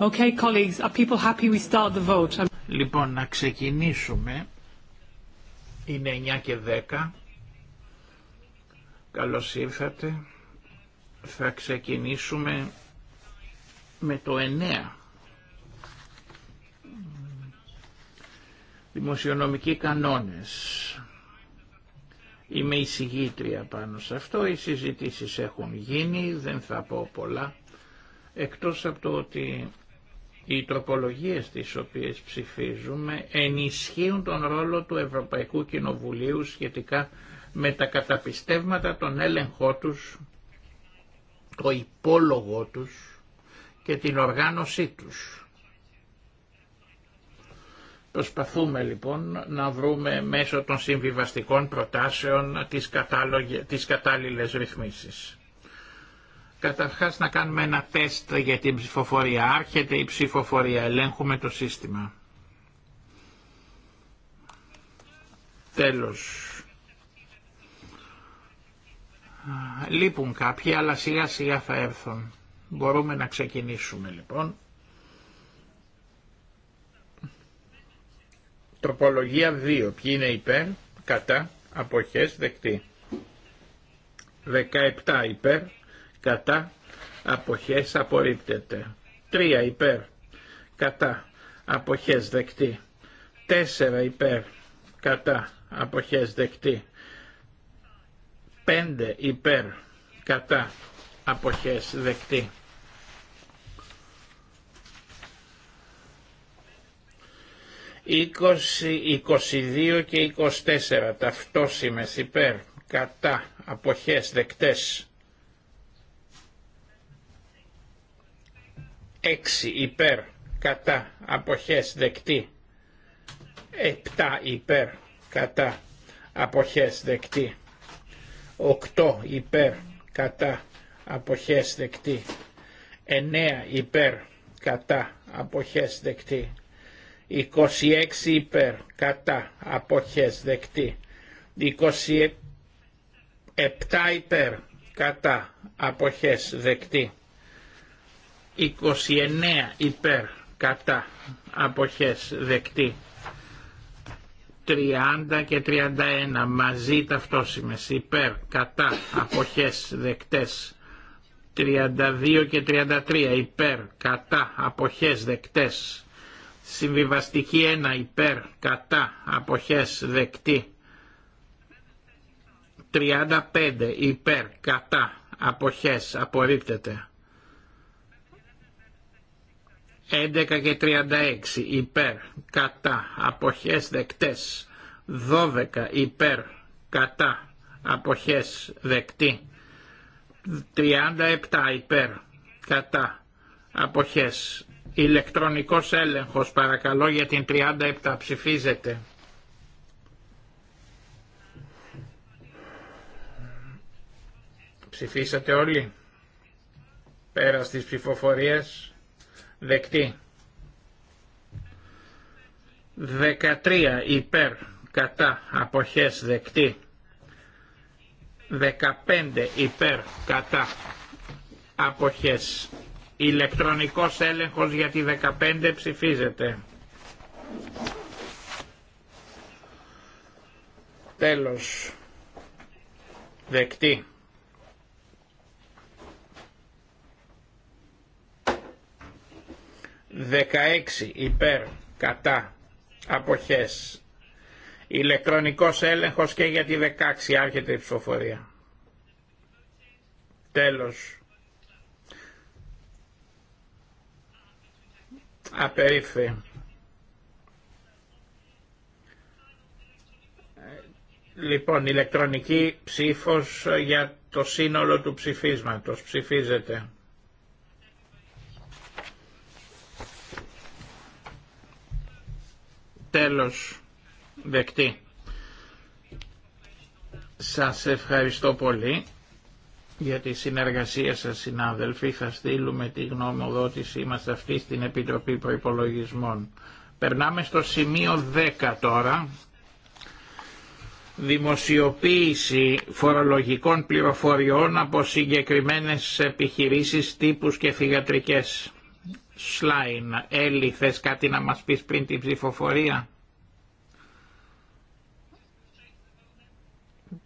Okay, colleagues, are people happy we start the vote? Λοιπόν, να ξεκινήσουμε. Είναι 9 και 10. Καλώς ήρθατε. Θα ξεκινήσουμε με το 9. Δημοσιονομικοί κανόνες. Είμαι εισηγήτρια πάνω σε αυτό. Οι συζητήσεις έχουν γίνει, δεν θα πω πολλά. Εκτός από το ότι οι τροπολογίες τις οποίες ψηφίζουμε ενισχύουν τον ρόλο του Ευρωπαϊκού Κοινοβουλίου σχετικά με τα καταπιστεύματα, τον έλεγχό τους, το υπόλογο τους και την οργάνωσή τους. Προσπαθούμε λοιπόν να βρούμε μέσω των συμβιβαστικών προτάσεων τις, κατάλογε, τις κατάλληλες ρυθμίσεις. Καταρχάς να κάνουμε ένα τεστ για την ψηφοφορία. Άρχεται η ψηφοφορία. Ελέγχουμε το σύστημα. Τέλος. Λείπουν κάποιοι, αλλά σιγά σιγά θα έρθουν. Μπορούμε να ξεκινήσουμε λοιπόν. Τροπολογία 2. Ποιοι είναι υπέρ, κατά, αποχές, δεκτή. 17 υπέρ, κατά αποχές απορρίπτεται. 3 υπέρ κατά αποχές δεκτή. 4 υπέρ κατά αποχές δεκτή. 5 υπέρ κατά αποχές δεκτή. 22 και 24 ταυτόσημες υπέρ κατά αποχές δεκτές. 6 υπέρ κατά αποχές δεκτή 7 υπέρ κατά αποχές δεκτή 8 υπέρ κατά αποχές δεκτή 9 υπέρ κατά αποχές δεκτή 26 υπέρ κατά αποχές δεκτή 27 υπέρ κατά αποχές δεκτή 29 υπέρ κατά αποχές δεκτή 30 και 31 μαζί ταυτόσιμες υπέρ κατά αποχές δεκτές 32 και 33 υπέρ κατά αποχές δεκτές συμβιβαστική 1 υπέρ κατά αποχές δεκτή 35 υπέρ κατά αποχές απορρίπτεται 11 και 36 υπέρ κατά αποχές δεκτές 12 υπέρ κατά αποχές δεκτή 37 υπέρ κατά αποχές ηλεκτρονικός έλεγχος παρακαλώ για την 37 Ψηφίζετε. ψηφίσατε όλοι πέρα στις ψηφοφορίες Δεκτή. 13 υπέρ κατά αποχές δεκτή. 15 υπέρ κατά αποχές. Ηλεκτρονικός έλεγχος για τη 15 ψηφίζεται. Τέλος. Δεκτή. 16 υπέρ κατά αποχές. Ηλεκτρονικός έλεγχος και για τη 16 άρχεται η ψηφοφορία. Τέλος. Απερίφθη. Λοιπόν, ηλεκτρονική ψήφος για το σύνολο του ψηφίσματος. Ψηφίζεται. Τέλος. Δεκτή. Σας ευχαριστώ πολύ για τη συνεργασία σας συνάδελφοι. Θα στείλουμε τη γνωμοδότησή μας αυτή στην Επιτροπή Προϋπολογισμών. Περνάμε στο σημείο 10 τώρα. Δημοσιοποίηση φορολογικών πληροφοριών από συγκεκριμένες επιχειρήσεις τύπους και θηγατρικές. Σλάιν, Έλλη, θες κάτι να μας πεις πριν την ψηφοφορία.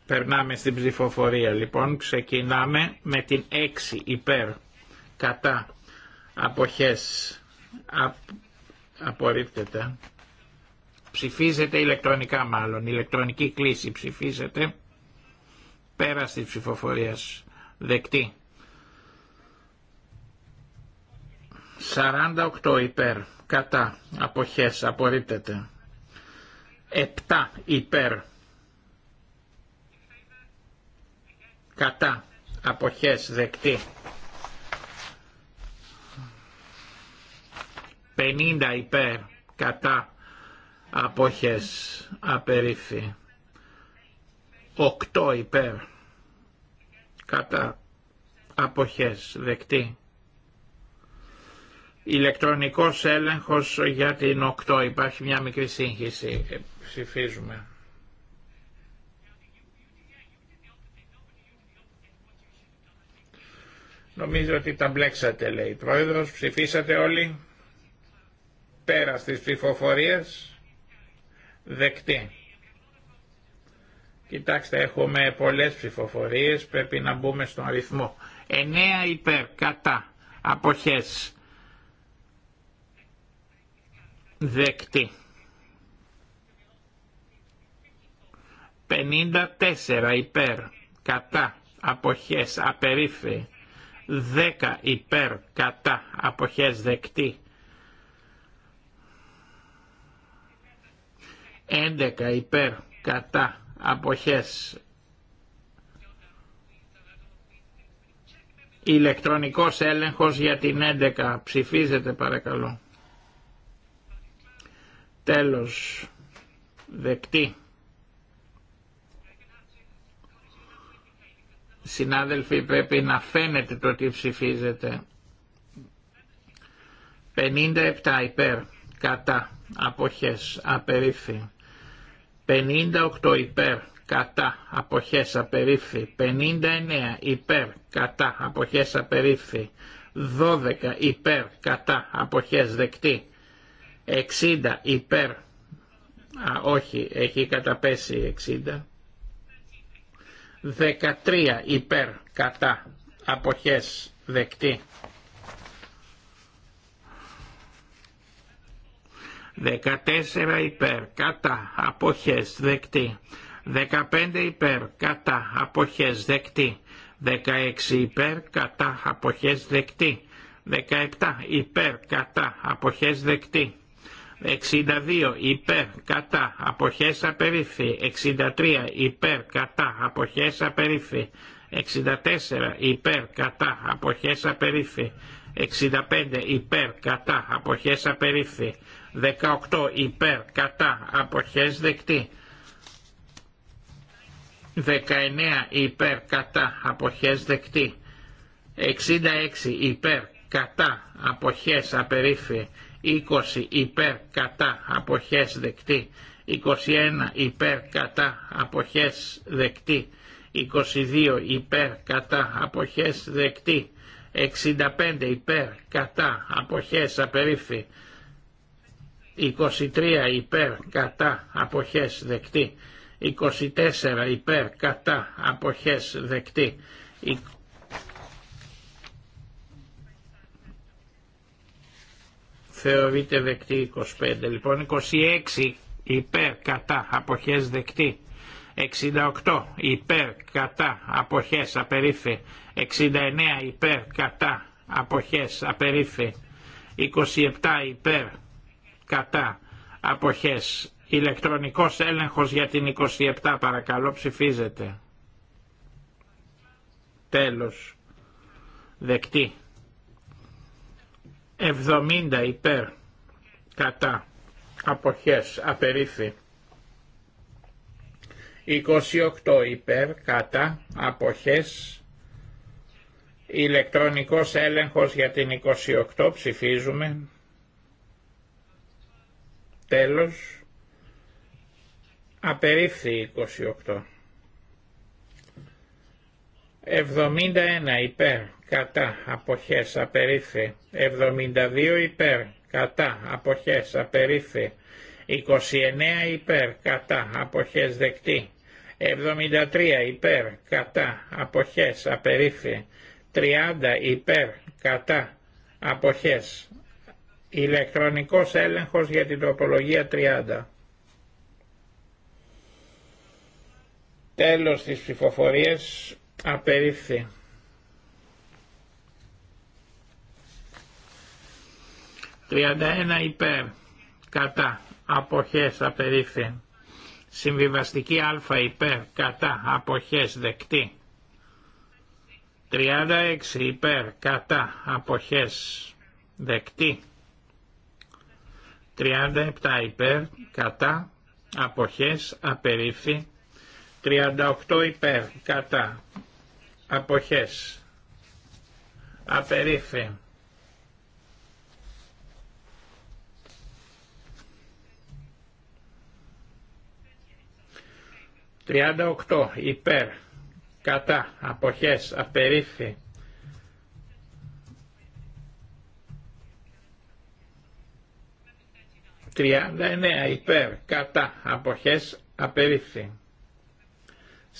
Περνάμε στην ψηφοφορία λοιπόν, ξεκινάμε με την 6 υπέρ, κατά, αποχές, Α, απορρίπτεται. Ψηφίζεται ηλεκτρονικά μάλλον, ηλεκτρονική κλίση ψηφίζεται, πέρα της ψηφοφορίας, δεκτή. 48 υπέρ, κατά, αποχές, απορρίπτεται. 7 υπέρ, κατά, αποχές, δεκτή. 50 υπέρ, κατά, αποχές, απερίφη. 8 υπέρ, κατά, αποχές, δεκτή. Ηλεκτρονικός έλεγχος για την 8. Υπάρχει μια μικρή σύγχυση. Ε, ψηφίζουμε. Νομίζω ότι τα μπλέξατε λέει. Πρόεδρος, ψηφίσατε όλοι. Πέρα στις ψηφοφορίες. Δεκτή. Κοιτάξτε, έχουμε πολλές ψηφοφορίες, πρέπει να μπούμε στον αριθμό. Εννέα υπέρ, κατά, αποχές Δεκτή. 54 υπέρ, κατά, αποχές, απερίφη. 10 υπέρ, κατά, αποχές, δεκτή. 11 υπέρ, κατά, αποχές, ηλεκτρονικός έλεγχος για την 11. Ψηφίζετε παρακαλώ. Τέλος. Δεκτή. Συνάδελφοι πρέπει να φαίνεται το τι ψηφίζετε. 57 υπέρ. Κατά. Αποχές. Απερίφθη. 58 υπέρ κατά αποχές απερίφθη 59 υπέρ κατά αποχές απερίφθη 12 υπέρ κατά αποχές δεκτή 60 υπέρ, α όχι, έχει καταπέσει 60, 13 υπέρ, κατά, αποχές, δεκτή. 14 υπέρ, κατά, αποχές, δεκτή. 15 υπέρ, κατά, αποχές, δεκτή. 16 υπέρ, κατά, αποχές, δεκτή. 17 υπέρ, κατά, αποχές, δεκτή. 62 υπέρ κατά αποχές απερίφθη 63 υπέρ κατά αποχές απερίφθη 64 υπέρ κατά αποχές απερίφθη 65 υπέρ κατά αποχές απερίφθη 18 υπέρ κατά αποχές δεκτή 19 υπέρ κατά αποχές δεκτή 66 υπέρ κατά αποχές απερίφθη 20 υπέρ κατά αποχές δεκτή, 21 υπέρ κατά αποχές δεκτή, 22 υπέρ κατά αποχές δεκτή, 65 υπέρ κατά αποχές απερίφθη, 23 υπέρ κατά αποχές δεκτή, 24 υπέρ κατά αποχές δεκτή, θεωρείται δεκτή 25. Λοιπόν 26 υπέρ κατά αποχές δεκτή. 68 υπέρ κατά αποχές απερίφη. 69 υπέρ κατά αποχές απερίφη. 27 υπέρ κατά αποχές. Ηλεκτρονικός έλεγχος για την 27 παρακαλώ ψηφίζεται. Τέλος. Δεκτή. 70 υπέρ κατά αποχές απερίφθη 28 υπέρ κατά αποχές ηλεκτρονικός έλεγχος για την 28 ψηφίζουμε τέλος απερίφθη 28 71 υπέρ κατά αποχές απερίφη 72 υπέρ κατά αποχές απερίφη 29 υπέρ κατά αποχές δεκτή 73 υπέρ κατά αποχές απερίφη 30 υπέρ κατά αποχές ηλεκτρονικός έλεγχος για την τροπολογία 30 τέλος της ψηφοφορίας απερίφθη 31 υπέρ κατά αποχές απερίφθη. Συμβιβαστική α υπέρ κατά αποχές δεκτή. 36 υπέρ κατά αποχές δεκτή. 37 υπέρ κατά αποχές απερίφθη. 38 υπέρ κατά αποχές απερίφθη. 38 υπέρ κατά αποχές απερίφθη Τριάντα υπέρ κατά αποχές απερίφθη.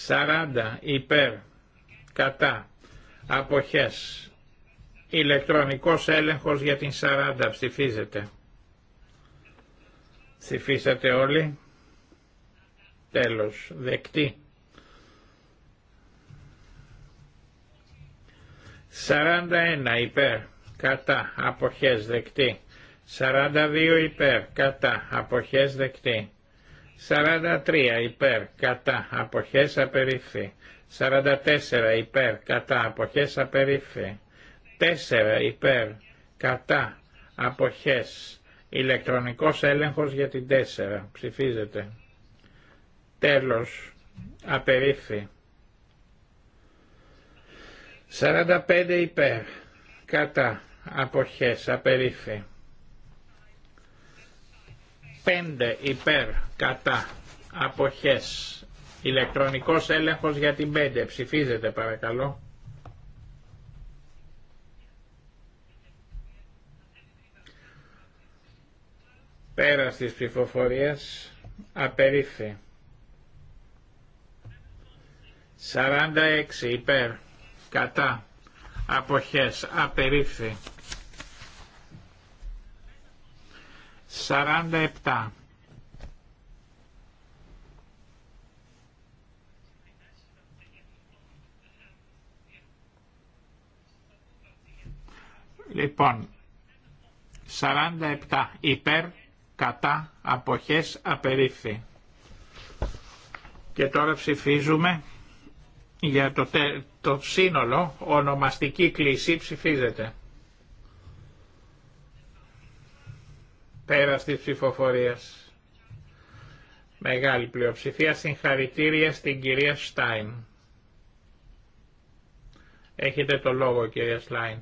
40, υπέρ κατά αποχές. Ηλεκτρονικός έλεγχος για την 40 ψηφίζεται. Ψηφίσατε όλοι. Τέλος. Δεκτή. 41 υπέρ. Κατά. Αποχές. Δεκτή. 42 υπέρ. Κατά. Αποχές. Δεκτή. 43 υπέρ. Κατά. Αποχές. Απερίφθη. 44 υπέρ. Κατά. Αποχές. Απερίφθη. 4 υπέρ. Κατά. Αποχές. Ηλεκτρονικός έλεγχος για την 4. Ψηφίζεται. Τέλος. Απερίφθη. 45 υπέρ. Κατά. Αποχές. Απερίφθη. 5 υπέρ. Κατά. Αποχές. Ηλεκτρονικός έλεγχος για την 5. Ψηφίζεται παρακαλώ. Πέρα της ψηφοφορίας απερίφθη. 46 υπέρ κατά αποχές απερίφθη 47 Λοιπόν, 47 υπέρ, κατά, αποχές, απερίφθη. Και τώρα ψηφίζουμε για το, το σύνολο ονομαστική κλίση ψηφίζεται. Πέρας της ψηφοφορίας. Μεγάλη πλειοψηφία συγχαρητήρια στην κυρία Στάιν. Έχετε το λόγο κυρία Στάιν.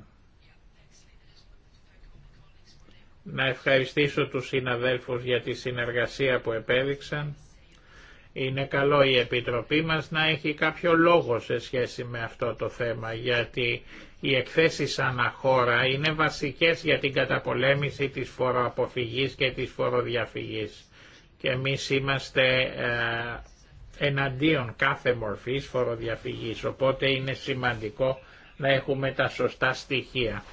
Να ευχαριστήσω τους συναδέλφους για τη συνεργασία που επέδειξαν είναι καλό η Επιτροπή μας να έχει κάποιο λόγο σε σχέση με αυτό το θέμα, γιατί οι εκθέσεις αναχώρα είναι βασικές για την καταπολέμηση της φοροαποφυγής και της φοροδιαφυγής. Και εμείς είμαστε ε, εναντίον κάθε μορφής φοροδιαφυγής, οπότε είναι σημαντικό να έχουμε τα σωστά στοιχεία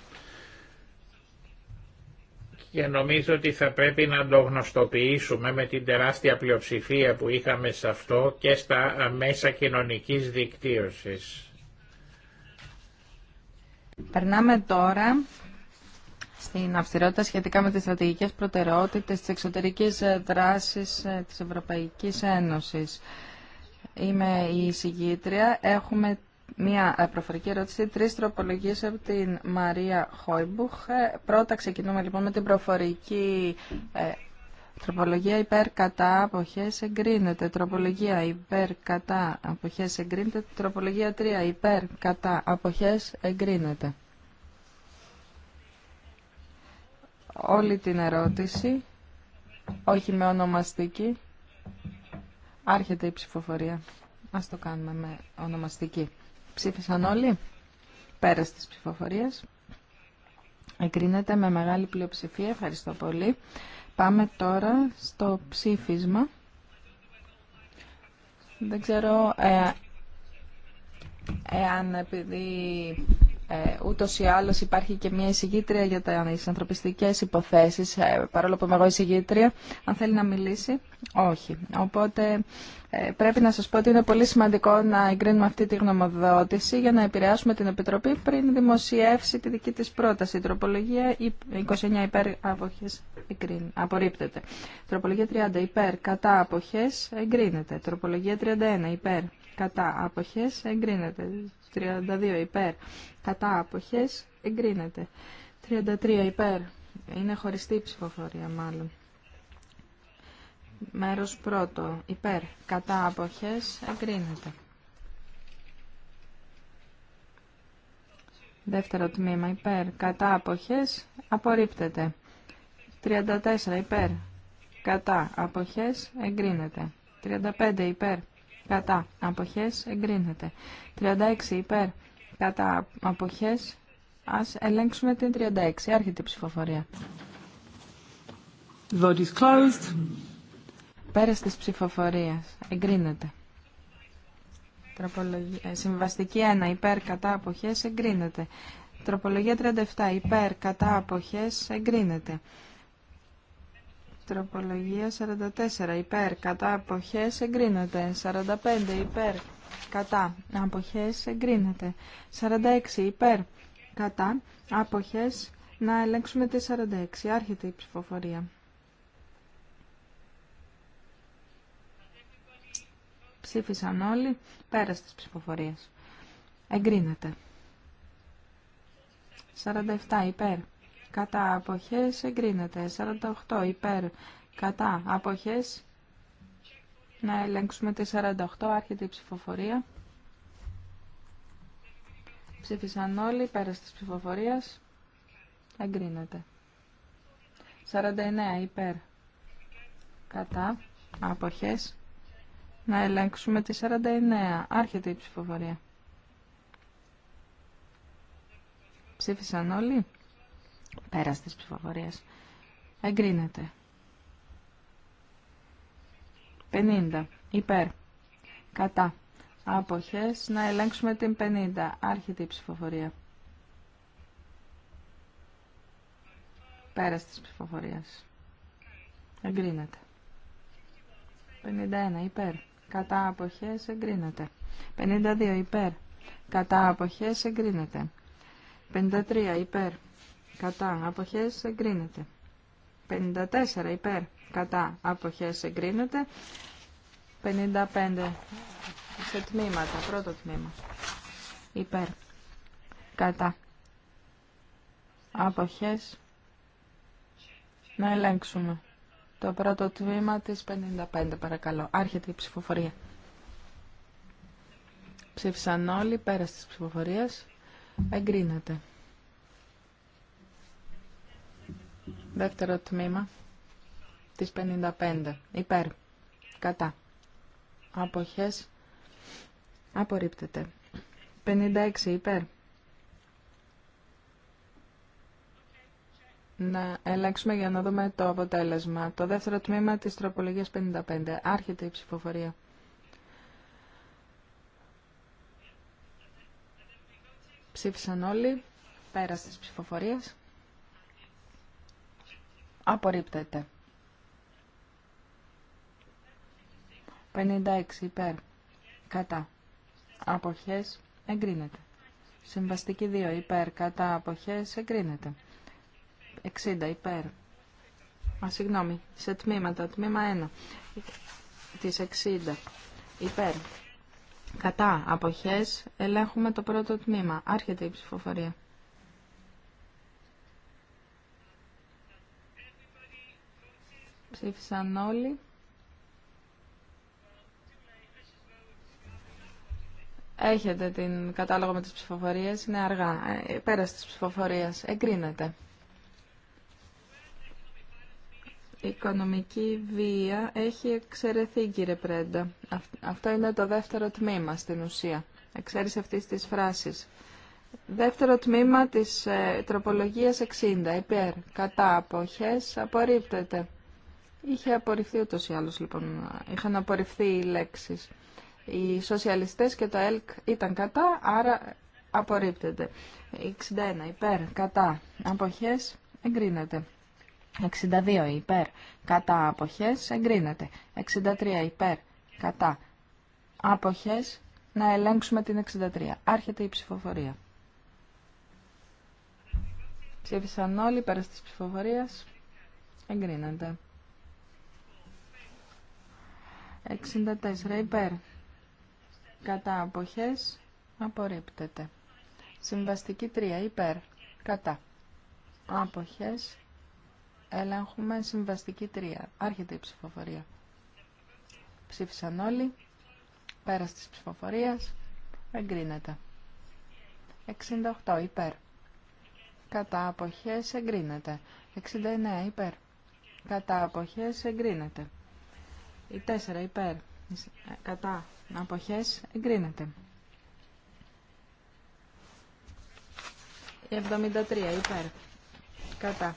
και νομίζω ότι θα πρέπει να το γνωστοποιήσουμε με την τεράστια πλειοψηφία που είχαμε σε αυτό και στα μέσα κοινωνικής δικτύωσης. Περνάμε τώρα στην αυστηρότητα σχετικά με τις στρατηγικές προτεραιότητες της εξωτερικής ε, δράσης ε, της Ευρωπαϊκής Ένωσης. Είμαι η συγγήτρια. Έχουμε Μία ε, προφορική ερώτηση, τρει τροπολογίε από την Μαρία Χόιμπουχ. Ε, πρώτα ξεκινούμε λοιπόν με την προφορική ε, τροπολογία υπέρ κατά αποχές εγκρίνεται. Τροπολογία υπέρ κατά αποχές εγκρίνεται. Τροπολογία 3 υπέρ κατά αποχές εγκρίνεται. Όλη την ερώτηση, όχι με ονομαστική, άρχεται η ψηφοφορία. Ας το κάνουμε με ονομαστική. Ψήφισαν όλοι. Πέρας της ψηφοφορίες Εγκρίνεται με μεγάλη πλειοψηφία. Ευχαριστώ πολύ. Πάμε τώρα στο ψήφισμα. Δεν ξέρω ε, εάν επειδή ε, ούτως ή άλλως υπάρχει και μια εισηγήτρια για τις ανθρωπιστικές υποθέσεις, ε, παρόλο που είμαι εγώ εισηγήτρια, αν θέλει να μιλήσει, όχι. Οπότε ε, πρέπει να σα πω ότι είναι πολύ σημαντικό να εγκρίνουμε αυτή τη γνωμοδότηση για να επηρεάσουμε την Επιτροπή πριν δημοσιεύσει τη δική τη πρόταση. Η τροπολογία 29 υπέρ αποχέ απορρίπτεται. Τροπολογία 30 υπέρ κατά αποχές εγκρίνεται. Τροπολογία 31 υπέρ κατά αποχές εγκρίνεται. 32 υπέρ. Κατά αποχές εγκρίνεται. 33 υπέρ. Είναι χωριστή ψηφοφορία μάλλον. Μέρος πρώτο. Υπέρ. Κατά αποχές εγκρίνεται. Δεύτερο τμήμα. Υπέρ. Κατά αποχές απορρίπτεται. 34 υπέρ. Κατά αποχές εγκρίνεται. 35 υπέρ κατά αποχές εγκρίνεται. 36 υπέρ κατά αποχές ας ελέγξουμε την 36. Άρχεται η ψηφοφορία. vote is closed. Πέρας της ψηφοφορίας εγκρίνεται. Ε, συμβαστική 1 υπέρ κατά αποχές εγκρίνεται. Τροπολογία 37 υπέρ κατά αποχές εγκρίνεται. Τροπολογία 44 υπέρ. Κατά αποχές εγκρίνεται. 45 υπέρ. Κατά αποχές εγκρίνεται. 46 υπέρ. Κατά αποχές να ελέγξουμε τη 46. Άρχεται η ψηφοφορία. Ψήφισαν όλοι πέρα της ψηφοφορίας. Εγκρίνεται. 47 υπέρ κατά αποχές εγκρίνεται. 48 υπέρ κατά αποχές να ελέγξουμε τη 48 άρχεται η ψηφοφορία. Ψήφισαν όλοι πέρας της ψηφοφορίας. Εγκρίνεται. 49 υπέρ κατά αποχές να ελέγξουμε τη 49 άρχεται η ψηφοφορία. Ψήφισαν όλοι Πέρας της ψηφοφορίας. Εγκρίνεται. 50. Υπέρ. Κατά. Αποχές. Να ελέγξουμε την 50. Άρχεται η ψηφοφορία. Πέρας της ψηφοφορίας. Εγκρίνεται. 51. Υπέρ. Κατά αποχές εγκρίνεται. 52. Υπέρ. Κατά αποχές εγκρίνεται. 53. Υπέρ κατά αποχές εγκρίνεται. 54 υπέρ κατά αποχές εγκρίνεται. 55 σε τμήματα, πρώτο τμήμα. Υπέρ κατά αποχές να ελέγξουμε. Το πρώτο τμήμα της 55 παρακαλώ. Άρχεται η ψηφοφορία. Ψήφισαν όλοι πέρα της ψηφοφορίας. Εγκρίνεται. Δεύτερο τμήμα της 55. Υπέρ. Κατά. Αποχές. Απορρίπτεται. 56. Υπέρ. Να ελέγξουμε για να δούμε το αποτέλεσμα. Το δεύτερο τμήμα της τροπολογίας 55. Άρχεται η ψηφοφορία. Ψήφισαν όλοι. πέρα της ψηφοφορίας. Απορρίπτεται. 56 υπέρ. Κατά. Αποχές εγκρίνεται. Συμβαστική 2 υπέρ. Κατά. Αποχές εγκρίνεται. 60 υπέρ. Α, συγγνώμη. Σε τμήματα. Τμήμα 1. Της 60 υπέρ. Κατά. Αποχές ελέγχουμε το πρώτο τμήμα. Άρχεται η ψηφοφορία. Ψήφισαν όλοι. Έχετε την κατάλογο με τις ψηφοφορίες. Είναι αργά. Ε, Πέρα της ψηφοφορία. Εγκρίνεται. οικονομική βία έχει εξαιρεθεί, κύριε Πρέντα. Αυτό είναι το δεύτερο τμήμα στην ουσία. Εξαίρεση αυτής της φράσης. Δεύτερο τμήμα της ε, τροπολογίας 60. Υπέρ. Κατά αποχές απορρίπτεται. Είχε απορριφθεί ούτω ή άλλω, λοιπόν, είχαν απορριφθεί οι λέξει. Οι σοσιαλιστέ και το ΕΛΚ ήταν κατά, άρα απορρίπτεται. 61 υπέρ, κατά, αποχές, εγκρίνεται. 62 υπέρ, κατά, απόχέ, εγκρίνεται. 63 υπέρ, κατά, αποχές, να ελέγξουμε την 63. Άρχεται η ψηφοφορία. Ψήφισαν όλοι πέρα τη ψηφοφορία, Εγκρίνεται. 64 υπέρ. Κατά αποχές απορρίπτεται. Συμβαστική 3 υπέρ. Κατά. Αποχές. Ελέγχουμε συμβαστική 3. Άρχεται η ψηφοφορία. Ψήφισαν όλοι. Πέρα της ψηφοφορίας. Εγκρίνεται. 68 υπέρ. Κατά αποχές εγκρίνεται. 69 υπέρ. Κατά αποχές εγκρίνεται. Η 4 υπέρ κατά αποχές εγκρίνεται. Η 73 υπέρ κατά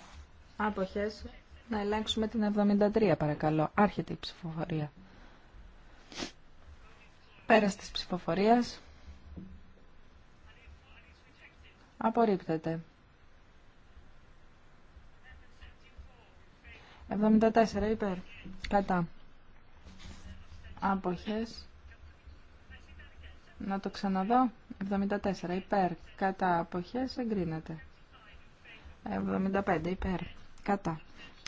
αποχές να ελέγξουμε την 73 παρακαλώ. Άρχεται η ψηφοφορία. Πέρας της ψηφοφορίας απορρίπτεται. 74 υπέρ. Κατά. Αποχές. Να το ξαναδώ. 74 υπέρ. Κατά αποχές εγκρίνεται. 75 υπέρ. Κατά.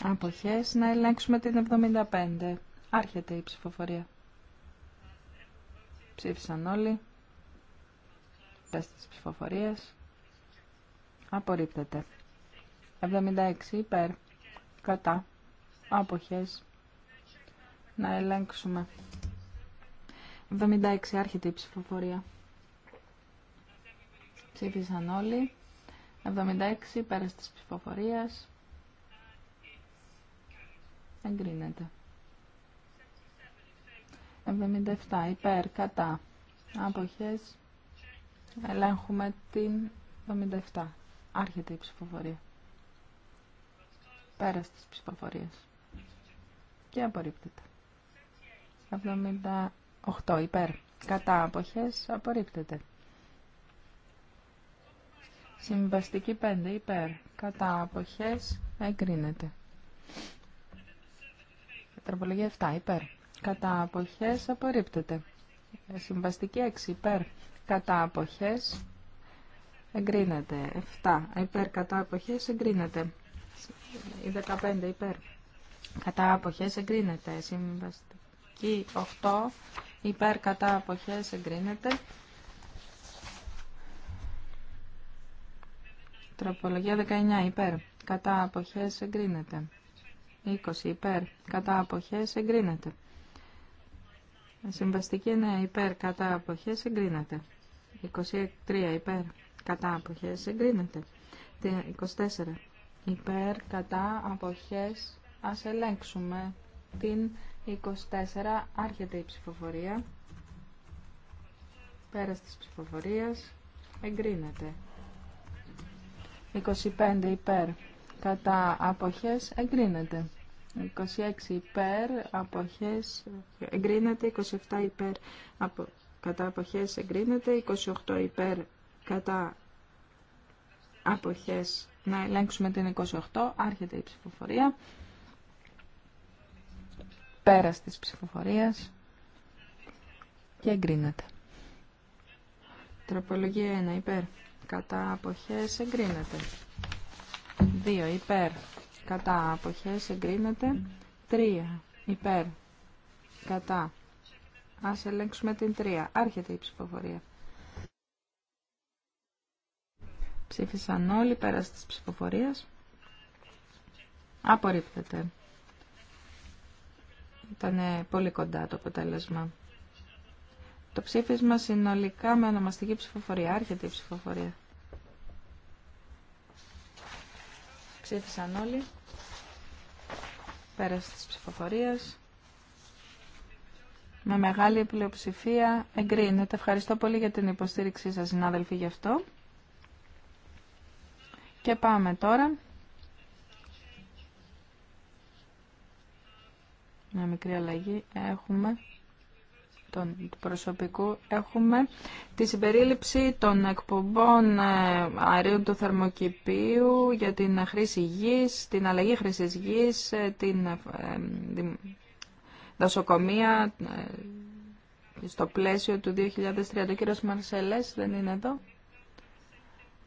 Αποχές να ελέγξουμε την 75. Άρχεται η ψηφοφορία. Ψήφισαν όλοι. Πες τις ψηφοφορίες. Απορρίπτεται. 76 υπέρ. Κατά. Αποχές να ελέγξουμε. 76 άρχεται η ψηφοφορία. Ψήφισαν όλοι. 76 πέρας της ψηφοφορίας. Εγκρίνεται. 77 υπέρ, κατά. Αποχές. Ελέγχουμε την 77. Άρχεται η ψηφοφορία. Πέρας της ψηφοφορίας. Και απορρίπτεται. 78 υπέρ. Κατά αποχές απορρίπτεται. Συμβαστική 5 υπέρ. Κατά αποχές εγκρίνεται. Τροπολογία 7 υπέρ. Κατά αποχές απορρίπτεται. Συμβαστική 6 υπέρ. Κατά αποχές εγκρίνεται. 7 υπέρ. Κατά αποχές εγκρίνεται. Η 15 υπέρ. Κατά αποχές εγκρίνεται. Συμβαστική. Συμβαστική 8 υπέρ κατά αποχές εγκρίνεται. Τροπολογία 19 υπέρ κατά αποχές εγκρίνεται. 20 υπέρ κατά αποχές εγκρίνεται. Συμβαστική 9 υπέρ κατά αποχές εγκρίνεται. 23 υπέρ κατά αποχές εγκρίνεται. 24 υπέρ κατά αποχές ας ελέγξουμε την 24 άρχεται η ψηφοφορία πέρας της ψηφοφορίας εγκρίνεται 25 υπέρ κατά αποχές εγκρίνεται 26 υπέρ αποχές εγκρίνεται 27 υπέρ απο, κατά αποχές εγκρίνεται 28 υπέρ κατά αποχές να ελέγξουμε την 28 άρχεται η ψηφοφορία Πέρας της ψηφοφορίας και εγκρίνεται. Τροπολογία 1 υπέρ. Κατά αποχές εγκρίνεται. 2 υπέρ. Κατά αποχές εγκρίνεται. 3 υπέρ. Κατά. Ας ελέγξουμε την 3. Άρχεται η ψηφοφορία. Ψήφισαν όλοι πέρα της ψηφοφορίας. Απορρίπτεται. Ήταν πολύ κοντά το αποτέλεσμα. Το ψήφισμα συνολικά με ονομαστική ψηφοφορία. Άρχεται η ψηφοφορία. Ψήφισαν όλοι. Πέρασε τη ψηφοφορία. Με μεγάλη πλειοψηφία εγκρίνεται. Ευχαριστώ πολύ για την υποστήριξή σας, συνάδελφοι, γι' αυτό. Και πάμε τώρα μια μικρή αλλαγή έχουμε τον προσωπικού έχουμε τη συμπερίληψη των εκπομπών ε, αερίων του θερμοκηπίου για την χρήση την αλλαγή χρήσης γης, ε, την ε, δασοκομεία στο πλαίσιο του 2030. Ο κύριος Μαρσελές δεν είναι εδώ,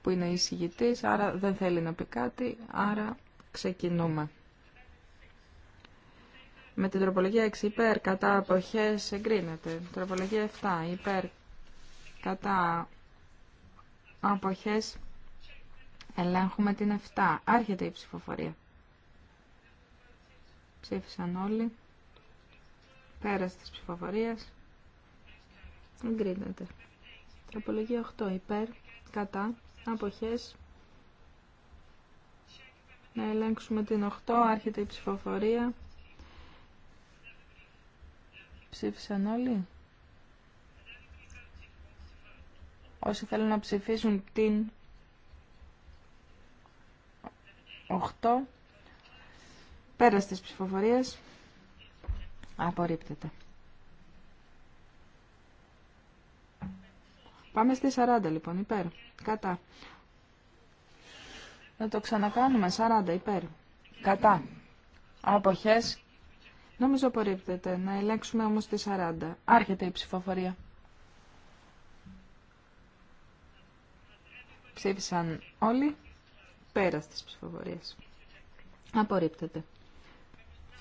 που είναι εισηγητής, άρα δεν θέλει να πει κάτι, άρα ξεκινούμε με την τροπολογία 6 υπέρ κατά αποχές εγκρίνεται. Τροπολογία 7 υπέρ κατά αποχές ελέγχουμε την 7. Άρχεται η ψηφοφορία. Ψήφισαν όλοι. Πέρασε της ψηφοφορίας. Εγκρίνεται. Τροπολογία 8 υπέρ κατά αποχές να ελέγξουμε την 8, άρχεται η ψηφοφορία. Ψήφισαν όλοι. Όσοι θέλουν να ψηφίσουν την 8, πέρα στις ψηφοφορίες, απορρίπτεται. Πάμε στη 40 λοιπόν, υπέρ. Κατά. Να το ξανακάνουμε, 40 υπέρ. Κατά. Αποχές Νομίζω απορρίπτεται. Να ελέγξουμε όμως τη 40. Άρχεται η ψηφοφορία. Ψήφισαν όλοι πέρα της ψηφοφορίες. Απορρίπτεται.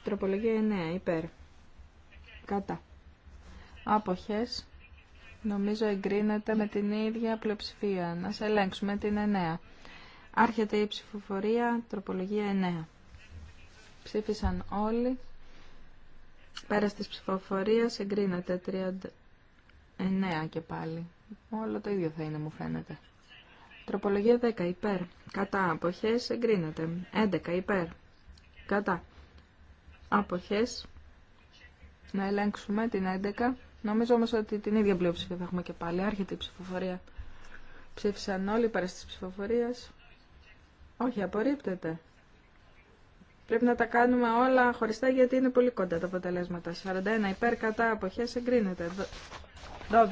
Τροπολογία 9. Υπέρ. Κατά. Άποχες. Νομίζω εγκρίνεται με την ίδια πλειοψηφία. Να σε ελέγξουμε την 9. Άρχεται η ψηφοφορία. Τροπολογία 9. Ψήφισαν όλοι Πέρα τη ψηφοφορία εγκρίνεται 39 και πάλι. Όλο το ίδιο θα είναι μου φαίνεται. Τροπολογία 10 υπέρ. Κατά απόχέ, εγκρίνεται. 11 υπέρ. Κατά απόχέ Να ελέγξουμε την 11. Νομίζω όμω ότι την ίδια πλειοψηφία θα έχουμε και πάλι. Άρχεται η ψηφοφορία. Ψήφισαν όλοι πέρα τη ψηφοφορία Όχι, απορρίπτεται. Πρέπει να τα κάνουμε όλα χωριστά γιατί είναι πολύ κοντά τα αποτελέσματα. 41 υπέρ κατά αποχές εγκρίνεται.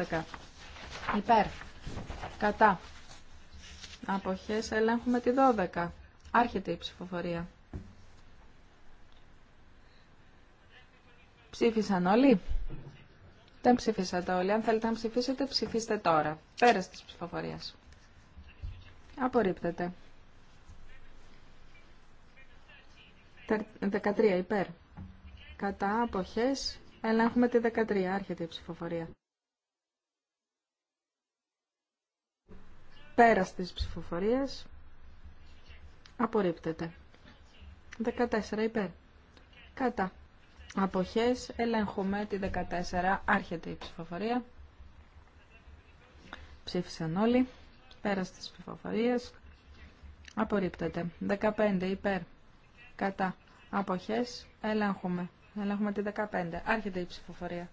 12 υπέρ κατά αποχές ελέγχουμε τη 12. Άρχεται η ψηφοφορία. Ψήφισαν όλοι. Δεν ψηφίσατε όλοι. Αν θέλετε να ψηφίσετε, ψηφίστε τώρα. Πέρα τη ψηφοφορία. Απορρίπτεται. 13 υπέρ. Κατά αποχές ελέγχουμε τη 13. Άρχεται η ψηφοφορία. Πέρας της ψηφοφορίας απορρίπτεται. 14 υπέρ. Κατά. Αποχές ελέγχουμε τη 14. Άρχεται η ψηφοφορία. Ψήφισαν όλοι. Πέρας της ψηφοφορίας απορρίπτεται. 15 υπέρ κατά αποχές ελέγχουμε. Ελέγχουμε την 15. Άρχεται η ψηφοφορία.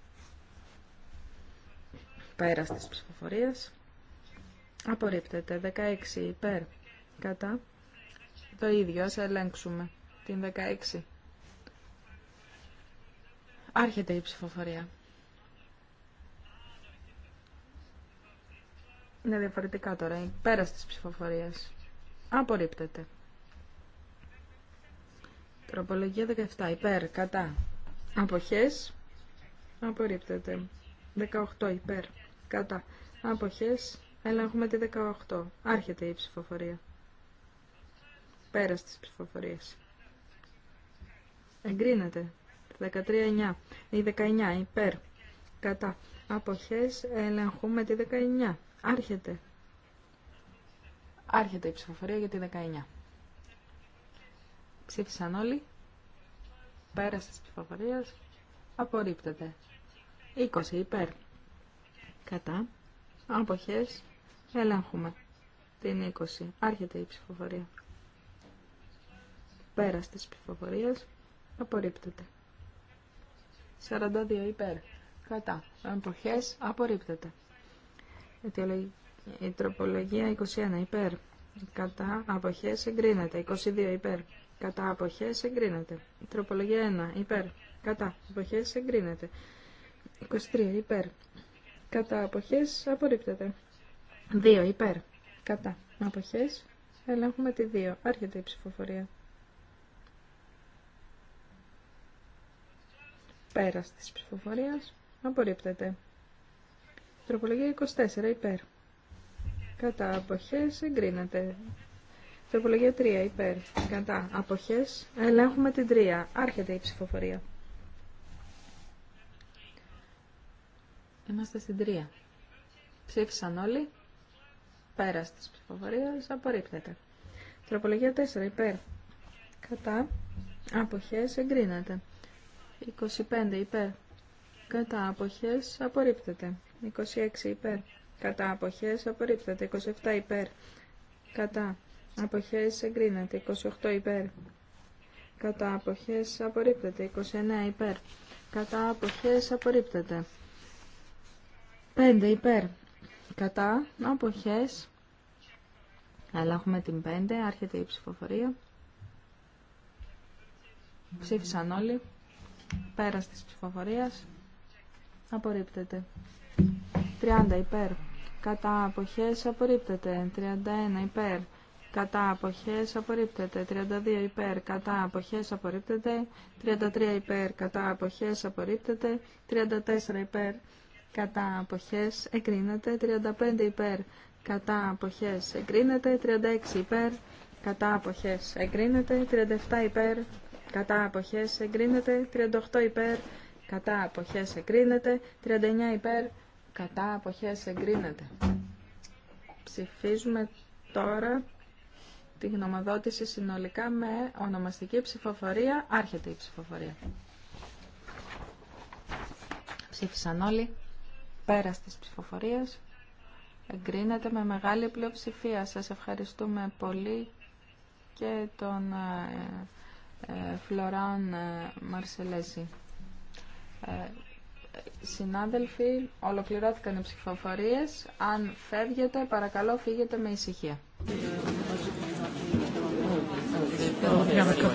Πέρας της ψηφοφορίας. Απορρίπτεται. 16 υπέρ κατά. Το ίδιο. Ας ελέγξουμε την 16. Άρχεται η ψηφοφορία. Είναι διαφορετικά τώρα. Πέρας της ψηφοφορίας. Απορρίπτεται. Τροπολογία 17. Υπέρ. Κατά. Αποχές. Απορρίπτεται. 18. Υπέρ. Κατά. Αποχές. Ελέγχουμε τη 18. Άρχεται η ψηφοφορία. Πέρας της ψηφοφορίας. Εγκρίνεται. Η 19. Υπέρ. Κατά. Αποχές. Ελέγχουμε τη 19. Άρχεται. Άρχεται η ψηφοφορία για τη 19. Ψήφισαν όλοι. Πέρασε τη ψηφοφορία. Απορρίπτεται. 20 υπέρ. Κατά. Αποχές. Ελέγχουμε. Την 20. Άρχεται η ψηφοφορία. Πέρασε τη ψηφοφορία. Απορρίπτεται. 42 υπέρ. Κατά. Αποχές. Απορρίπτεται. Η τροπολογία 21 υπέρ. Κατά. Αποχές. Εγκρίνεται. 22 υπέρ κατά αποχές εγκρίνεται. Τροπολογία 1 υπέρ κατά αποχές εγκρίνεται. 23 υπέρ κατά αποχές απορρίπτεται. 2 υπέρ κατά αποχές ελέγχουμε τη 2. Άρχεται η ψηφοφορία. Πέρα τη ψηφοφορία, απορρίπτεται. Τροπολογία 24 υπέρ. Κατά αποχές εγκρίνεται. Τροπολογία 3 υπέρ. Κατά. απόχέ. Ελέγχουμε την 3. Άρχεται η ψηφοφορία. Είμαστε στην 3. Ψήφισαν όλοι. Πέρα τη ψηφοφορία. Απορρίπτεται. Τροπολογία 4 υπέρ. Κατά. απόχέ, Εγκρίνεται. 25 υπέρ. Κατά. απόχέ, Απορρίπτεται. 26 υπέρ. Κατά. Αποχές. Απορρίπτεται. 27 υπέρ. Κατά αποχές εγκρίνεται 28 υπέρ κατά αποχές απορρίπτεται 29 υπέρ κατά αποχές απορρίπτεται 5 υπέρ κατά αποχές έχουμε την 5 άρχεται η ψηφοφορία ψήφισαν όλοι πέρας της ψηφοφορίας απορρίπτεται 30 υπέρ κατά αποχές απορρίπτεται 31 υπέρ κατά αποχές απορρίπτεται 32 υπέρ κατά αποχές απορρίπτεται 33 υπέρ κατά αποχές απορρίπτεται 34 υπέρ κατά αποχές εγκρίνεται 35 υπέρ κατά αποχές εγκρίνεται 36 υπέρ κατά αποχές εγκρίνεται 37 υπέρ κατά αποχές εγκρίνεται 38 υπέρ κατά αποχές εγκρίνεται 39 υπέρ κατά αποχές εγκρίνεται ψηφίζουμε τώρα τη γνωμοδότηση συνολικά με ονομαστική ψηφοφορία. Άρχεται η ψηφοφορία. Ψήφισαν όλοι. Πέρας ψηφοφορίας. Εγκρίνεται με μεγάλη πλειοψηφία. Σας ευχαριστούμε πολύ και τον ε, ε, Φλωράν ε, Μαρσελέση. Συνάδελφοι, ολοκληρώθηκαν οι ψηφοφορίες. Αν φεύγετε, παρακαλώ φύγετε με ησυχία. Ευχαριστώ.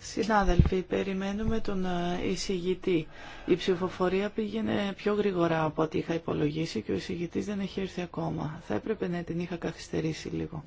Συνάδελφοι, περιμένουμε τον ε, εισηγητή. Η ψηφοφορία πήγαινε πιο γρήγορα από ό,τι είχα υπολογίσει και ο εισηγητής δεν έχει έρθει ακόμα. Θα έπρεπε να την είχα καθυστερήσει λίγο.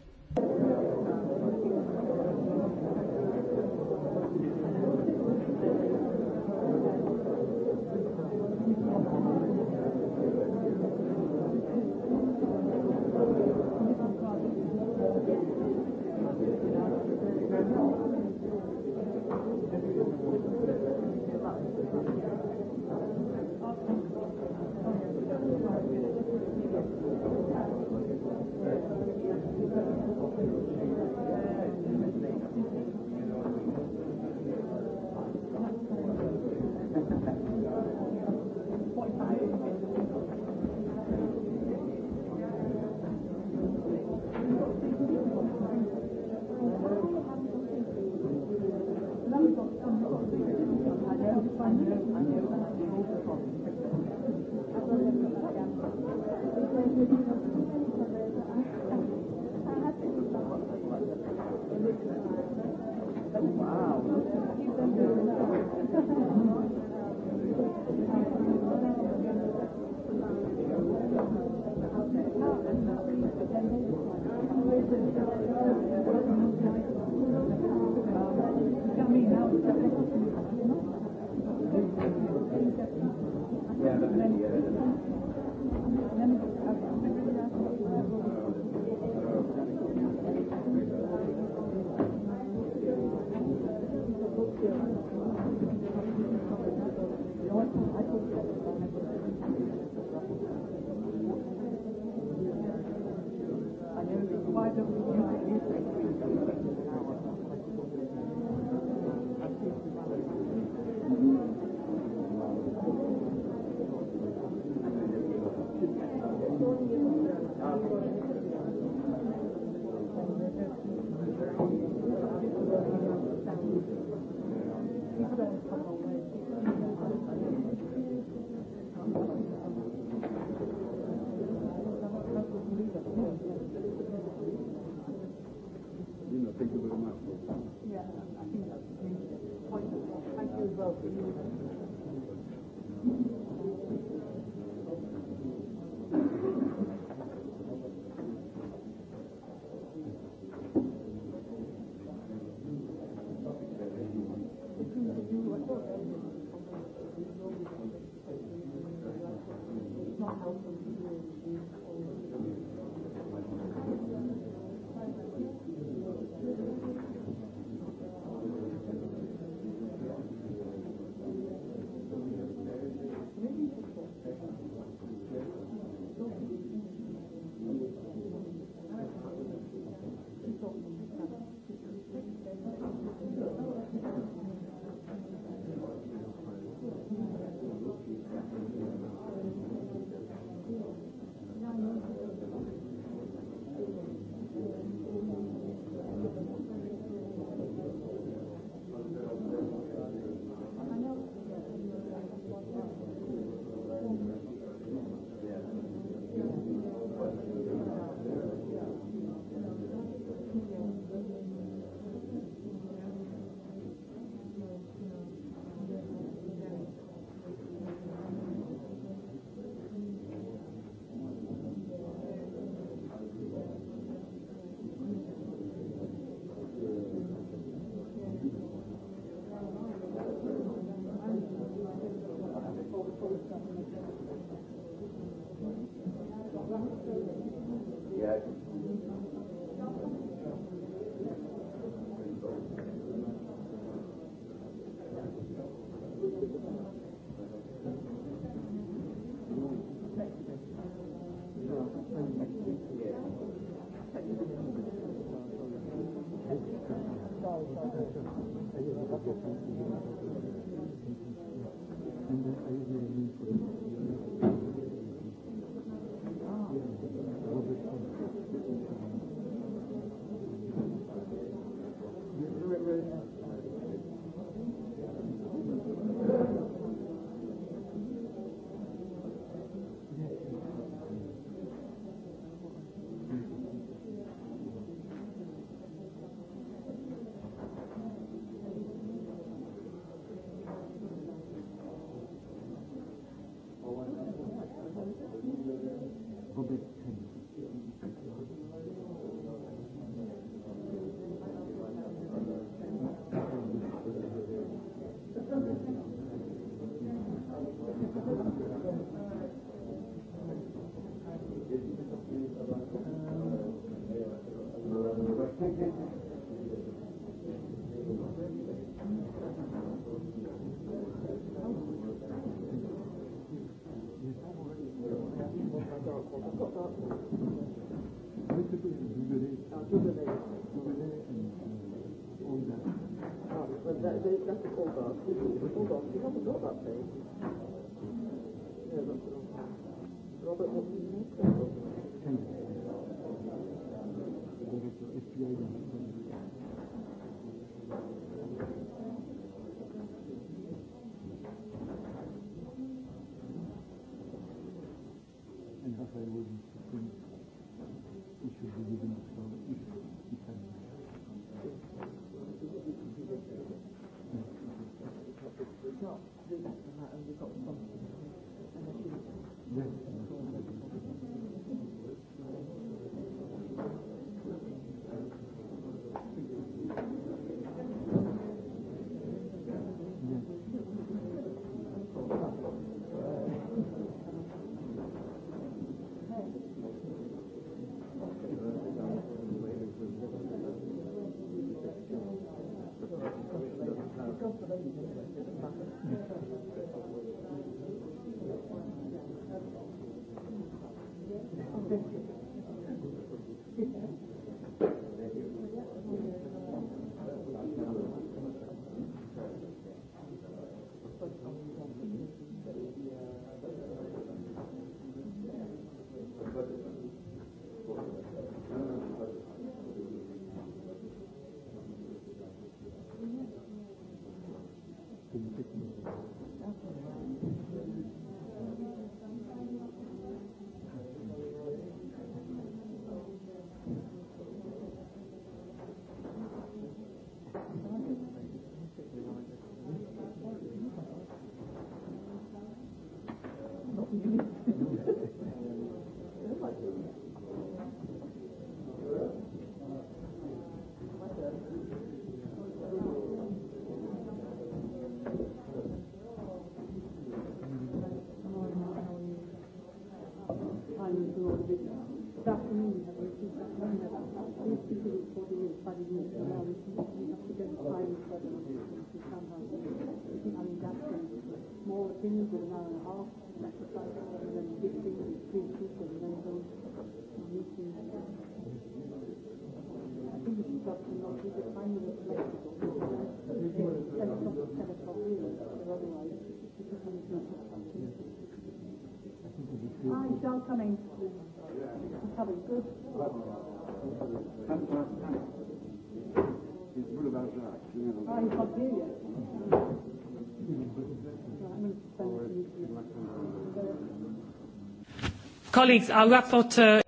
Colleagues, our rapporteur...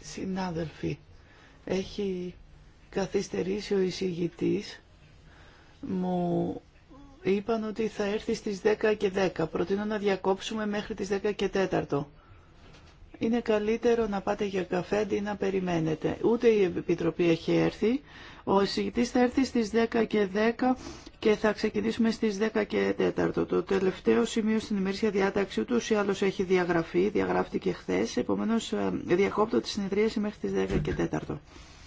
Συνάδελφοι, έχει καθυστερήσει ο εισηγητής, μου είπαν ότι θα έρθει στις 10 και 10. Προτείνω να διακόψουμε μέχρι τις 10 και 4. Είναι καλύτερο να πάτε για καφέ αντί να περιμένετε. Ούτε η Επιτροπή έχει έρθει. Ο εισηγητής θα έρθει στις 10 και 10 και θα ξεκινήσουμε στις 10 και 4. Το τελευταίο σημείο στην ημερήσια διάταξη ούτως ή άλλως έχει διαγραφεί, διαγράφτηκε χθες, επομένως ε, διακόπτω τη συνεδρίαση μέχρι τις 10 και 4.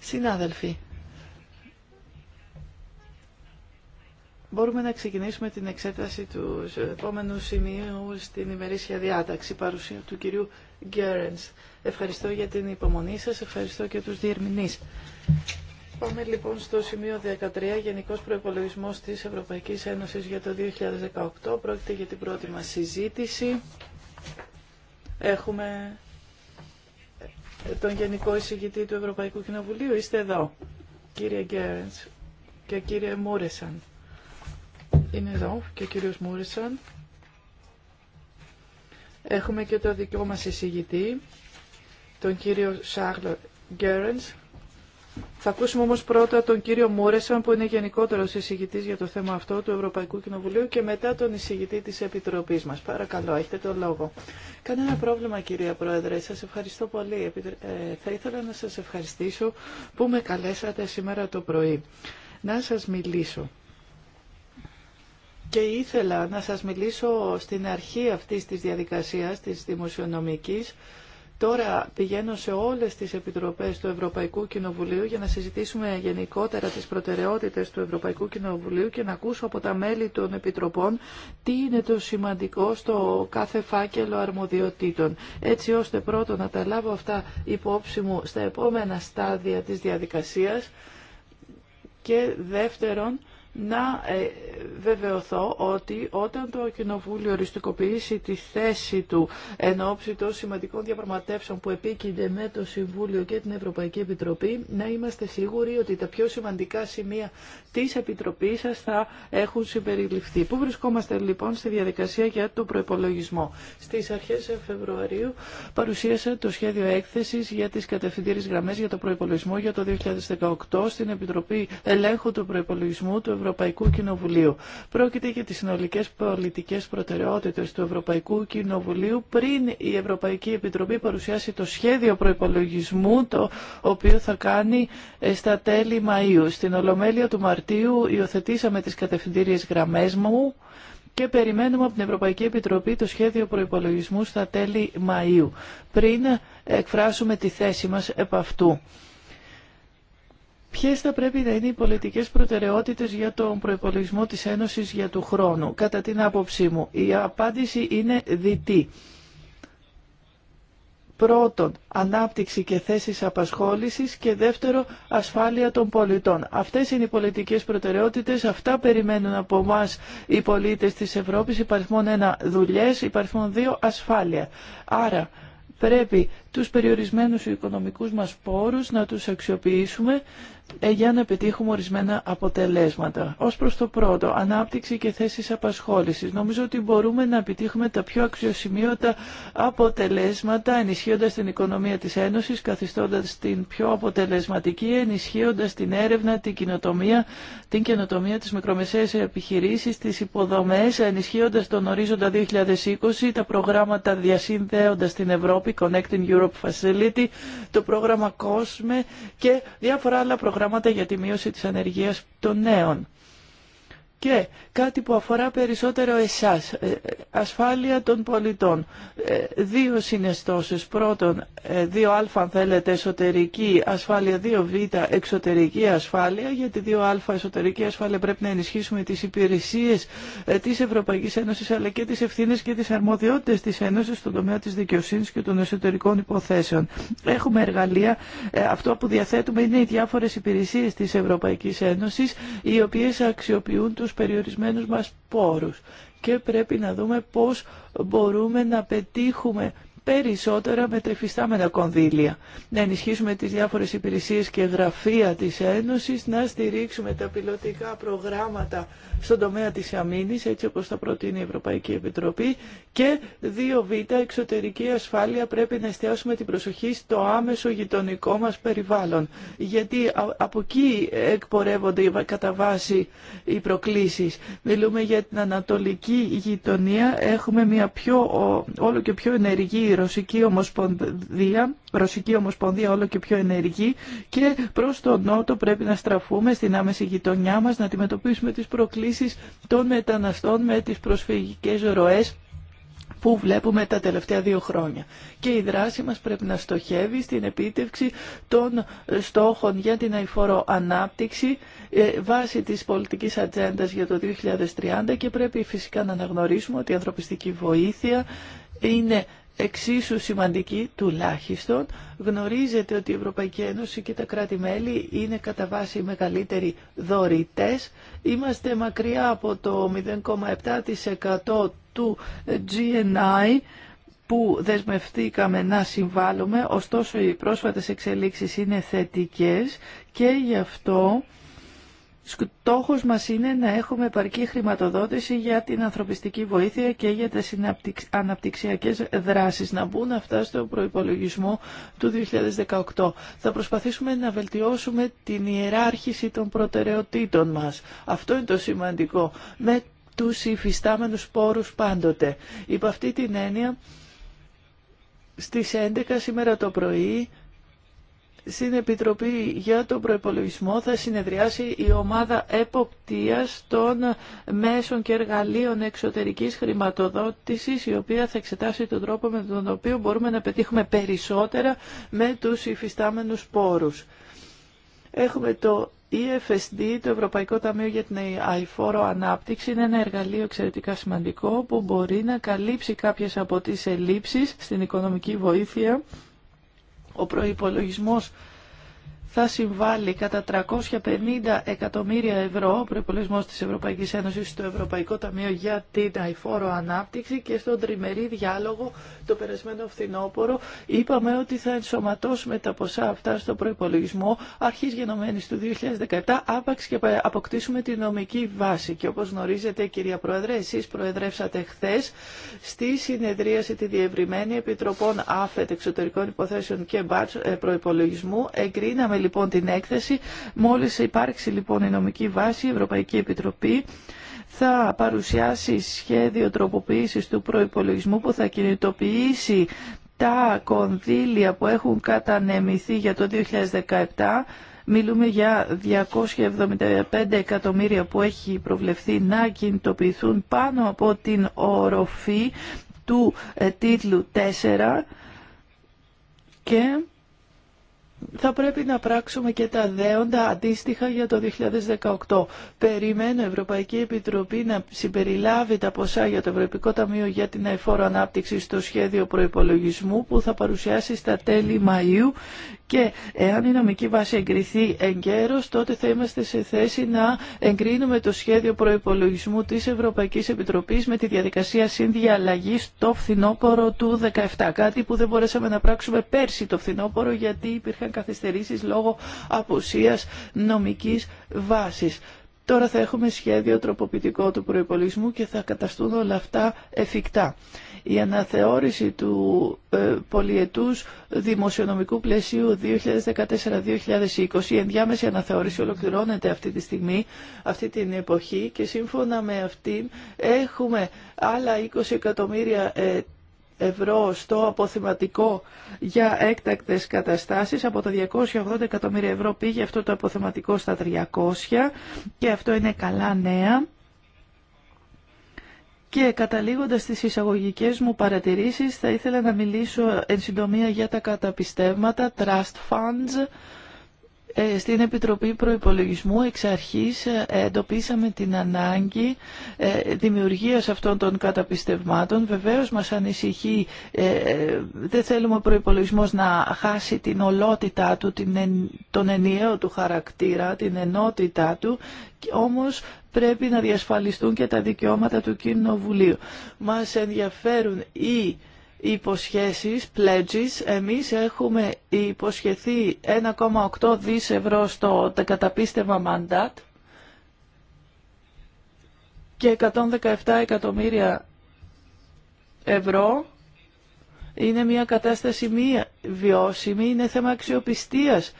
Συνάδελφοι, μπορούμε να ξεκινήσουμε την εξέταση του επόμενου σημείου στην ημερήσια διάταξη παρουσία του κυρίου Γκέρενς. Ευχαριστώ για την υπομονή σας, ευχαριστώ και τους διερμηνείς. Πάμε λοιπόν στο σημείο 13, Γενικός Προπολογισμό της Ευρωπαϊκής Ένωσης για το 2018. Πρόκειται για την πρώτη μας συζήτηση. Έχουμε τον Γενικό Εισηγητή του Ευρωπαϊκού Κοινοβουλίου. Είστε εδώ, κύριε Γκέρενς και κύριε Μούρεσαν. Είναι εδώ και ο κύριος Μούρεσαν. Έχουμε και το δικό μας εισηγητή, τον κύριο Σάρλο Γκέρενς, θα ακούσουμε όμως πρώτα τον κύριο Μούρεσαν που είναι γενικότερος εισηγητής για το θέμα αυτό του Ευρωπαϊκού Κοινοβουλίου και μετά τον εισηγητή της Επιτροπής μας. Παρακαλώ, έχετε το λόγο. Κανένα πρόβλημα κυρία Πρόεδρε, σας ευχαριστώ πολύ. Ε, θα ήθελα να σας ευχαριστήσω που με καλέσατε σήμερα το πρωί. Να σας μιλήσω. Και ήθελα να σας μιλήσω στην αρχή αυτής της διαδικασίας, της δημοσιονομικής, Τώρα πηγαίνω σε όλες τις επιτροπές του Ευρωπαϊκού Κοινοβουλίου για να συζητήσουμε γενικότερα τις προτεραιότητες του Ευρωπαϊκού Κοινοβουλίου και να ακούσω από τα μέλη των επιτροπών τι είναι το σημαντικό στο κάθε φάκελο αρμοδιοτήτων. Έτσι ώστε πρώτον να τα λάβω αυτά υπόψη μου στα επόμενα στάδια της διαδικασίας και δεύτερον να ε, βεβαιωθώ ότι όταν το Κοινοβούλιο οριστικοποιήσει τη θέση του εν ώψη των σημαντικών διαπραγματεύσεων που επίκυνται με το Συμβούλιο και την Ευρωπαϊκή Επιτροπή, να είμαστε σίγουροι ότι τα πιο σημαντικά σημεία της Επιτροπής σας θα έχουν συμπεριληφθεί. Πού βρισκόμαστε λοιπόν στη διαδικασία για το προπολογισμό. Στις αρχές Φεβρουαρίου παρουσίασα το σχέδιο έκθεσης για τις κατευθυντήρες γραμμές για το προπολογισμό για το 2018 στην Επιτροπή Ελέγχου του Προπολογισμού Ευρωπαϊκού Κοινοβουλίου. Πρόκειται για τις συνολικές πολιτικές προτεραιότητες του Ευρωπαϊκού Κοινοβουλίου πριν η Ευρωπαϊκή Επιτροπή παρουσιάσει το σχέδιο προϋπολογισμού το οποίο θα κάνει ε, στα τέλη Μαΐου. Στην Ολομέλεια του Μαρτίου υιοθετήσαμε τις κατευθυντήριες γραμμές μου και περιμένουμε από την Ευρωπαϊκή Επιτροπή το σχέδιο προϋπολογισμού στα τέλη Μαΐου πριν εκφράσουμε τη θέση μας επ' Ποιε θα πρέπει να είναι οι πολιτικέ προτεραιότητες για τον προπολογισμό τη Ένωσης για του χρόνου, κατά την άποψή μου. Η απάντηση είναι διτή. Πρώτον, ανάπτυξη και θέσεις απασχόλησης και δεύτερο, ασφάλεια των πολιτών. Αυτές είναι οι πολιτικέ προτεραιότητε, αυτά περιμένουν από εμά οι πολίτε της Ευρώπη, υπαριθμόν ένα δουλειέ, υπαριθμόν δύο ασφάλεια. Άρα, πρέπει τους περιορισμένους οικονομικούς μας πόρους να τους αξιοποιήσουμε ε, για να πετύχουμε ορισμένα αποτελέσματα. Ω προ το πρώτο, ανάπτυξη και θέσεις απασχόληση. Νομίζω ότι μπορούμε να επιτύχουμε τα πιο αξιοσημείωτα αποτελέσματα ενισχύοντα την οικονομία τη Ένωση, καθιστώντα την πιο αποτελεσματική, ενισχύοντα την έρευνα, την κοινοτομία, την καινοτομία της μικρομεσαίας επιχειρήσεις, τι υποδομέ, ενισχύοντα τον ορίζοντα 2020, τα προγράμματα διασύνδεοντας την Ευρώπη, Connecting Europe Facility, το πρόγραμμα COSME και διάφορα άλλα προγράμματα προγράμματα για τη μείωση της ανεργίας των νέων. Και κάτι που αφορά περισσότερο εσάς, ε, ασφάλεια των πολιτών. Ε, δύο συναισθώσεις. Πρώτον, ε, δύο α αν θέλετε εσωτερική ασφάλεια, δύο β εξωτερική ασφάλεια, γιατί δύο α εσωτερική ασφάλεια πρέπει να ενισχύσουμε τις υπηρεσίες της Ευρωπαϊκής Ένωσης, αλλά και τις ευθύνες και τις αρμοδιότητες της Ένωσης στον τομέα της δικαιοσύνης και των εσωτερικών υποθέσεων. Έχουμε εργαλεία, αυτό που διαθέτουμε είναι οι διάφορες υπηρεσίες της Ευρωπαϊκής Ένωσης, οι οποίες αξιοποιούν τους περιορισμένους μας πόρους και πρέπει να δούμε πώς μπορούμε να πετύχουμε περισσότερα με τα κονδύλια. Να ενισχύσουμε τις διάφορες υπηρεσίες και γραφεία της Ένωσης, να στηρίξουμε τα πιλωτικά προγράμματα στον τομέα της αμήνης, έτσι όπως θα προτείνει η Ευρωπαϊκή Επιτροπή, και δύο β εξωτερική ασφάλεια πρέπει να εστιάσουμε την προσοχή στο άμεσο γειτονικό μας περιβάλλον. Γιατί από εκεί εκπορεύονται κατά βάση οι προκλήσεις. Μιλούμε για την ανατολική γειτονία, έχουμε μια πιο, όλο και πιο ενεργή Ρωσική Ομοσπονδία, Ρωσική Ομοσπονδία όλο και πιο ενεργή και προς τον Νότο πρέπει να στραφούμε στην άμεση γειτονιά μας, να αντιμετωπίσουμε τις προκλήσεις των μεταναστών με τις προσφυγικές ροές που βλέπουμε τα τελευταία δύο χρόνια. Και η δράση μας πρέπει να στοχεύει στην επίτευξη των στόχων για την αηφόρο ανάπτυξη ε, βάσει της πολιτικής ατζέντα για το 2030 και πρέπει φυσικά να αναγνωρίσουμε ότι η ανθρωπιστική βοήθεια είναι εξίσου σημαντική τουλάχιστον, γνωρίζετε ότι η Ευρωπαϊκή Ένωση και τα κράτη-μέλη είναι κατά βάση οι μεγαλύτεροι δωρητές. Είμαστε μακριά από το 0,7% του GNI που δεσμευτήκαμε να συμβάλλουμε, ωστόσο οι πρόσφατες εξελίξεις είναι θετικές και γι' αυτό Στόχος μας είναι να έχουμε επαρκή χρηματοδότηση για την ανθρωπιστική βοήθεια και για τις αναπτυξιακές δράσεις, να μπουν αυτά στο προϋπολογισμό του 2018. Θα προσπαθήσουμε να βελτιώσουμε την ιεράρχηση των προτεραιοτήτων μας. Αυτό είναι το σημαντικό, με τους υφιστάμενους πόρους πάντοτε. Υπ' αυτή την έννοια, στις 11 σήμερα το πρωί στην Επιτροπή για τον Προϋπολογισμό θα συνεδριάσει η ομάδα εποπτείας των μέσων και εργαλείων εξωτερικής χρηματοδότησης η οποία θα εξετάσει τον τρόπο με τον οποίο μπορούμε να πετύχουμε περισσότερα με τους υφιστάμενους πόρους. Έχουμε το EFSD, το Ευρωπαϊκό Ταμείο για την Αϊφόρο Ανάπτυξη, είναι ένα εργαλείο εξαιρετικά σημαντικό που μπορεί να καλύψει κάποιες από τις ελλείψεις στην οικονομική βοήθεια ο προϋπολογισμός θα συμβάλλει κατά 350 εκατομμύρια ευρώ ο προπολογισμό τη Ευρωπαϊκή Ένωση στο Ευρωπαϊκό Ταμείο για την αηφόρο ανάπτυξη και στον τριμερή διάλογο το περασμένο φθινόπωρο. Είπαμε ότι θα ενσωματώσουμε τα ποσά αυτά στο προπολογισμό αρχή γενομένη του 2017, άπαξ και αποκτήσουμε τη νομική βάση. Και όπω γνωρίζετε, κυρία Πρόεδρε, εσεί προεδρεύσατε χθε στη συνεδρίαση τη διευρυμένη Επιτροπών ΑΦΕΤ Εξωτερικών Υποθέσεων και ε, Προπολογισμού. Εγκρίναμε λοιπόν την έκθεση. Μόλις υπάρξει λοιπόν η νομική βάση, η Ευρωπαϊκή Επιτροπή θα παρουσιάσει σχέδιο τροποποίησης του προϋπολογισμού που θα κινητοποιήσει τα κονδύλια που έχουν κατανεμηθεί για το 2017 Μιλούμε για 275 εκατομμύρια που έχει προβλεφθεί να κινητοποιηθούν πάνω από την οροφή του ε, τίτλου 4 και θα πρέπει να πράξουμε και τα δέοντα αντίστοιχα για το 2018. Περιμένω η Ευρωπαϊκή Επιτροπή να συμπεριλάβει τα ποσά για το Ευρωπαϊκό Ταμείο για την Αεφόρο Ανάπτυξη στο σχέδιο προϋπολογισμού που θα παρουσιάσει στα τέλη Μαΐου και εάν η νομική βάση εγκριθεί εγκαίρως, τότε θα είμαστε σε θέση να εγκρίνουμε το σχέδιο προπολογισμού της Ευρωπαϊκής Επιτροπής με τη διαδικασία συνδιαλλαγής το φθινόπωρο του 2017. Κάτι που δεν μπορέσαμε να πράξουμε πέρσι το φθινόπωρο γιατί υπήρχαν καθυστερήσεις λόγω απουσίας νομικής βάσης. Τώρα θα έχουμε σχέδιο τροποποιητικό του προϋπολογισμού και θα καταστούν όλα αυτά εφικτά. Η αναθεώρηση του ε, πολιετούς δημοσιονομικού πλαισίου 2014-2020, η ενδιάμεση αναθεώρηση ολοκληρώνεται αυτή τη στιγμή, αυτή την εποχή και σύμφωνα με αυτήν έχουμε άλλα 20 εκατομμύρια ε, ευρώ στο αποθεματικό για έκτακτες καταστάσεις. Από τα 280 εκατομμύρια ευρώ πήγε αυτό το αποθεματικό στα 300 και αυτό είναι καλά νέα. Και καταλήγοντας τις εισαγωγικές μου παρατηρήσεις θα ήθελα να μιλήσω εν συντομία για τα καταπιστεύματα, trust funds. Ε, στην Επιτροπή Προϋπολογισμού εξ αρχής ε, εντοπίσαμε την ανάγκη ε, δημιουργίας αυτών των καταπιστευμάτων. Βεβαίως μας ανησυχεί, δεν θέλουμε ο προϋπολογισμός να χάσει την ολότητά του, τον ενιαίο του χαρακτήρα, την ενότητά του, όμως πρέπει να διασφαλιστούν και τα δικαιώματα του Κοινοβουλίου. Μας ενδιαφέρουν οι υποσχέσεις, pledges. Εμείς έχουμε υποσχεθεί 1,8 δις ευρώ στο καταπίστευμα mandat και 117 εκατομμύρια ευρώ είναι μια κατάσταση μη βιώσιμη, είναι θέμα αξιοπιστίας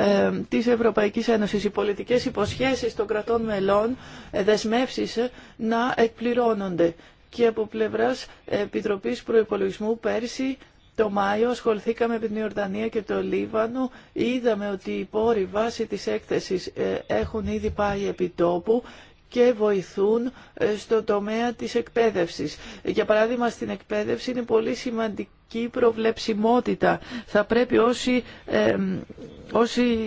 ε, της Ευρωπαϊκής Ένωσης, οι πολιτικές υποσχέσεις των κρατών μελών, ε, δεσμεύσεις ε, να εκπληρώνονται. Και από πλευράς Επιτροπής Προϋπολογισμού πέρσι το Μάιο ασχοληθήκαμε με την Ιορδανία και το Λίβανο. Είδαμε ότι οι πόροι βάσει της έκθεσης ε, έχουν ήδη πάει επιτόπου και βοηθούν στο τομέα της εκπαίδευσης. Για παράδειγμα, στην εκπαίδευση είναι πολύ σημαντικό η προβλεψιμότητα. Θα πρέπει όσοι, ε, όσοι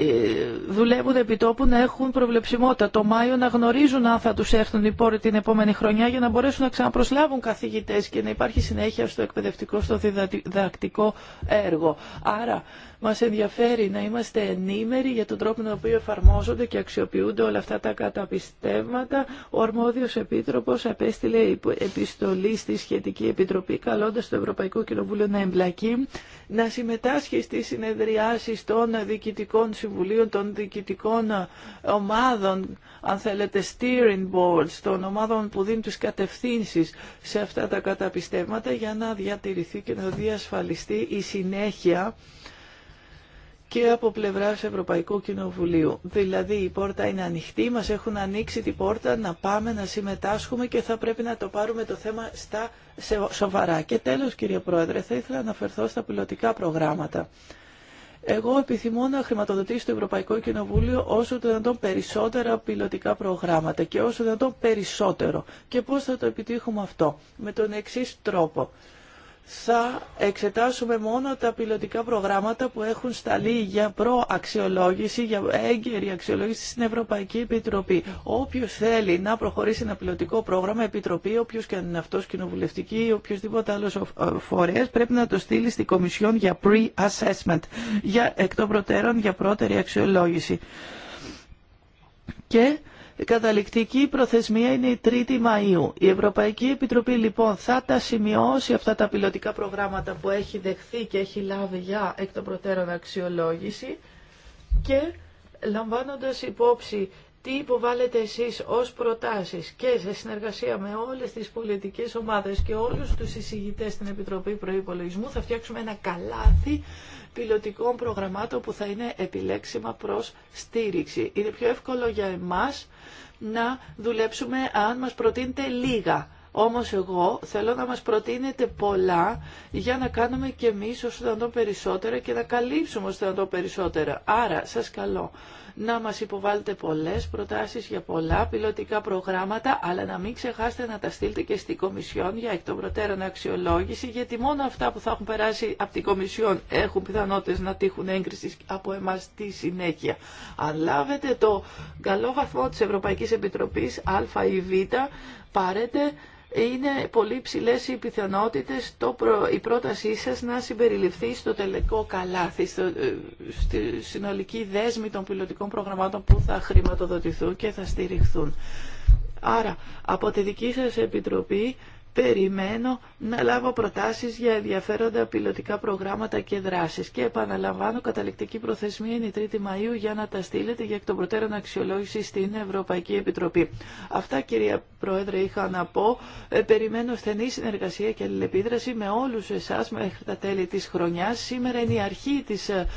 δουλεύουν επί τόπου να έχουν προβλεψιμότητα. Το Μάιο να γνωρίζουν αν θα τους έρθουν οι πόροι την επόμενη χρονιά για να μπορέσουν να ξαναπροσλάβουν καθηγητές και να υπάρχει συνέχεια στο εκπαιδευτικό, στο διδακτικό έργο. Άρα μας ενδιαφέρει να είμαστε ενήμεροι για τον τρόπο με τον οποίο εφαρμόζονται και αξιοποιούνται όλα αυτά τα καταπιστεύματα. Ο αρμόδιος επίτροπος απέστειλε επιστολή στη σχετική επιτροπή καλώντας το Ευρωπαϊκό Κοινοβούλιο να εμπλακεί, να συμμετάσχει στις συνεδριάσεις των διοικητικών συμβουλίων, των διοικητικών ομάδων, αν θέλετε steering boards, των ομάδων που δίνουν τις κατευθύνσεις σε αυτά τα καταπιστεύματα για να διατηρηθεί και να διασφαλιστεί η συνέχεια και από πλευράς Ευρωπαϊκού Κοινοβουλίου. Δηλαδή η πόρτα είναι ανοιχτή, μας έχουν ανοίξει την πόρτα να πάμε να συμμετάσχουμε και θα πρέπει να το πάρουμε το θέμα στα σοβαρά. Και τέλος κύριε Πρόεδρε θα ήθελα να αναφερθώ στα πιλωτικά προγράμματα. Εγώ επιθυμώ να χρηματοδοτήσει το Ευρωπαϊκό Κοινοβούλιο όσο το δυνατόν περισσότερα πιλωτικά προγράμματα και όσο το δυνατόν περισσότερο. Και πώς θα το επιτύχουμε αυτό. Με τον εξή τρόπο θα εξετάσουμε μόνο τα πιλωτικά προγράμματα που έχουν σταλεί για προαξιολόγηση, για έγκαιρη αξιολόγηση στην Ευρωπαϊκή Επιτροπή. Όποιο θέλει να προχωρήσει ένα πιλωτικό πρόγραμμα, Επιτροπή, όποιο και αν είναι αυτό, κοινοβουλευτική ή οποιοδήποτε άλλο φορέα, πρέπει να το στείλει στην Κομισιόν για pre-assessment, εκ των προτέρων για πρώτερη αξιολόγηση. Και καταληκτική προθεσμία είναι η 3η Μαΐου. Η Ευρωπαϊκή Επιτροπή λοιπόν θα τα σημειώσει αυτά τα πιλωτικά προγράμματα που έχει δεχθεί και έχει λάβει για εκ των προτέρων αξιολόγηση και λαμβάνοντας υπόψη τι υποβάλλετε εσείς ως προτάσεις και σε συνεργασία με όλες τις πολιτικές ομάδες και όλους τους εισηγητές στην Επιτροπή Προϋπολογισμού θα φτιάξουμε ένα καλάθι πιλωτικών προγραμμάτων που θα είναι επιλέξιμα προς στήριξη. Είναι πιο εύκολο για εμάς να δουλέψουμε αν μας προτείνετε λίγα όμως εγώ θέλω να μας προτείνετε πολλά για να κάνουμε και εμείς όσο το περισσότερα και να καλύψουμε όσο το περισσότερα. Άρα σας καλώ να μας υποβάλλετε πολλές προτάσεις για πολλά πιλωτικά προγράμματα, αλλά να μην ξεχάσετε να τα στείλετε και στην Κομισιόν για εκ των προτέρων αξιολόγηση, γιατί μόνο αυτά που θα έχουν περάσει από την Κομισιόν έχουν πιθανότητες να τύχουν έγκριση από εμάς στη συνέχεια. Αν λάβετε το καλό βαθμό της Ευρωπαϊκής Επιτροπής, α ή β, πάρετε είναι πολύ ψηλέ οι πιθανότητε. η πρότασή σας να συμπεριληφθεί στο τελικό καλάθι, στο... Ε, στη συνολική δέσμη των πιλωτικών προγραμμάτων που θα χρηματοδοτηθούν και θα στηριχθούν. Άρα, από τη δική σας Επιτροπή περιμένω να λάβω προτάσεις για ενδιαφέροντα πιλωτικά προγράμματα και δράσεις. Και επαναλαμβάνω, καταληκτική προθεσμία είναι η 3η Μαΐου για να τα στείλετε για εκ των προτέρων αξιολόγηση στην Ευρωπαϊκή Επιτροπή. Αυτά, κυρία Πρόεδρε, είχα να πω. Ε, περιμένω στενή συνεργασία και αλληλεπίδραση με όλους εσάς μέχρι τα τέλη της χρονιάς. Σήμερα είναι η αρχή της ε,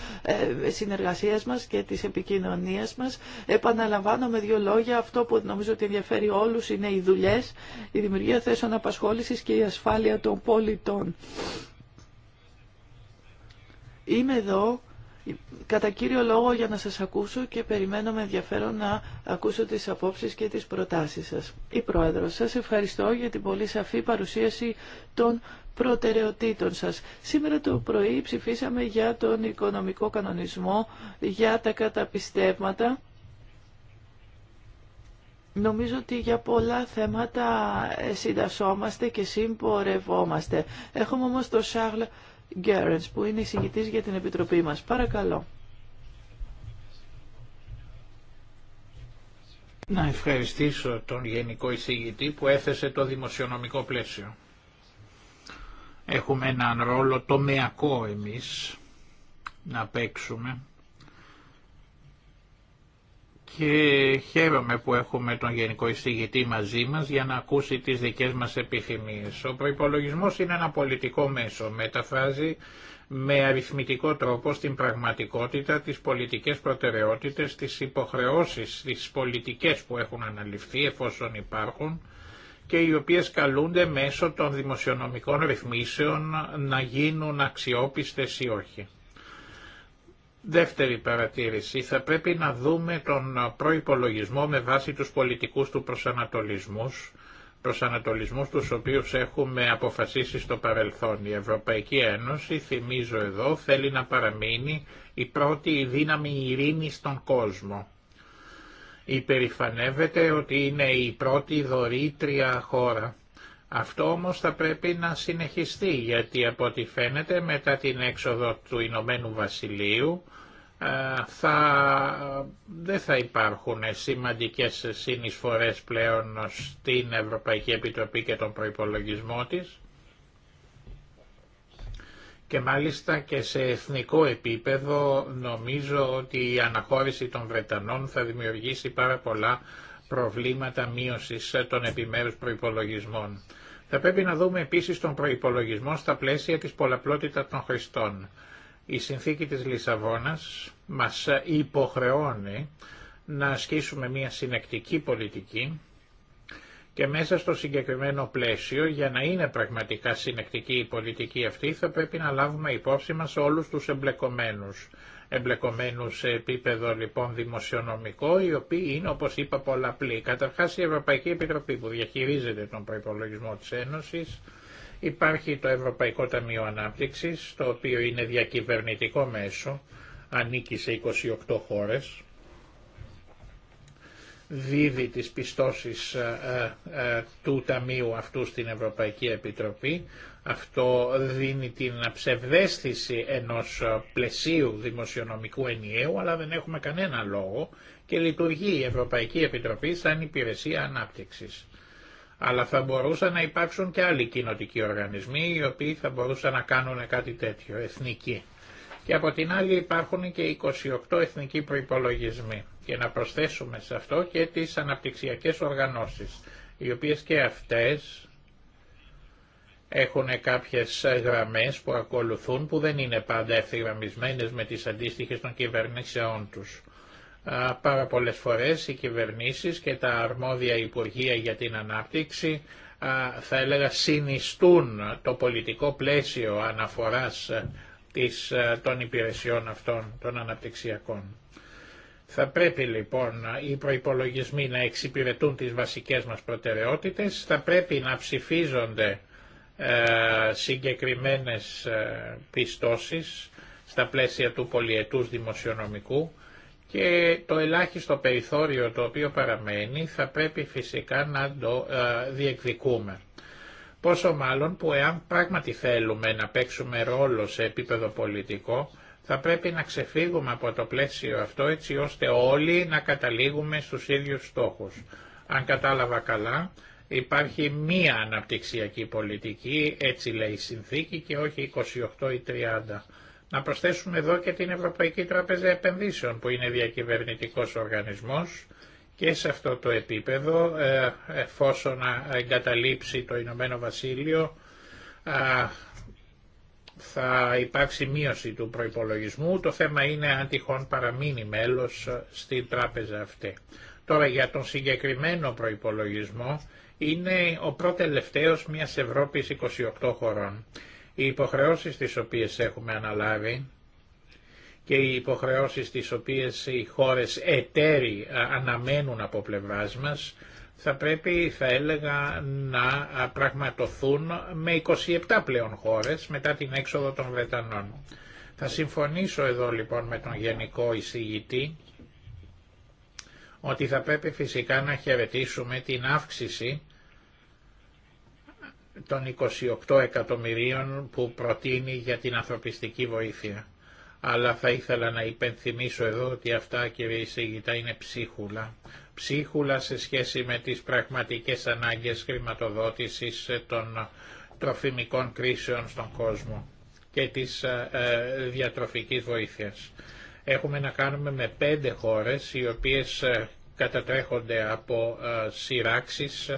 ε, συνεργασίας μας και της επικοινωνίας μας. Επαναλαμβάνω με δύο λόγια αυτό που νομίζω ότι ενδιαφέρει όλους είναι οι δουλειές, η δημιουργία θέσεων απασχόλησης και η ασφάλεια των πολιτών. Είμαι εδώ κατά κύριο λόγο για να σας ακούσω και περιμένω με ενδιαφέρον να ακούσω τις απόψεις και τις προτάσεις σας. Η Πρόεδρος, σας ευχαριστώ για την πολύ σαφή παρουσίαση των προτεραιοτήτων σας. Σήμερα το πρωί ψηφίσαμε για τον οικονομικό κανονισμό, για τα καταπιστεύματα. Νομίζω ότι για πολλά θέματα ε, συντασσόμαστε και συμπορευόμαστε. Έχουμε όμως τον Σάρλ Γκέρενς που είναι εισηγητής για την Επιτροπή μας. Παρακαλώ. Να ευχαριστήσω τον Γενικό Εισηγητή που έθεσε το δημοσιονομικό πλαίσιο. Έχουμε έναν ρόλο τομεακό εμείς να παίξουμε και χαίρομαι που έχουμε τον Γενικό Εισηγητή μαζί μας για να ακούσει τις δικές μας επιθυμίες. Ο προϋπολογισμός είναι ένα πολιτικό μέσο, μεταφράζει με αριθμητικό τρόπο στην πραγματικότητα τις πολιτικές προτεραιότητες, τις υποχρεώσεις, τις πολιτικές που έχουν αναλυφθεί εφόσον υπάρχουν και οι οποίες καλούνται μέσω των δημοσιονομικών ρυθμίσεων να γίνουν αξιόπιστες ή όχι. Δεύτερη παρατήρηση, θα πρέπει να δούμε τον προϋπολογισμό με βάση τους πολιτικούς του προσανατολισμούς, προσανατολισμούς τους οποίους έχουμε αποφασίσει στο παρελθόν. Η Ευρωπαϊκή Ένωση, θυμίζω εδώ, θέλει να παραμείνει η πρώτη δύναμη ειρήνη στον κόσμο. Υπερηφανεύεται ότι είναι η πρώτη δωρήτρια χώρα αυτό όμως θα πρέπει να συνεχιστεί γιατί από ό,τι φαίνεται μετά την έξοδο του Ηνωμένου Βασιλείου ε, θα, δεν θα υπάρχουν σημαντικές συνεισφορές πλέον στην Ευρωπαϊκή Επιτροπή και τον προϋπολογισμό της και μάλιστα και σε εθνικό επίπεδο νομίζω ότι η αναχώρηση των Βρετανών θα δημιουργήσει πάρα πολλά προβλήματα μείωσης των επιμέρους προϋπολογισμών. Θα πρέπει να δούμε επίσης τον προϋπολογισμό στα πλαίσια της πολλαπλότητα των χρηστών. Η συνθήκη της Λισαβόνας μας υποχρεώνει να ασκήσουμε μια συνεκτική πολιτική και μέσα στο συγκεκριμένο πλαίσιο, για να είναι πραγματικά συνεκτική η πολιτική αυτή, θα πρέπει να λάβουμε υπόψη μας όλους τους εμπλεκομένους εμπλεκομένου σε επίπεδο λοιπόν δημοσιονομικό, οι οποίοι είναι όπως είπα πολλαπλοί. Κατάρχά η Ευρωπαϊκή Επιτροπή που διαχειρίζεται τον προϋπολογισμό της Ένωσης, υπάρχει το Ευρωπαϊκό Ταμείο Ανάπτυξης, το οποίο είναι διακυβερνητικό μέσο, ανήκει σε 28 χώρες, δίδει τις πιστώσεις ε, ε, ε, του Ταμείου αυτού στην Ευρωπαϊκή Επιτροπή. Αυτό δίνει την ψευδέστηση ενός πλαισίου δημοσιονομικού ενιαίου, αλλά δεν έχουμε κανένα λόγο και λειτουργεί η Ευρωπαϊκή Επιτροπή σαν υπηρεσία ανάπτυξης. Αλλά θα μπορούσαν να υπάρξουν και άλλοι κοινοτικοί οργανισμοί, οι οποίοι θα μπορούσαν να κάνουν κάτι τέτοιο, εθνικοί. Και από την άλλη υπάρχουν και 28 εθνικοί προϋπολογισμοί. Και να προσθέσουμε σε αυτό και τις αναπτυξιακές οργανώσεις, οι οποίες και αυτές έχουν κάποιες γραμμές που ακολουθούν που δεν είναι πάντα ευθυγραμμισμένες με τις αντίστοιχες των κυβερνήσεών τους. Πάρα πολλές φορές οι κυβερνήσεις και τα αρμόδια Υπουργεία για την Ανάπτυξη θα έλεγα συνιστούν το πολιτικό πλαίσιο αναφοράς ε, της, ε, των υπηρεσιών αυτών των αναπτυξιακών. Θα πρέπει λοιπόν οι προϋπολογισμοί να εξυπηρετούν τις βασικές μας προτεραιότητες, θα πρέπει να ψηφίζονται ε, συγκεκριμένες ε, πιστώσεις στα πλαίσια του πολιετούς δημοσιονομικού και το ελάχιστο περιθώριο το οποίο παραμένει θα πρέπει φυσικά να το ε, διεκδικούμε. Πόσο μάλλον που εάν πράγματι θέλουμε να παίξουμε ρόλο σε επίπεδο πολιτικό, θα πρέπει να ξεφύγουμε από το πλαίσιο αυτό έτσι ώστε όλοι να καταλήγουμε στους ίδιους στόχους. Αν κατάλαβα καλά, Υπάρχει μία αναπτυξιακή πολιτική, έτσι λέει η συνθήκη, και όχι 28 ή 30. Να προσθέσουμε εδώ και την Ευρωπαϊκή Τράπεζα Επενδύσεων που είναι διακυβερνητικός οργανισμός και σε αυτό το επίπεδο ε, εφόσον ε, εγκαταλείψει το Ηνωμένο Βασίλειο θα υπάρξει μείωση του προϋπολογισμού. Το θέμα είναι αν τυχόν παραμείνει μέλος ε, στην τράπεζα αυτή. Τώρα για τον συγκεκριμένο προϋπολογισμό είναι ο προτελευταίος μιας Ευρώπης 28 χωρών. Οι υποχρεώσεις τις οποίες έχουμε αναλάβει και οι υποχρεώσεις τις οποίες οι χώρες εταίροι αναμένουν από πλευράς μας θα πρέπει, θα έλεγα, να πραγματοθούν με 27 πλέον χώρες μετά την έξοδο των Βρετανών. Θα συμφωνήσω εδώ λοιπόν με τον Γενικό Εισηγητή ότι θα πρέπει φυσικά να χαιρετήσουμε την αύξηση των 28 εκατομμυρίων που προτείνει για την ανθρωπιστική βοήθεια. Αλλά θα ήθελα να υπενθυμίσω εδώ ότι αυτά κύριε Ισηγητά είναι ψίχουλα. Ψίχουλα σε σχέση με τις πραγματικές ανάγκες χρηματοδότησης των τροφιμικών κρίσεων στον κόσμο και της ε, ε, διατροφικής βοήθειας. Έχουμε να κάνουμε με πέντε χώρες οι οποίες ε, κατατρέχονται από ε, σειράξεις,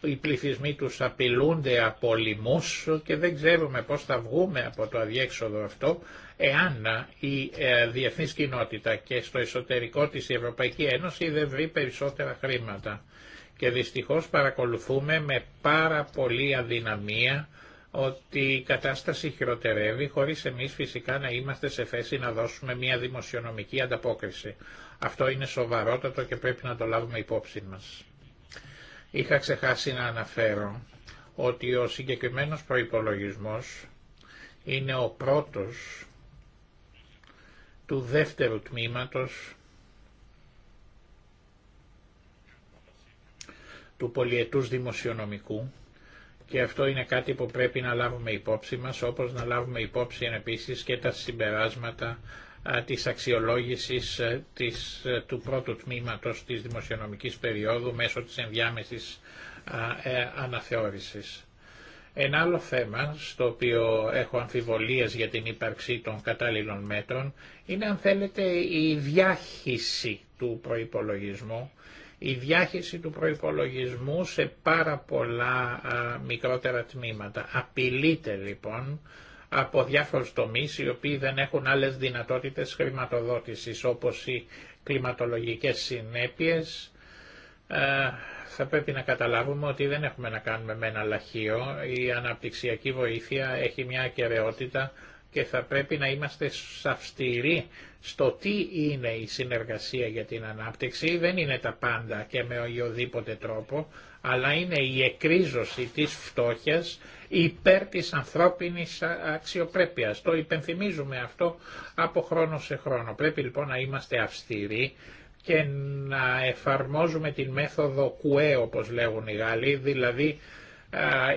οι πληθυσμοί τους απειλούνται από λοιμούς και δεν ξέρουμε πώς θα βγούμε από το αδιέξοδο αυτό εάν ε, η διεθνής κοινότητα και στο εσωτερικό της η Ευρωπαϊκή Ένωση δεν βρει περισσότερα χρήματα. Και δυστυχώς παρακολουθούμε με πάρα πολλή αδυναμία ότι η κατάσταση χειροτερεύει χωρίς εμείς φυσικά να είμαστε σε θέση να δώσουμε μια δημοσιονομική ανταπόκριση. Αυτό είναι σοβαρότατο και πρέπει να το λάβουμε υπόψη μας. Είχα ξεχάσει να αναφέρω ότι ο συγκεκριμένος προϋπολογισμός είναι ο πρώτος του δεύτερου τμήματος του πολιετούς δημοσιονομικού και αυτό είναι κάτι που πρέπει να λάβουμε υπόψη μας, όπως να λάβουμε υπόψη επίσης και τα συμπεράσματα της αξιολόγησης της, του πρώτου τμήματος της δημοσιονομικής περίοδου μέσω της ενδιάμεσης ε, αναθεώρησης. Ένα άλλο θέμα, στο οποίο έχω αμφιβολίες για την ύπαρξη των κατάλληλων μέτρων, είναι αν θέλετε η διάχυση του προϋπολογισμού η διάχυση του προϋπολογισμού σε πάρα πολλά μικρότερα τμήματα. Απειλείται λοιπόν από διάφορους τομείς οι οποίοι δεν έχουν άλλες δυνατότητες χρηματοδότησης όπως οι κλιματολογικές συνέπειες. θα πρέπει να καταλάβουμε ότι δεν έχουμε να κάνουμε με ένα λαχείο. Η αναπτυξιακή βοήθεια έχει μια ακεραιότητα και θα πρέπει να είμαστε αυστηροί στο τι είναι η συνεργασία για την ανάπτυξη. Δεν είναι τα πάντα και με οποιοδήποτε τρόπο, αλλά είναι η εκρίζωση της φτώχειας υπέρ της ανθρώπινης αξιοπρέπειας. Το υπενθυμίζουμε αυτό από χρόνο σε χρόνο. Πρέπει λοιπόν να είμαστε αυστηροί και να εφαρμόζουμε την μέθοδο QE όπως λέγουν οι Γάλλοι, δηλαδή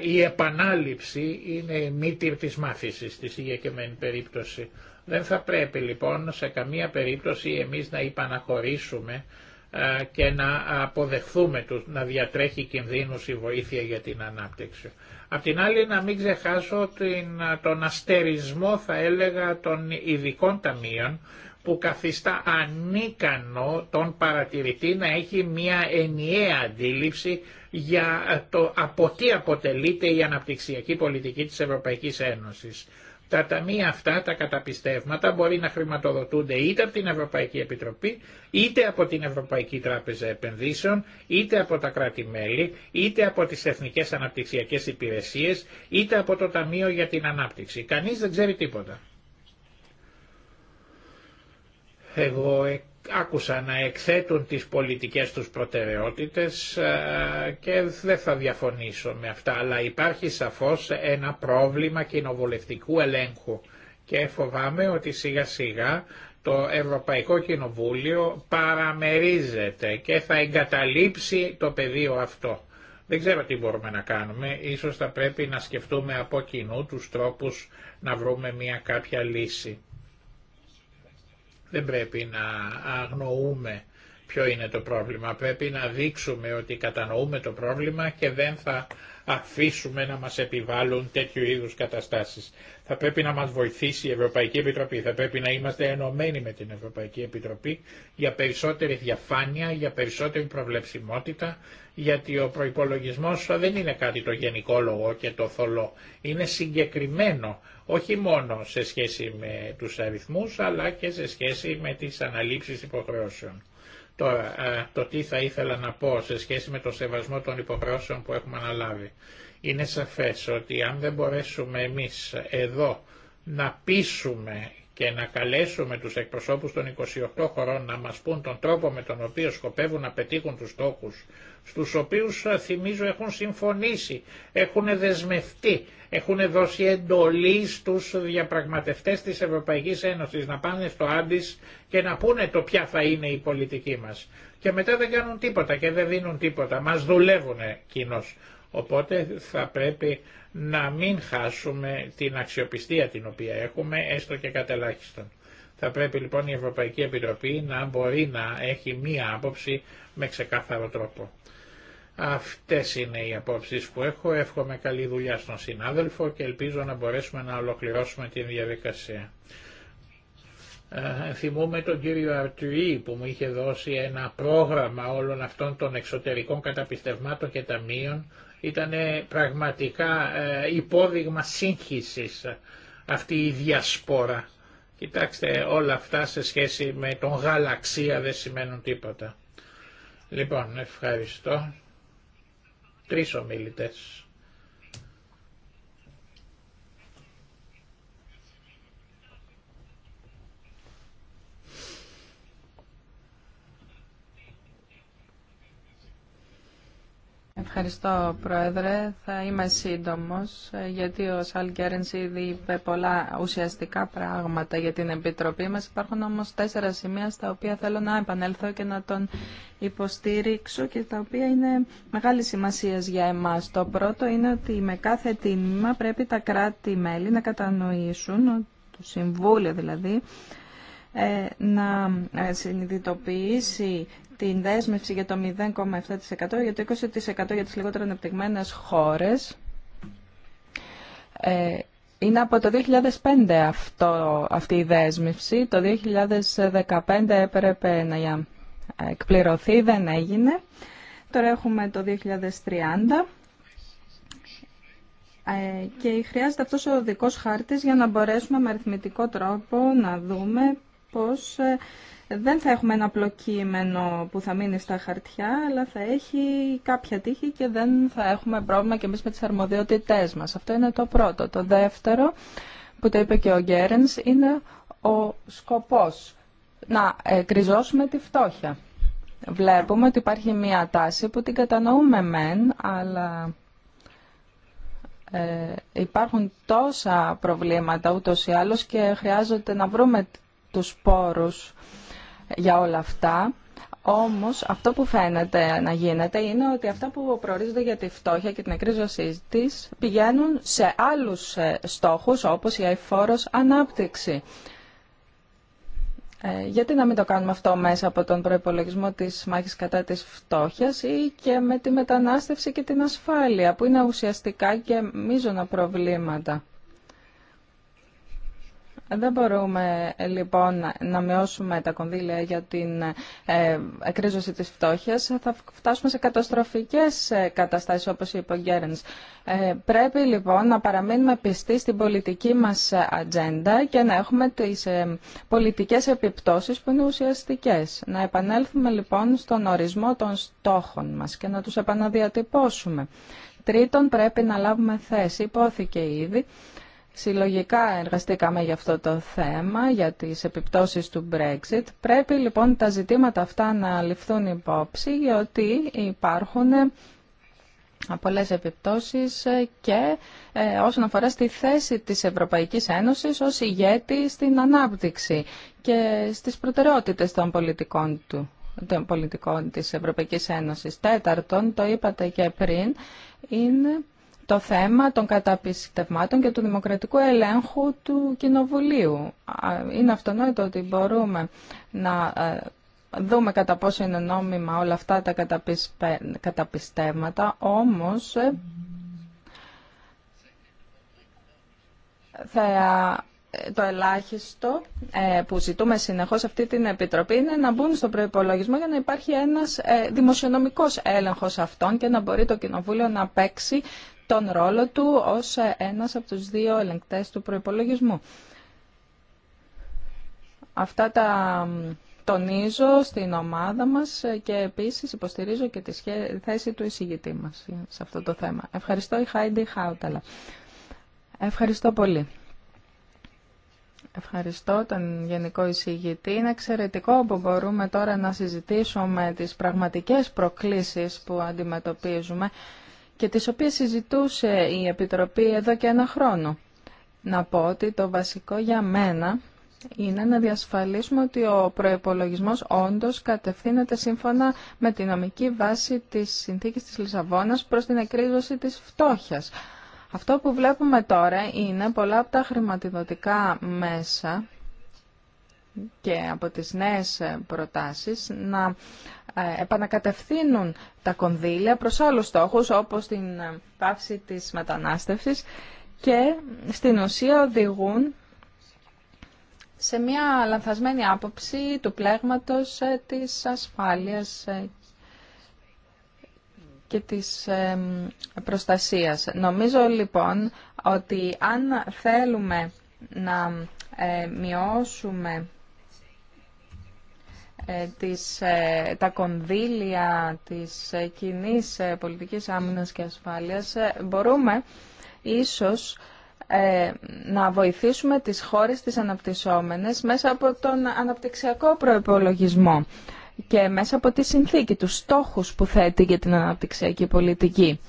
η επανάληψη είναι η μύτη της μάθησης στη συγκεκριμένη περίπτωση. Δεν θα πρέπει λοιπόν σε καμία περίπτωση εμείς να υπαναχωρήσουμε και να αποδεχθούμε τους, να διατρέχει κινδύνους η βοήθεια για την ανάπτυξη. Απ' την άλλη να μην ξεχάσω την, τον αστερισμό θα έλεγα των ειδικών ταμείων που καθιστά ανίκανο τον παρατηρητή να έχει μια ενιαία αντίληψη για το από τι αποτελείται η αναπτυξιακή πολιτική της Ευρωπαϊκής Ένωσης. Τα ταμεία αυτά, τα καταπιστεύματα μπορεί να χρηματοδοτούνται είτε από την Ευρωπαϊκή Επιτροπή, είτε από την Ευρωπαϊκή Τράπεζα Επενδύσεων, είτε από τα κράτη-μέλη, είτε από τις Εθνικές Αναπτυξιακές Υπηρεσίες, είτε από το Ταμείο για την Ανάπτυξη. Κανείς δεν ξέρει τίποτα. Εγώ άκουσα να εκθέτουν τις πολιτικές τους προτεραιότητες ε, και δεν θα διαφωνήσω με αυτά, αλλά υπάρχει σαφώς ένα πρόβλημα κοινοβουλευτικού ελέγχου και φοβάμαι ότι σιγά σιγά το Ευρωπαϊκό Κοινοβούλιο παραμερίζεται και θα εγκαταλείψει το πεδίο αυτό. Δεν ξέρω τι μπορούμε να κάνουμε, ίσως θα πρέπει να σκεφτούμε από κοινού τους τρόπους να βρούμε μια κάποια λύση. Δεν πρέπει να αγνοούμε ποιο είναι το πρόβλημα. Πρέπει να δείξουμε ότι κατανοούμε το πρόβλημα και δεν θα αφήσουμε να μας επιβάλλουν τέτοιου είδους καταστάσεις. Θα πρέπει να μας βοηθήσει η Ευρωπαϊκή Επιτροπή, θα πρέπει να είμαστε ενωμένοι με την Ευρωπαϊκή Επιτροπή για περισσότερη διαφάνεια, για περισσότερη προβλεψιμότητα, γιατί ο προϋπολογισμός δεν είναι κάτι το γενικόλογο και το θολό. Είναι συγκεκριμένο, όχι μόνο σε σχέση με τους αριθμούς, αλλά και σε σχέση με τις αναλήψεις υποχρεώσεων. Τώρα, ε, το τι θα ήθελα να πω σε σχέση με το σεβασμό των υποχρεώσεων που έχουμε αναλάβει. Είναι σαφές ότι αν δεν μπορέσουμε εμείς εδώ να πείσουμε και να καλέσουμε τους εκπροσώπους των 28 χωρών να μας πούν τον τρόπο με τον οποίο σκοπεύουν να πετύχουν τους στόχους, στους οποίους θυμίζω έχουν συμφωνήσει, έχουν δεσμευτεί, έχουν δώσει εντολή στους διαπραγματευτές της Ευρωπαϊκής Ένωσης να πάνε στο Άντις και να πούνε το ποια θα είναι η πολιτική μας. Και μετά δεν κάνουν τίποτα και δεν δίνουν τίποτα, μας δουλεύουν κοινώς. Οπότε θα πρέπει να μην χάσουμε την αξιοπιστία την οποία έχουμε, έστω και κατελάχιστον. Θα πρέπει λοιπόν η Ευρωπαϊκή Επιτροπή να μπορεί να έχει μία άποψη με ξεκάθαρο τρόπο. Αυτές είναι οι απόψεις που έχω. Εύχομαι καλή δουλειά στον συνάδελφο και ελπίζω να μπορέσουμε να ολοκληρώσουμε την διαδικασία. Ε, θυμούμε τον κύριο Αρτουή που μου είχε δώσει ένα πρόγραμμα όλων αυτών των εξωτερικών καταπιστευμάτων και ταμείων ήταν πραγματικά ε, υπόδειγμα σύγχυσης αυτή η διασπόρα. Κοιτάξτε όλα αυτά σε σχέση με τον γαλαξία δεν σημαίνουν τίποτα. Λοιπόν, ευχαριστώ. Τρεις ομιλητές. Ευχαριστώ, Πρόεδρε. Θα είμαι σύντομος, ε, γιατί ο Σαλ Γκέρενς ήδη είπε πολλά ουσιαστικά πράγματα για την Επιτροπή μας. Υπάρχουν όμως τέσσερα σημεία στα οποία θέλω να επανέλθω και να τον υποστήριξω και τα οποία είναι μεγάλη σημασία για εμάς. Το πρώτο είναι ότι με κάθε τίμημα πρέπει τα κράτη-μέλη να κατανοήσουν, το Συμβούλιο δηλαδή, ε, να ε, συνειδητοποιήσει την δέσμευση για το 0,7% για το 20% για τις λιγότερο ανεπτυγμένες χώρες. Ε, είναι από το 2005 αυτό, αυτή η δέσμευση. Το 2015 έπρεπε να ε, εκπληρωθεί, δεν έγινε. Τώρα έχουμε το 2030 ε, και χρειάζεται αυτός ο δικός χάρτης για να μπορέσουμε με αριθμητικό τρόπο να δούμε πως ε, δεν θα έχουμε ένα απλό που θα μείνει στα χαρτιά, αλλά θα έχει κάποια τύχη και δεν θα έχουμε πρόβλημα και εμείς με τις αρμοδιότητές μας. Αυτό είναι το πρώτο. Το δεύτερο, που το είπε και ο Γκέρενς, είναι ο σκοπός. Να ε, κρυζώσουμε τη φτώχεια. Βλέπουμε ότι υπάρχει μία τάση που την κατανοούμε μεν, αλλά ε, υπάρχουν τόσα προβλήματα ούτως ή άλλως και χρειάζεται να βρούμε τους πόρους για όλα αυτά. Όμως αυτό που φαίνεται να γίνεται είναι ότι αυτά που προορίζονται για τη φτώχεια και την εκρίζωσή της πηγαίνουν σε άλλους ε, στόχους όπως η αηφόρος ανάπτυξη. Ε, γιατί να μην το κάνουμε αυτό μέσα από τον προϋπολογισμό της μάχης κατά της φτώχειας ή και με τη μετανάστευση και την ασφάλεια που είναι ουσιαστικά και μείζωνα προβλήματα. Δεν μπορούμε λοιπόν να μειώσουμε τα κονδύλια για την ε, εκρίζωση της φτώχειας. Θα φτάσουμε σε καταστροφικές ε, καταστάσεις όπως είπε ο Ε, Πρέπει λοιπόν να παραμείνουμε πιστοί στην πολιτική μας ατζέντα και να έχουμε τις ε, πολιτικές επιπτώσεις που είναι ουσιαστικές. Να επανέλθουμε λοιπόν στον ορισμό των στόχων μας και να τους επαναδιατυπώσουμε. Τρίτον, πρέπει να λάβουμε θέση, υπόθηκε ήδη, Συλλογικά εργαστήκαμε για αυτό το θέμα, για τις επιπτώσεις του Brexit. Πρέπει λοιπόν τα ζητήματα αυτά να ληφθούν υπόψη, γιατί υπάρχουν ε, πολλές επιπτώσεις και ε, όσον αφορά στη θέση της Ευρωπαϊκής Ένωσης ως ηγέτη στην ανάπτυξη και στις προτεραιότητες των πολιτικών του των πολιτικών της Ευρωπαϊκής Ένωσης. Τέταρτον, το είπατε και πριν, είναι το θέμα των καταπιστευμάτων και του δημοκρατικού ελέγχου του Κοινοβουλίου. Είναι αυτονόητο ότι μπορούμε να ε, δούμε κατά πόσο είναι νόμιμα όλα αυτά τα καταπιστεύματα, όμως ε, θα ε, το ελάχιστο που ζητούμε συνεχώς αυτή την Επιτροπή είναι να μπουν στον προϋπολογισμό για να υπάρχει ένας δημοσιονομικός έλεγχος αυτών και να μπορεί το Κοινοβούλιο να παίξει τον ρόλο του ως ένας από τους δύο ελεγκτές του προϋπολογισμού. Αυτά τα τονίζω στην ομάδα μας και επίσης υποστηρίζω και τη θέση του εισηγητή μας σε αυτό το θέμα. Ευχαριστώ η Χάιντι Χάουταλα. Ευχαριστώ πολύ. Ευχαριστώ τον Γενικό Εισηγητή. Είναι εξαιρετικό που μπορούμε τώρα να συζητήσουμε τις πραγματικές προκλήσεις που αντιμετωπίζουμε και τις οποίες συζητούσε η Επιτροπή εδώ και ένα χρόνο. Να πω ότι το βασικό για μένα είναι να διασφαλίσουμε ότι ο προϋπολογισμός όντως κατευθύνεται σύμφωνα με τη νομική βάση της συνθήκης της Λισαβόνας προς την εκρίζωση της φτώχειας. Αυτό που βλέπουμε τώρα είναι πολλά από τα χρηματιδοτικά μέσα και από τις νέες ε, προτάσεις να ε, επανακατευθύνουν τα κονδύλια προς άλλους στόχους όπως την ε, πάυση της μετανάστευσης και στην ουσία οδηγούν σε μια λανθασμένη άποψη του πλέγματος της ασφάλειας και της προστασίας. Νομίζω λοιπόν ότι αν θέλουμε να μειώσουμε ε, τις, ε, τα κονδύλια της ε, κοινή πολιτικής άμυνας και ασφάλειας μπορούμε ίσως να βοηθήσουμε τις χώρες τις αναπτυσσόμενες μέσα από τον αναπτυξιακό προϋπολογισμό και μέσα από τη συνθήκη, του στόχους που θέτει για την αναπτυξιακή πολιτική.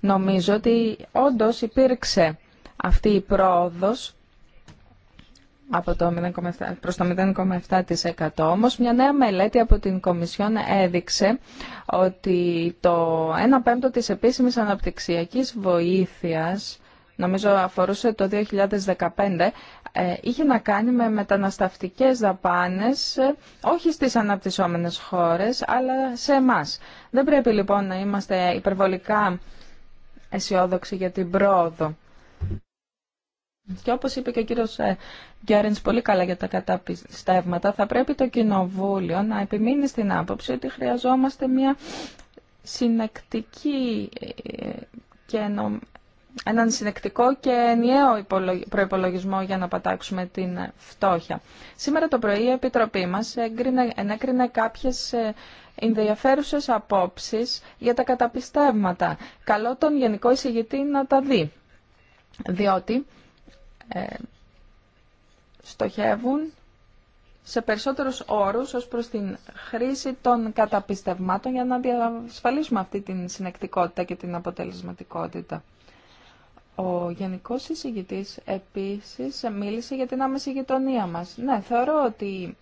Νομίζω ότι όντως υπήρξε αυτή η πρόοδος από το 0,7, προς το 0,7%. Όμως μια νέα μελέτη από την Κομισιόν έδειξε ότι το 1 πέμπτο της επίσημης αναπτυξιακής βοήθειας, νομίζω αφορούσε το 2015, ε, είχε να κάνει με μετανασταυτικές δαπάνες, ε, όχι στις αναπτυσσόμενες χώρες, αλλά σε εμάς. Δεν πρέπει λοιπόν να είμαστε υπερβολικά αισιόδοξοι για την πρόοδο. Και όπως είπε και ο κύριος ε, Γκέρινς πολύ καλά για τα καταπιστεύματα, θα πρέπει το Κοινοβούλιο να επιμείνει στην άποψη ότι χρειαζόμαστε μια συνεκτική ε, και έναν συνεκτικό και ενιαίο προϋπολογισμό για να πατάξουμε την φτώχεια. Σήμερα το πρωί η Επιτροπή μας ενέκρινε κάποιες ε, ενδιαφέρουσες απόψεις για τα καταπιστεύματα. Καλό τον Γενικό Εισηγητή να τα δει, διότι ε, στοχεύουν σε περισσότερους όρους ως προς την χρήση των καταπιστευμάτων για να διασφαλίσουμε αυτή την συνεκτικότητα και την αποτελεσματικότητα. Ο Γενικός συζητητής επίσης μίλησε για την άμεση γειτονία μας. Ναι, θεωρώ ότι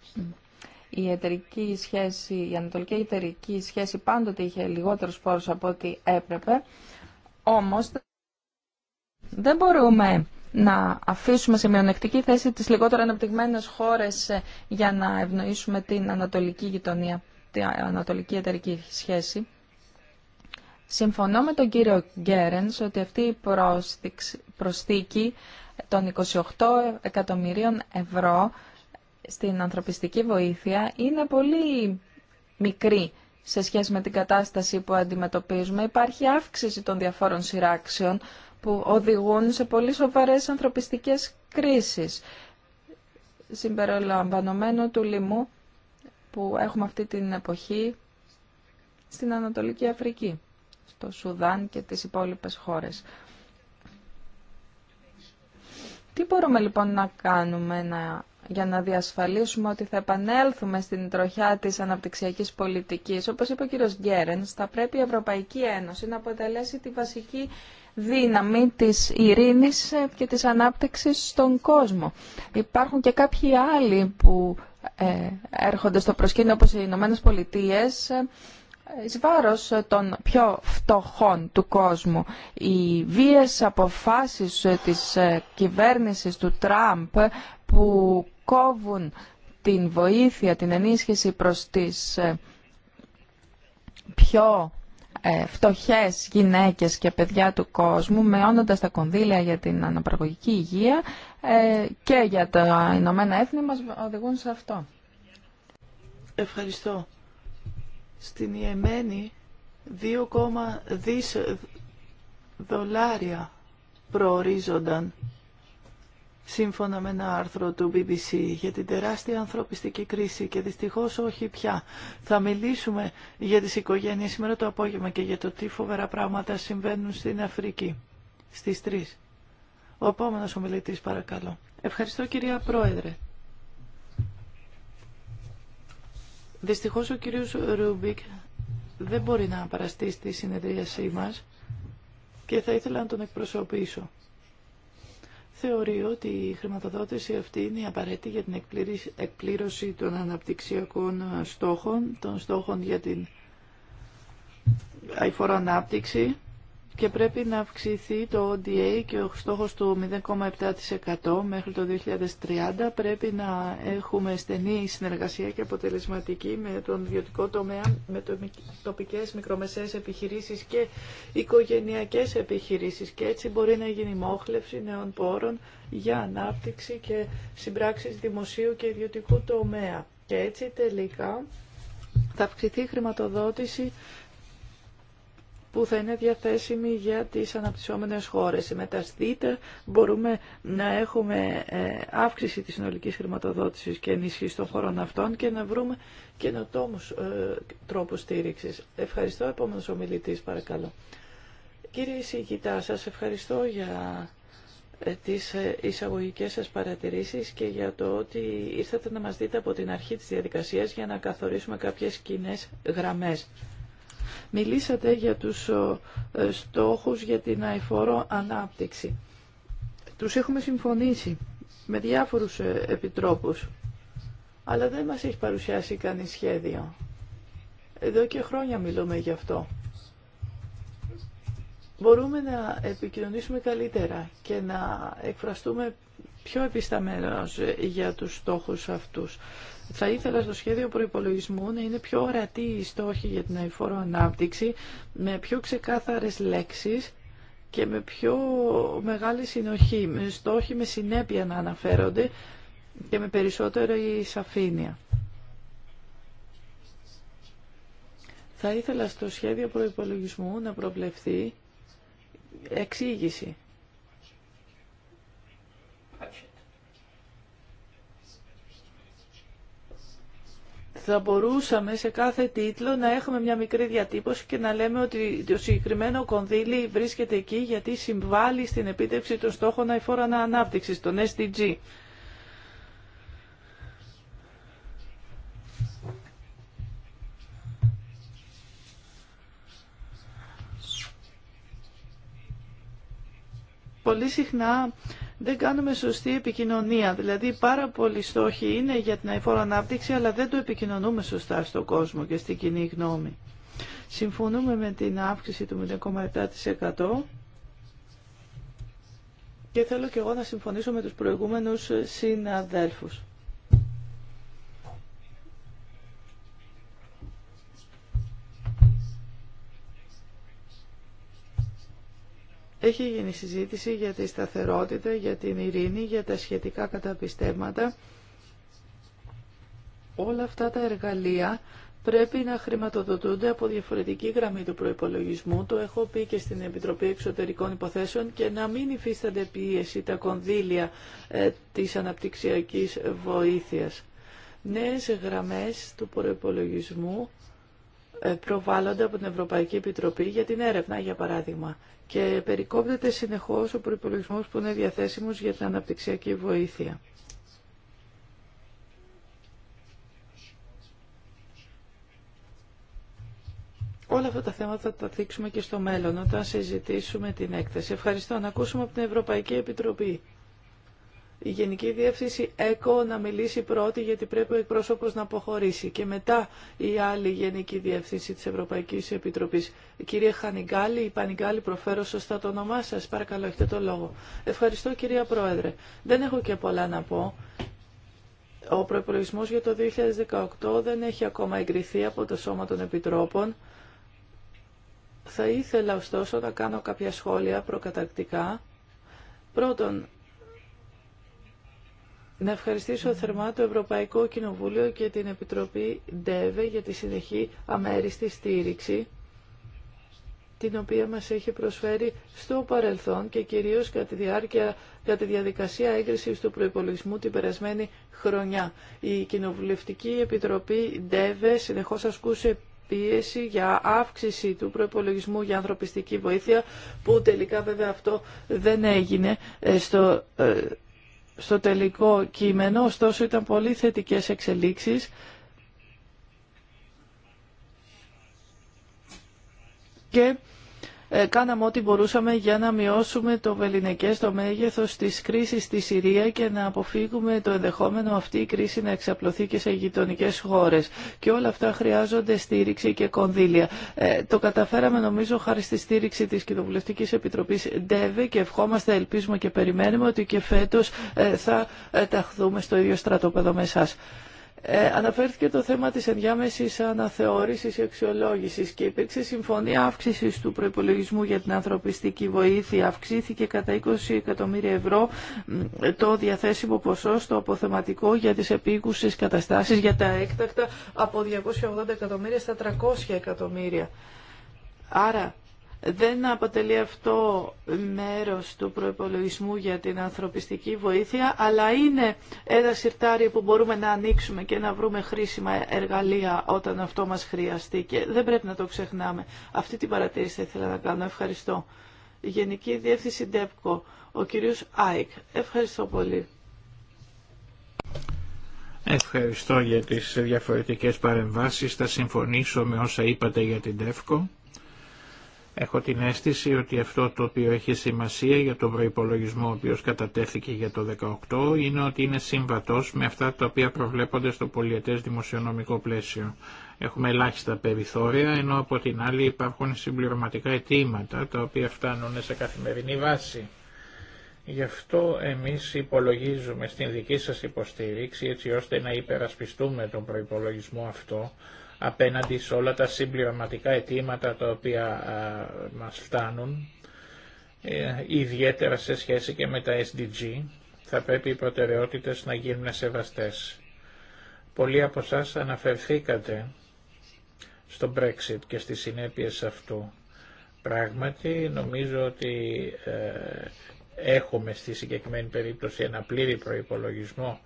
η εταιρική σχέση, η ανατολική εταιρική σχέση πάντοτε είχε λιγότερους πόρους από ό,τι έπρεπε, όμως δεν μπορούμε να αφήσουμε σε μειονεκτική θέση τις λιγότερο αναπτυγμένες χώρες ε, για να ευνοήσουμε την ανατολική γειτονία, την ανατολική εταιρική σχέση. Συμφωνώ με τον κύριο Γκέρενς ότι αυτή η προσθήκη των 28 εκατομμυρίων ευρώ στην ανθρωπιστική βοήθεια είναι πολύ μικρή σε σχέση με την κατάσταση που αντιμετωπίζουμε. Υπάρχει αύξηση των διαφόρων σειράξεων που οδηγούν σε πολύ σοβαρές ανθρωπιστικές κρίσεις. Συμπεριλαμβανομένου του λοιμού που έχουμε αυτή την εποχή στην Ανατολική Αφρική, στο Σουδάν και τις υπόλοιπες χώρες. Τι μπορούμε λοιπόν να κάνουμε να, για να διασφαλίσουμε ότι θα επανέλθουμε στην τροχιά της αναπτυξιακής πολιτικής. Όπως είπε ο κύριος Γκέρενς, θα πρέπει η Ευρωπαϊκή Ένωση να αποτελέσει τη βασική δύναμη της ειρήνης και της ανάπτυξης στον κόσμο. Υπάρχουν και κάποιοι άλλοι που ε, έρχονται στο προσκήνιο όπως οι Ηνωμένε Πολιτείες ε, εις βάρος των πιο φτωχών του κόσμου. Οι βίες αποφάσεις της ε, κυβέρνησης του Τραμπ που κόβουν την βοήθεια, την ενίσχυση προς τις πιο ε, φτωχές γυναίκες και παιδιά του κόσμου, μεώνοντας τα κονδύλια για την αναπαραγωγική υγεία ε, και για τα Ηνωμένα Έθνη μας οδηγούν σε αυτό. Ευχαριστώ. Στην Ιεμένη 2,2 δολάρια προορίζονταν σύμφωνα με ένα άρθρο του BBC για την τεράστια ανθρωπιστική κρίση και δυστυχώς όχι πια. Θα μιλήσουμε για τις οικογένειες σήμερα το απόγευμα και για το τι φοβερά πράγματα συμβαίνουν στην Αφρική στις 3. Ο επόμενος ομιλητής παρακαλώ. Ευχαριστώ κυρία Πρόεδρε. Δυστυχώς ο κύριος Ρούμπικ δεν μπορεί να παραστεί στη συνεδρίασή μας και θα ήθελα να τον εκπροσωπήσω θεωρεί ότι η χρηματοδότηση αυτή είναι απαραίτητη για την εκπλήρωση των αναπτυξιακών ε, στόχων, των στόχων για την ανάπτυξη και πρέπει να αυξηθεί το ODA και ο στόχος του 0,7% μέχρι το 2030. Πρέπει να έχουμε στενή συνεργασία και αποτελεσματική με τον ιδιωτικό τομέα, με τοπικές μικρομεσαίες επιχειρήσεις και οικογενειακές επιχειρήσεις και έτσι μπορεί να γίνει μόχλευση νέων πόρων για ανάπτυξη και συμπράξεις δημοσίου και ιδιωτικού τομέα. Και έτσι τελικά θα αυξηθεί η χρηματοδότηση που θα είναι διαθέσιμη για τις αναπτυσσόμενες χώρες. Μεταστείτε, μπορούμε να έχουμε ε, αύξηση της συνολικής χρηματοδότησης και ενίσχυση των χωρών αυτών και να βρούμε καινοτόμους ε, τρόπους στήριξης. Ευχαριστώ, επόμενος ομιλητής, παρακαλώ. Κύριε Ισηγητά, σας ευχαριστώ για ε, τις εισαγωγικές σας παρατηρήσεις και για το ότι ήρθατε να μας δείτε από την αρχή της διαδικασίας για να καθορίσουμε κάποιες κοινέ γραμμές Μιλήσατε για τους ε, στόχους για την αηφόρο ανάπτυξη. Τους έχουμε συμφωνήσει με διάφορους ε, επιτρόπους, αλλά δεν μας έχει παρουσιάσει κανείς σχέδιο. Εδώ και χρόνια μιλούμε γι' αυτό. Μπορούμε να επικοινωνήσουμε καλύτερα και να εκφραστούμε πιο επισταμένος ε, για τους στόχους αυτούς. Θα ήθελα στο σχέδιο προϋπολογισμού να είναι πιο ορατή η στόχη για την αηφόρο ανάπτυξη, με πιο ξεκάθαρες λέξεις και με πιο μεγάλη συνοχή, με στόχη με συνέπεια να αναφέρονται και με περισσότερη σαφήνεια. Θα ήθελα στο σχέδιο προϋπολογισμού να προβλεφθεί εξήγηση θα μπορούσαμε σε κάθε τίτλο να έχουμε μια μικρή διατύπωση και να λέμε ότι το συγκεκριμένο κονδύλι βρίσκεται εκεί γιατί συμβάλλει στην επίτευξη των στόχων αεφόρων ανάπτυξη των SDG. Πολύ συχνά δεν κάνουμε σωστή επικοινωνία. Δηλαδή πάρα πολλοί στόχοι είναι για την αηφόρο ανάπτυξη αλλά δεν το επικοινωνούμε σωστά στον κόσμο και στην κοινή γνώμη. Συμφωνούμε με την αύξηση του 0,7% και θέλω και εγώ να συμφωνήσω με τους προηγούμενους συναδέλφους. Έχει γίνει συζήτηση για τη σταθερότητα, για την ειρήνη, για τα σχετικά καταπιστεύματα. Όλα αυτά τα εργαλεία πρέπει να χρηματοδοτούνται από διαφορετική γραμμή του προϋπολογισμού. Το έχω πει και στην Επιτροπή Εξωτερικών Υποθέσεων και να μην υφίστανται πίεση τα κονδύλια ε, της αναπτυξιακής βοήθειας. Νέες γραμμές του προϋπολογισμού ε, προβάλλονται από την Ευρωπαϊκή Επιτροπή για την έρευνα, για παράδειγμα. Και περικόπτεται συνεχώς ο προπολογισμό που είναι διαθέσιμος για την αναπτυξιακή βοήθεια. Όλα αυτά τα θέματα θα τα δείξουμε και στο μέλλον όταν συζητήσουμε την έκθεση. Ευχαριστώ να ακούσουμε από την Ευρωπαϊκή Επιτροπή η Γενική Διεύθυνση ΕΚΟ να μιλήσει πρώτη γιατί πρέπει ο εκπρόσωπος να αποχωρήσει και μετά η άλλη Γενική Διεύθυνση της Ευρωπαϊκής Επιτροπής. Κυρία Χανιγκάλη, η Πανιγκάλη προφέρω σωστά το όνομά σας. Παρακαλώ, έχετε το λόγο. Ευχαριστώ κυρία Πρόεδρε. Δεν έχω και πολλά να πω. Ο προπολογισμό για το 2018 δεν έχει ακόμα εγκριθεί από το Σώμα των Επιτρόπων. Θα ήθελα ωστόσο να κάνω κάποια σχόλια προκατακτικά. Πρώτον, να ευχαριστήσω θερμά το Ευρωπαϊκό Κοινοβούλιο και την Επιτροπή ΝΤΕΒΕ για τη συνεχή αμέριστη στήριξη την οποία μας έχει προσφέρει στο παρελθόν και κυρίως κατά τη, διάρκεια, κατά τη διαδικασία έγκρισης του προϋπολογισμού την περασμένη χρονιά. Η Κοινοβουλευτική Επιτροπή ΝΤΕΒΕ συνεχώς ασκούσε πίεση για αύξηση του προϋπολογισμού για ανθρωπιστική βοήθεια που τελικά βέβαια αυτό δεν έγινε ε, στο ε, στο τελικό κείμενο, ωστόσο ήταν πολύ θετικές εξελίξεις και ε, κάναμε ό,τι μπορούσαμε για να μειώσουμε το βεληνικέ το μέγεθο τη κρίση στη Συρία και να αποφύγουμε το ενδεχόμενο αυτή η κρίση να εξαπλωθεί και σε γειτονικέ χώρες. Και όλα αυτά χρειάζονται στήριξη και κονδύλια. Ε, το καταφέραμε νομίζω χάρη στη στήριξη της κοινοβουλευτική Επιτροπής ΔΕΒΕ και ευχόμαστε, ελπίζουμε και περιμένουμε ότι και φέτος ε, θα ταχθούμε στο ίδιο στρατόπεδο με εσάς. Ε, αναφέρθηκε το θέμα της ενδιάμεσης αναθεώρησης και αξιολόγησης και υπήρξε συμφωνία αύξησης του προϋπολογισμού για την ανθρωπιστική βοήθεια. Αυξήθηκε κατά 20 εκατομμύρια ευρώ το διαθέσιμο ποσό στο αποθεματικό για τις επίκουσες καταστάσεις για τα έκτακτα από 280 εκατομμύρια στα 300 εκατομμύρια. Άρα δεν αποτελεί αυτό μέρος του προϋπολογισμού για την ανθρωπιστική βοήθεια, αλλά είναι ένα συρτάρι που μπορούμε να ανοίξουμε και να βρούμε χρήσιμα εργαλεία όταν αυτό μας χρειαστεί και δεν πρέπει να το ξεχνάμε. Αυτή την παρατήρηση θα ήθελα να κάνω. Ευχαριστώ. Η Γενική Διεύθυνση ΔΕΠΚΟ, ο κύριος Άικ. Ευχαριστώ πολύ. Ευχαριστώ για τις διαφορετικές παρεμβάσεις. Θα συμφωνήσω με όσα είπατε για την ΤΕΦΚΟ. Έχω την αίσθηση ότι αυτό το οποίο έχει σημασία για τον προϋπολογισμό ο οποίος κατατέθηκε για το 2018 είναι ότι είναι συμβατός με αυτά τα οποία προβλέπονται στο πολιετές δημοσιονομικό πλαίσιο. Έχουμε ελάχιστα περιθώρια, ενώ από την άλλη υπάρχουν συμπληρωματικά αιτήματα τα οποία φτάνουν σε καθημερινή βάση. Γι' αυτό εμείς υπολογίζουμε στην δική σας υποστήριξη έτσι ώστε να υπερασπιστούμε τον προϋπολογισμό αυτό απέναντι σε όλα τα συμπληρωματικά αιτήματα τα οποία μας φτάνουν, ε, ιδιαίτερα σε σχέση και με τα SDG, θα πρέπει οι προτεραιότητες να γίνουν σεβαστές. Πολλοί από εσά αναφερθήκατε στο Brexit και στις συνέπειες αυτού. Πράγματι, νομίζω ότι ε, έχουμε στη συγκεκριμένη περίπτωση ένα πλήρη προϋπολογισμό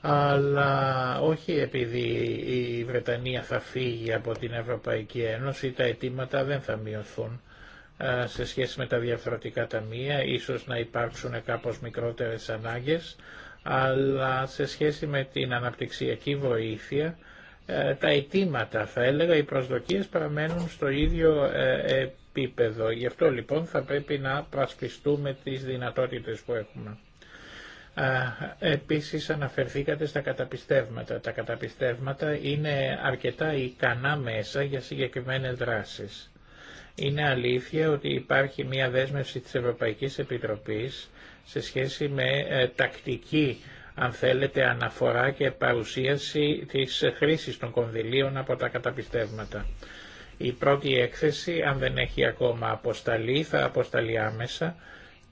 αλλά όχι επειδή η Βρετανία θα φύγει από την Ευρωπαϊκή Ένωση, τα αιτήματα δεν θα μειωθούν ε, σε σχέση με τα διαφορετικά ταμεία, ίσως να υπάρξουν κάπως μικρότερες ανάγκες, αλλά σε σχέση με την αναπτυξιακή βοήθεια, ε, τα αιτήματα θα έλεγα, οι προσδοκίες παραμένουν στο ίδιο ε, επίπεδο. Γι' αυτό λοιπόν θα πρέπει να πρασπιστούμε τις δυνατότητες που έχουμε. Επίσης αναφερθήκατε στα καταπιστεύματα. Τα καταπιστεύματα είναι αρκετά ικανά μέσα για συγκεκριμένες δράσεις. Είναι αλήθεια ότι υπάρχει μια δέσμευση της Ευρωπαϊκής Επιτροπής σε σχέση με ε, τακτική, αν αναφορά και παρουσίαση της χρήσης των κονδυλίων από τα καταπιστεύματα. Η πρώτη έκθεση, αν δεν έχει ακόμα αποσταλεί, θα αποσταλεί άμεσα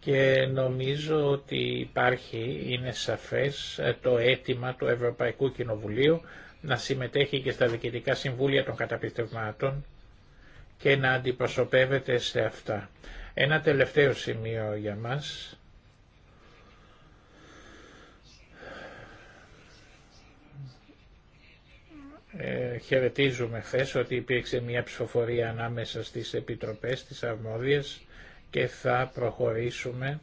και νομίζω ότι υπάρχει, είναι σαφές, ε, το αίτημα του Ευρωπαϊκού Κοινοβουλίου να συμμετέχει και στα διοικητικά συμβούλια των καταπιστευμάτων και να αντιπροσωπεύεται σε αυτά. Ένα τελευταίο σημείο για μας. Ε, χαιρετίζουμε χθε ότι υπήρξε μια ψηφοφορία ανάμεσα στις επιτροπές, της αρμόδιες, και θα προχωρήσουμε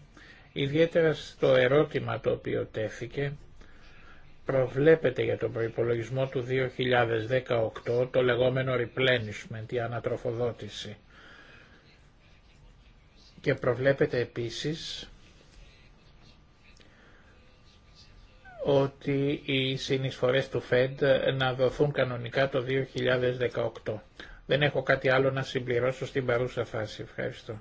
ιδιαίτερα στο ερώτημα το οποίο τέθηκε προβλέπεται για τον προϋπολογισμό του 2018 το λεγόμενο replenishment, η ανατροφοδότηση. Και προβλέπεται επίσης ότι οι συνεισφορές του ΦΕΔ να δοθούν κανονικά το 2018. Δεν έχω κάτι άλλο να συμπληρώσω στην παρούσα φάση. Ευχαριστώ.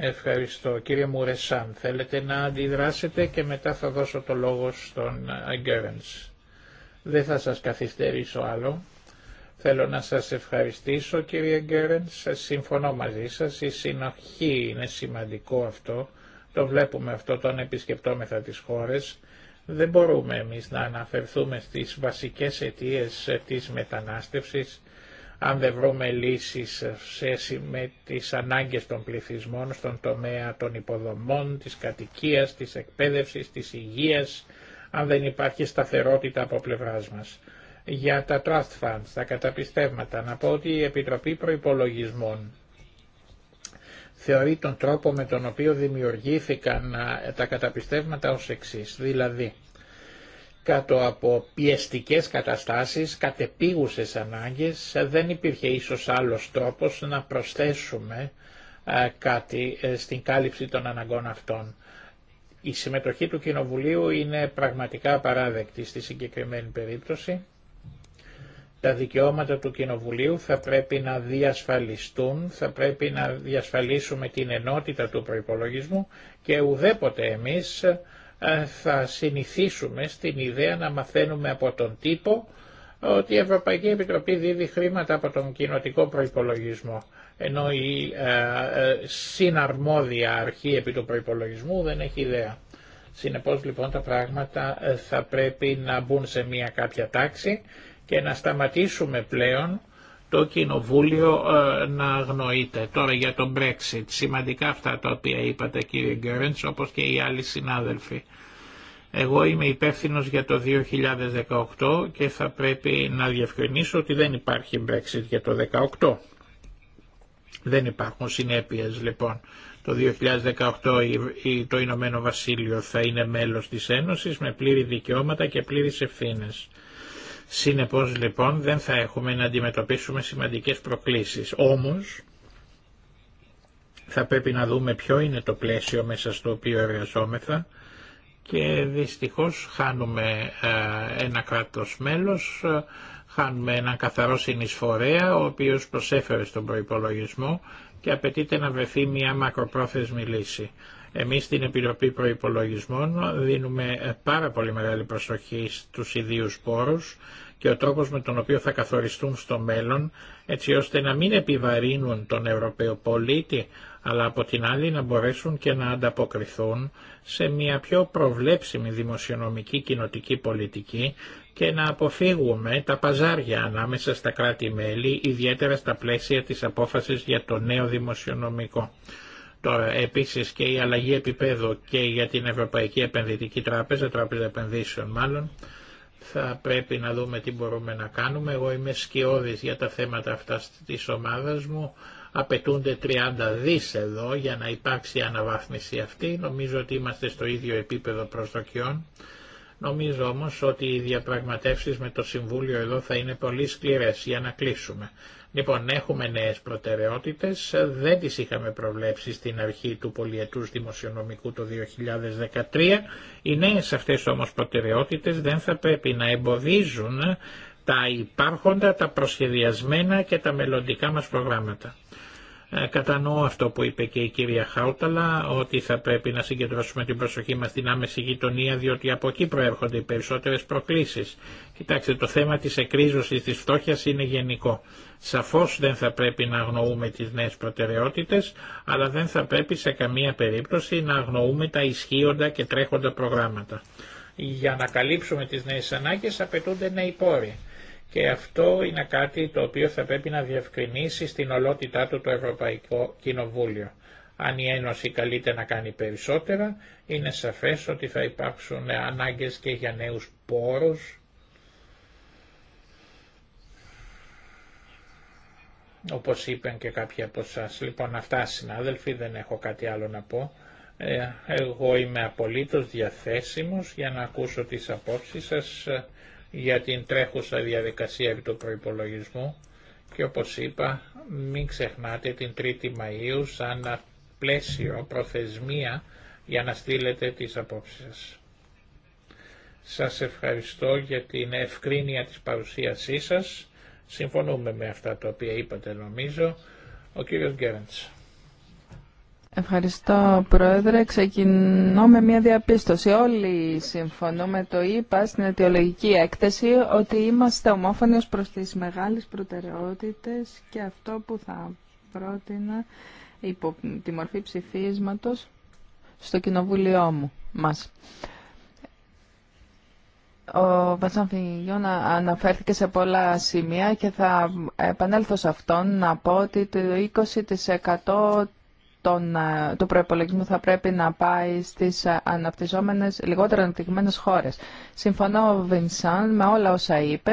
Ευχαριστώ. Κύριε Μουρεσάν, θέλετε να αντιδράσετε και μετά θα δώσω το λόγο στον ε, Γκέρενς. Δεν θα σας καθυστερήσω άλλο. Θέλω να σας ευχαριστήσω κύριε Γκέρενς, ε, συμφωνώ μαζί σας, η συνοχή είναι σημαντικό αυτό, το βλέπουμε αυτό τον επισκεπτόμεθα τις χώρες. Δεν μπορούμε εμείς να αναφερθούμε στις βασικές αιτίες ε, της μετανάστευσης, αν δεν βρούμε λύσεις σε με τις ανάγκες των πληθυσμών στον τομέα των υποδομών, της κατοικίας, της εκπαίδευσης, της υγείας, αν δεν υπάρχει σταθερότητα από πλευράς μας. Για τα trust funds, τα καταπιστεύματα, να πω ότι η Επιτροπή Προϋπολογισμών θεωρεί τον τρόπο με τον οποίο δημιουργήθηκαν ε, τα καταπιστεύματα ως εξής, δηλαδή κάτω από πιεστικές καταστάσεις, κατεπίγουσες ανάγκες, δεν υπήρχε ίσως άλλος τρόπος να προσθέσουμε ε, κάτι ε, στην κάλυψη των αναγκών αυτών. Η συμμετοχή του Κοινοβουλίου είναι πραγματικά απαράδεκτη στη συγκεκριμένη περίπτωση. Τα δικαιώματα του Κοινοβουλίου θα πρέπει να διασφαλιστούν, θα πρέπει να διασφαλίσουμε την ενότητα του προϋπολογισμού και ουδέποτε εμείς ε, θα συνηθίσουμε στην ιδέα να μαθαίνουμε από τον τύπο ότι η Ευρωπαϊκή Επιτροπή δίδει χρήματα από τον κοινοτικό προϋπολογισμό ενώ η ε, ε, συναρμόδια αρχή επί του προϋπολογισμού δεν έχει ιδέα. Συνεπώς λοιπόν τα πράγματα θα πρέπει να μπουν σε μια κάποια τάξη και να σταματήσουμε πλέον το κοινοβούλιο ε, να αγνοείται. Τώρα για το Brexit, σημαντικά αυτά τα οποία είπατε κύριε Γκέρεντς όπως και οι άλλοι συνάδελφοι. Εγώ είμαι υπεύθυνο για το 2018 και θα πρέπει να διευκρινίσω ότι δεν υπάρχει Brexit για το 2018. Δεν υπάρχουν συνέπειες λοιπόν. Το 2018 το Ηνωμένο Βασίλειο θα είναι μέλος της Ένωσης με πλήρη δικαιώματα και πλήρης ευθύνες. Συνεπώς λοιπόν δεν θα έχουμε να αντιμετωπίσουμε σημαντικές προκλήσεις. Όμως θα πρέπει να δούμε ποιο είναι το πλαίσιο μέσα στο οποίο εργαζόμεθα και δυστυχώς χάνουμε ε, ένα κράτος μέλος, ε, χάνουμε έναν καθαρό συνεισφορέα ο οποίος προσέφερε στον προϋπολογισμό και απαιτείται να βρεθεί μια μακροπρόθεσμη λύση. Εμείς στην Επιτροπή Προϋπολογισμών δίνουμε πάρα πολύ μεγάλη προσοχή στους ιδίους πόρους και ο τρόπος με τον οποίο θα καθοριστούν στο μέλλον έτσι ώστε να μην επιβαρύνουν τον Ευρωπαίο πολίτη αλλά από την άλλη να μπορέσουν και να ανταποκριθούν σε μια πιο προβλέψιμη δημοσιονομική κοινοτική πολιτική και να αποφύγουμε τα παζάρια ανάμεσα στα κράτη-μέλη, ιδιαίτερα στα πλαίσια της απόφασης για το νέο δημοσιονομικό Τώρα επίσης και η αλλαγή επίπεδου και για την Ευρωπαϊκή Επενδυτική Τράπεζα, Τράπεζα Επενδύσεων μάλλον, θα πρέπει να δούμε τι μπορούμε να κάνουμε. Εγώ είμαι σκιώδης για τα θέματα αυτά της ομάδας μου. Απαιτούνται 30 δις εδώ για να υπάρξει αναβάθμιση αυτή. Νομίζω ότι είμαστε στο ίδιο επίπεδο προσδοκιών. Νομίζω όμως ότι οι διαπραγματεύσεις με το Συμβούλιο εδώ θα είναι πολύ σκληρές για να κλείσουμε. Λοιπόν, έχουμε νέες προτεραιότητες, δεν τις είχαμε προβλέψει στην αρχή του πολιετούς δημοσιονομικού το 2013. Οι νέες αυτές όμως προτεραιότητες δεν θα πρέπει να εμποδίζουν τα υπάρχοντα, τα προσχεδιασμένα και τα μελλοντικά μας προγράμματα. Ε, κατανοώ αυτό που είπε και η κυρία Χάουταλα, ότι θα πρέπει να συγκεντρώσουμε την προσοχή μας στην άμεση γειτονία, διότι από εκεί προέρχονται οι περισσότερες προκλήσεις. Κοιτάξτε, το θέμα της εκρίζωσης της φτώχειας είναι γενικό. Σαφώς δεν θα πρέπει να αγνοούμε τις νέες προτεραιότητες, αλλά δεν θα πρέπει σε καμία περίπτωση να αγνοούμε τα ισχύοντα και τρέχοντα προγράμματα. Για να καλύψουμε τις νέες ανάγκες απαιτούνται νέοι πόροι και αυτό είναι κάτι το οποίο θα πρέπει να διευκρινίσει στην ολότητά του το Ευρωπαϊκό Κοινοβούλιο. Αν η Ένωση καλείται να κάνει περισσότερα, είναι σαφές ότι θα υπάρξουν ανάγκες και για νέους πόρους, όπως είπαν και κάποιοι από εσά. Λοιπόν, αυτά συνάδελφοι, δεν έχω κάτι άλλο να πω. Ε, εγώ είμαι απολύτως διαθέσιμος για να ακούσω τις απόψεις σας για την τρέχουσα διαδικασία του προϋπολογισμού και όπως είπα μην ξεχνάτε την 3η Μαΐου σαν πλαίσιο προθεσμία για να στείλετε τις απόψεις σας. Σας ευχαριστώ για την ευκρίνεια της παρουσίασής σας. Συμφωνούμε με αυτά τα οποία είπατε νομίζω. Ο κύριος Γκέρντς. Ευχαριστώ, Πρόεδρε. Ξεκινώ με μια διαπίστωση. Όλοι συμφωνούμε, το είπα στην αιτιολογική έκθεση, ότι είμαστε ομόφωνοι ως προς τις μεγάλες προτεραιότητες και αυτό που θα πρότεινα υπό τη μορφή ψηφίσματος στο κοινοβούλιο μου μας. Ο Βασάν αναφέρθηκε σε πολλά σημεία και θα επανέλθω σε αυτόν να πω ότι το 20% τον ε, του προπολογισμού θα πρέπει να πάει στι ε, αναπτυσσόμενε, λιγότερο αναπτυγμένε χώρε. Συμφωνώ, Βινσάν, με όλα όσα είπε.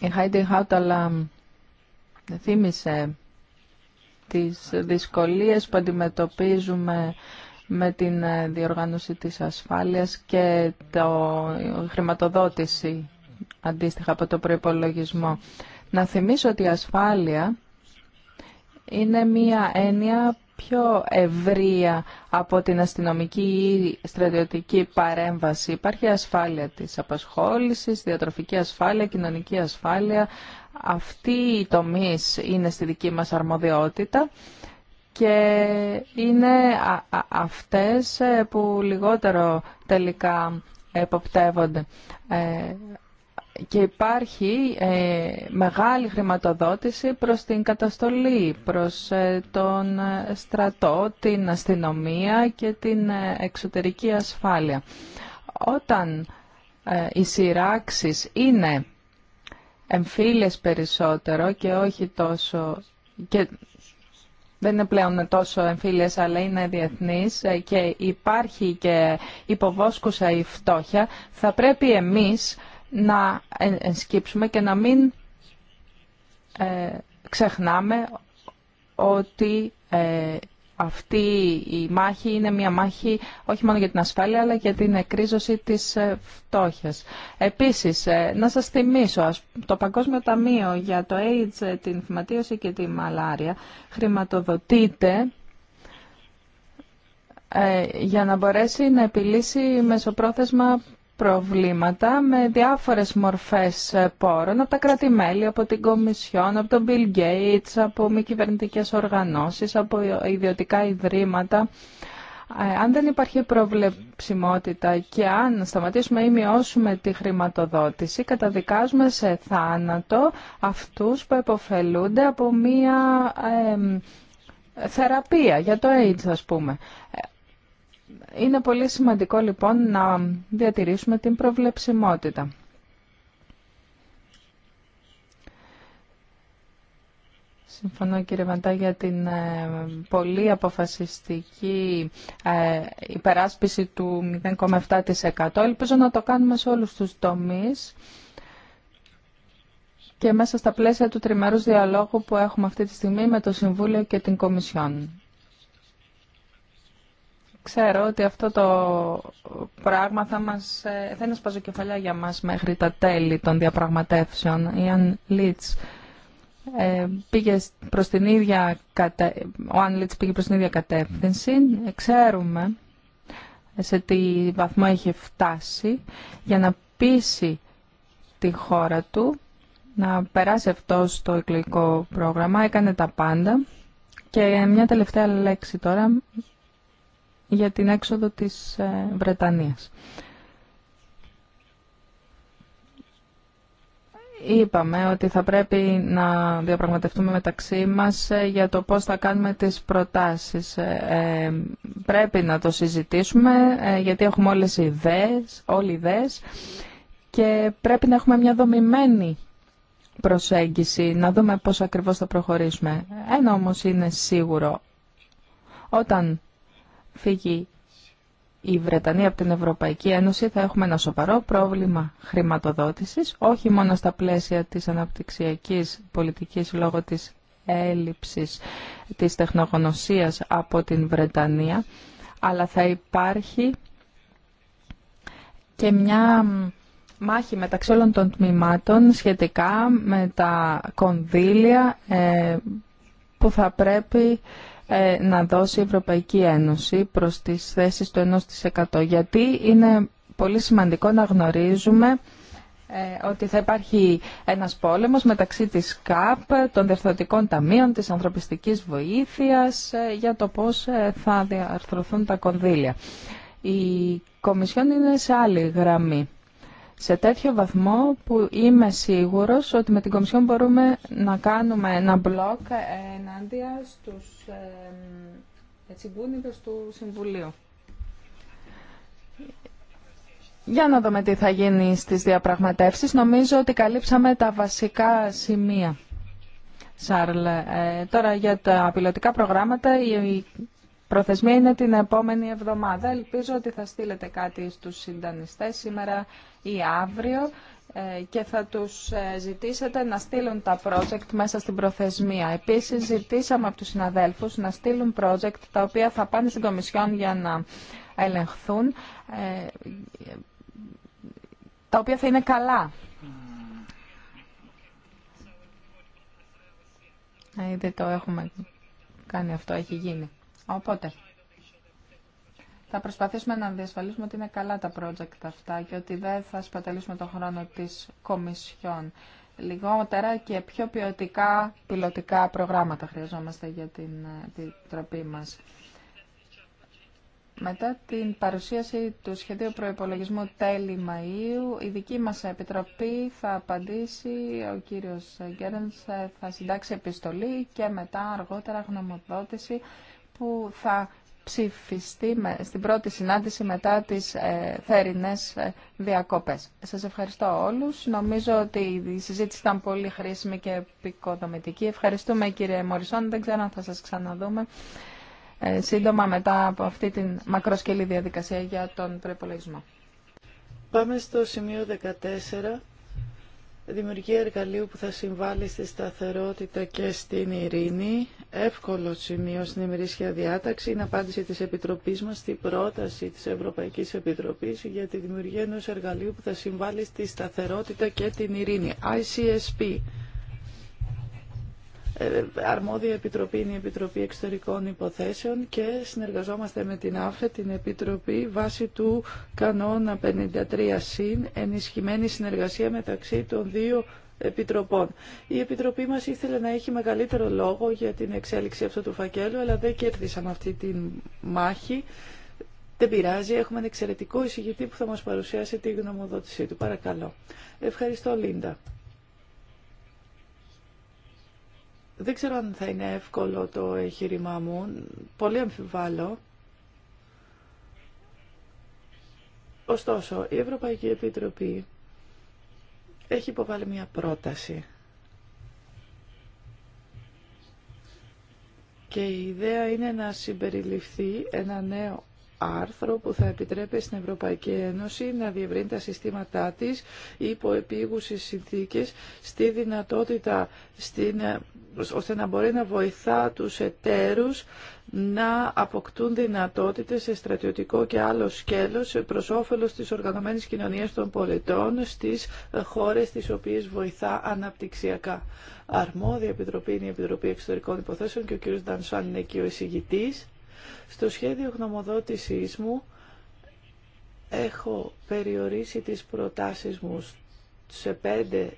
Η Χάιντι Χάουταλα θύμισε τις δυσκολίες που αντιμετωπίζουμε με την ε, διοργάνωση της ασφάλειας και το χρηματοδότηση αντίστοιχα από το προϋπολογισμό. Να θυμίσω ότι η ασφάλεια είναι μία έννοια πιο ευρεία από την αστυνομική ή στρατιωτική παρέμβαση. Υπάρχει ασφάλεια της απασχόλησης, διατροφική ασφάλεια, κοινωνική ασφάλεια. Αυτοί οι τομείς είναι στη δική μας αρμοδιότητα και είναι αυτές ε, που λιγότερο τελικά εποπτεύονται. Ε, και υπάρχει ε, μεγάλη χρηματοδότηση προς την καταστολή, προς ε, τον ε, στρατό, την αστυνομία και την εξωτερική ασφάλεια. Όταν οι σειράξεις είναι εμφύλες περισσότερο και όχι τόσο... Και δεν είναι πλέον τόσο εμφύλες αλλά είναι διεθνείς και υπάρχει και υποβόσκουσα η φτώχεια, θα πρέπει εμείς να ενσκύψουμε και να μην ε, ξεχνάμε ότι ε, αυτή η μάχη είναι μια μάχη όχι μόνο για την ασφάλεια αλλά και την εκρίζωση της ε, φτώχειας. Επίσης, να σας θυμίσω, το Παγκόσμιο Ταμείο για το AIDS, την φυματίωση και τη μαλάρια χρηματοδοτείται για να μπορέσει να επιλύσει μεσοπρόθεσμα προβλήματα με διάφορες μορφές ε, πόρων από τα κρατημέλη, από την Κομισιόν, από τον Bill Gates, από μη κυβερνητικέ οργανώσεις, από ιδιωτικά ιδρύματα. Ε, αν δεν υπάρχει προβλεψιμότητα και αν σταματήσουμε ή μειώσουμε τη χρηματοδότηση, καταδικάζουμε σε θάνατο αυτούς που επωφελούνται από μία ε, θεραπεία για το AIDS, ας πούμε. Είναι πολύ σημαντικό λοιπόν να διατηρήσουμε την προβλεψιμότητα. Συμφωνώ κύριε Βαντά για την ε, πολύ αποφασιστική ε, υπεράσπιση του 0,7%. Ελπίζω να το κάνουμε σε όλους τους τομείς και μέσα στα πλαίσια του τριμερούς διαλόγου που έχουμε αυτή τη στιγμή με το Συμβούλιο και την Κομισιόν. Ξέρω ότι αυτό το πράγμα θα, μας, ε, θα είναι σπαζοκεφαλιά για μας μέχρι τα τέλη των διαπραγματεύσεων. Η Αν Λίτς ε, πήγε προς την ίδια ο Αν Λίτς πήγε προς την ίδια κατεύθυνση. Ε, ξέρουμε σε τι βαθμό έχει φτάσει για να πείσει τη χώρα του να περάσει αυτό στο εκλογικό πρόγραμμα. Έκανε τα πάντα. Και μια τελευταία λέξη τώρα για την έξοδο της ε, Βρετανίας. Είπαμε ότι θα πρέπει να διαπραγματευτούμε μεταξύ μας ε, για το πώς θα κάνουμε τις προτάσεις. Ε, πρέπει να το συζητήσουμε γιατί έχουμε όλες οι ιδέες, ιδέες και πρέπει να έχουμε μια δομημένη προσέγγιση, να δούμε πώς ακριβώς θα προχωρήσουμε. Ένα όμως είναι σίγουρο. Όταν φύγει η Βρετανία από την Ευρωπαϊκή Ένωση θα έχουμε ένα σοβαρό πρόβλημα χρηματοδότησης, όχι μόνο στα πλαίσια της αναπτυξιακής πολιτικής λόγω της έλλειψης της τεχνογνωσίας από την Βρετανία, αλλά θα υπάρχει και μια μάχη μεταξύ όλων των τμήματων σχετικά με τα κονδύλια ε, που θα πρέπει ε, να δώσει η Ευρωπαϊκή Ένωση προς τις θέσεις του 1%. Γιατί είναι πολύ σημαντικό να γνωρίζουμε ε, ότι θα υπάρχει ένας πόλεμος μεταξύ της ΚΑΠ, των διευθυντικών ταμείων, της ανθρωπιστικής βοήθειας ε, για το πώς θα διαρθρωθούν τα κονδύλια. Η Κομισιόν είναι σε άλλη γραμμή σε τέτοιο βαθμό που είμαι σίγουρος ότι με την Κομισιόν μπορούμε να κάνουμε ένα μπλοκ ενάντια στους τσιγκούνιδες του Συμβουλίου. Για να δούμε τι θα γίνει στις διαπραγματεύσεις. Νομίζω ότι καλύψαμε τα βασικά σημεία. Σάρλ, ε, τώρα για τα πιλωτικά προγράμματα Προθεσμία είναι την επόμενη εβδομάδα. Ελπίζω ότι θα στείλετε κάτι στους συντανιστές σήμερα ή αύριο ε, και θα τους ε, ζητήσετε να στείλουν τα project μέσα στην προθεσμία. Επίσης ζητήσαμε από τους συναδέλφους να στείλουν project τα οποία θα πάνε στην Κομισιόν για να ελεγχθούν, ε, τα οποία θα είναι καλά. Ήδη το έχουμε κάνει αυτό, έχει γίνει. Οπότε, θα προσπαθήσουμε να διασφαλίσουμε ότι είναι καλά τα project αυτά και ότι δεν θα σπαταλήσουμε τον χρόνο της Κομισιόν. Λιγότερα και πιο ποιοτικά πιλωτικά προγράμματα χρειαζόμαστε για την επιτροπή μας. Μετά την παρουσίαση του σχεδίου προϋπολογισμού τέλη Μαΐου, η δική μας επιτροπή θα απαντήσει, ο κύριος Γκέρενς ε, θα συντάξει επιστολή και μετά αργότερα γνωμοδότηση που θα ψηφιστεί στην πρώτη συνάντηση μετά τις ε, θέρινες διακόπες. Σας ευχαριστώ όλους. Νομίζω ότι η συζήτηση ήταν πολύ χρήσιμη και επικοδομητική. Ευχαριστούμε κύριε Μωρισόν. Δεν ξέρω αν θα σας ξαναδούμε ε, σύντομα μετά από αυτή την μακροσκελή διαδικασία για τον προπολογισμό. Πάμε στο σημείο 14. Δημιουργία εργαλείου που θα συμβάλλει στη σταθερότητα και στην ειρήνη. Εύκολο σημείο στην ημερήσια διάταξη είναι απάντηση της Επιτροπής μας στην πρόταση της Ευρωπαϊκής Επιτροπής για τη δημιουργία ενός εργαλείου που θα συμβάλλει στη σταθερότητα και την ειρήνη. ICSP. Ε, αρμόδια επιτροπή είναι η Επιτροπή Εξωτερικών Υποθέσεων και συνεργαζόμαστε με την ΑΦΕ, την Επιτροπή, βάσει του κανόνα 53 συν ενισχυμένη συνεργασία μεταξύ των δύο επιτροπών. Η Επιτροπή μας ήθελε να έχει μεγαλύτερο λόγο για την εξέλιξη αυτού του φακέλου, αλλά δεν κέρδισαμε αυτή τη μάχη. Δεν πειράζει, έχουμε ένα εξαιρετικό εισηγητή που θα μας παρουσιάσει τη γνωμοδότησή του. Παρακαλώ. Ευχαριστώ, Λίντα. Δεν ξέρω αν θα είναι εύκολο το εγχείρημά μου. Πολύ αμφιβάλλω. Ωστόσο, η Ευρωπαϊκή Επιτροπή έχει υποβάλει μια πρόταση. Και η ιδέα είναι να συμπεριληφθεί ένα νέο άρθρο που θα επιτρέπει στην Ευρωπαϊκή Ένωση να διευρύνει τα συστήματά της υπό επίγουσες συνθήκες στη δυνατότητα στην, ώστε να μπορεί να βοηθά τους εταίρους να αποκτούν δυνατότητες σε στρατιωτικό και άλλο σκέλος προς όφελος της οργανωμένης κοινωνίας των πολιτών στις χώρες τις οποίες βοηθά αναπτυξιακά. Αρμόδια Επιτροπή είναι η Επιτροπή Εξωτερικών Υποθέσεων και ο κ. Ντανσάν είναι εκεί ο εισηγητής. Στο σχέδιο γνωμοδότησής μου έχω περιορίσει τις προτάσεις μου σε πέντε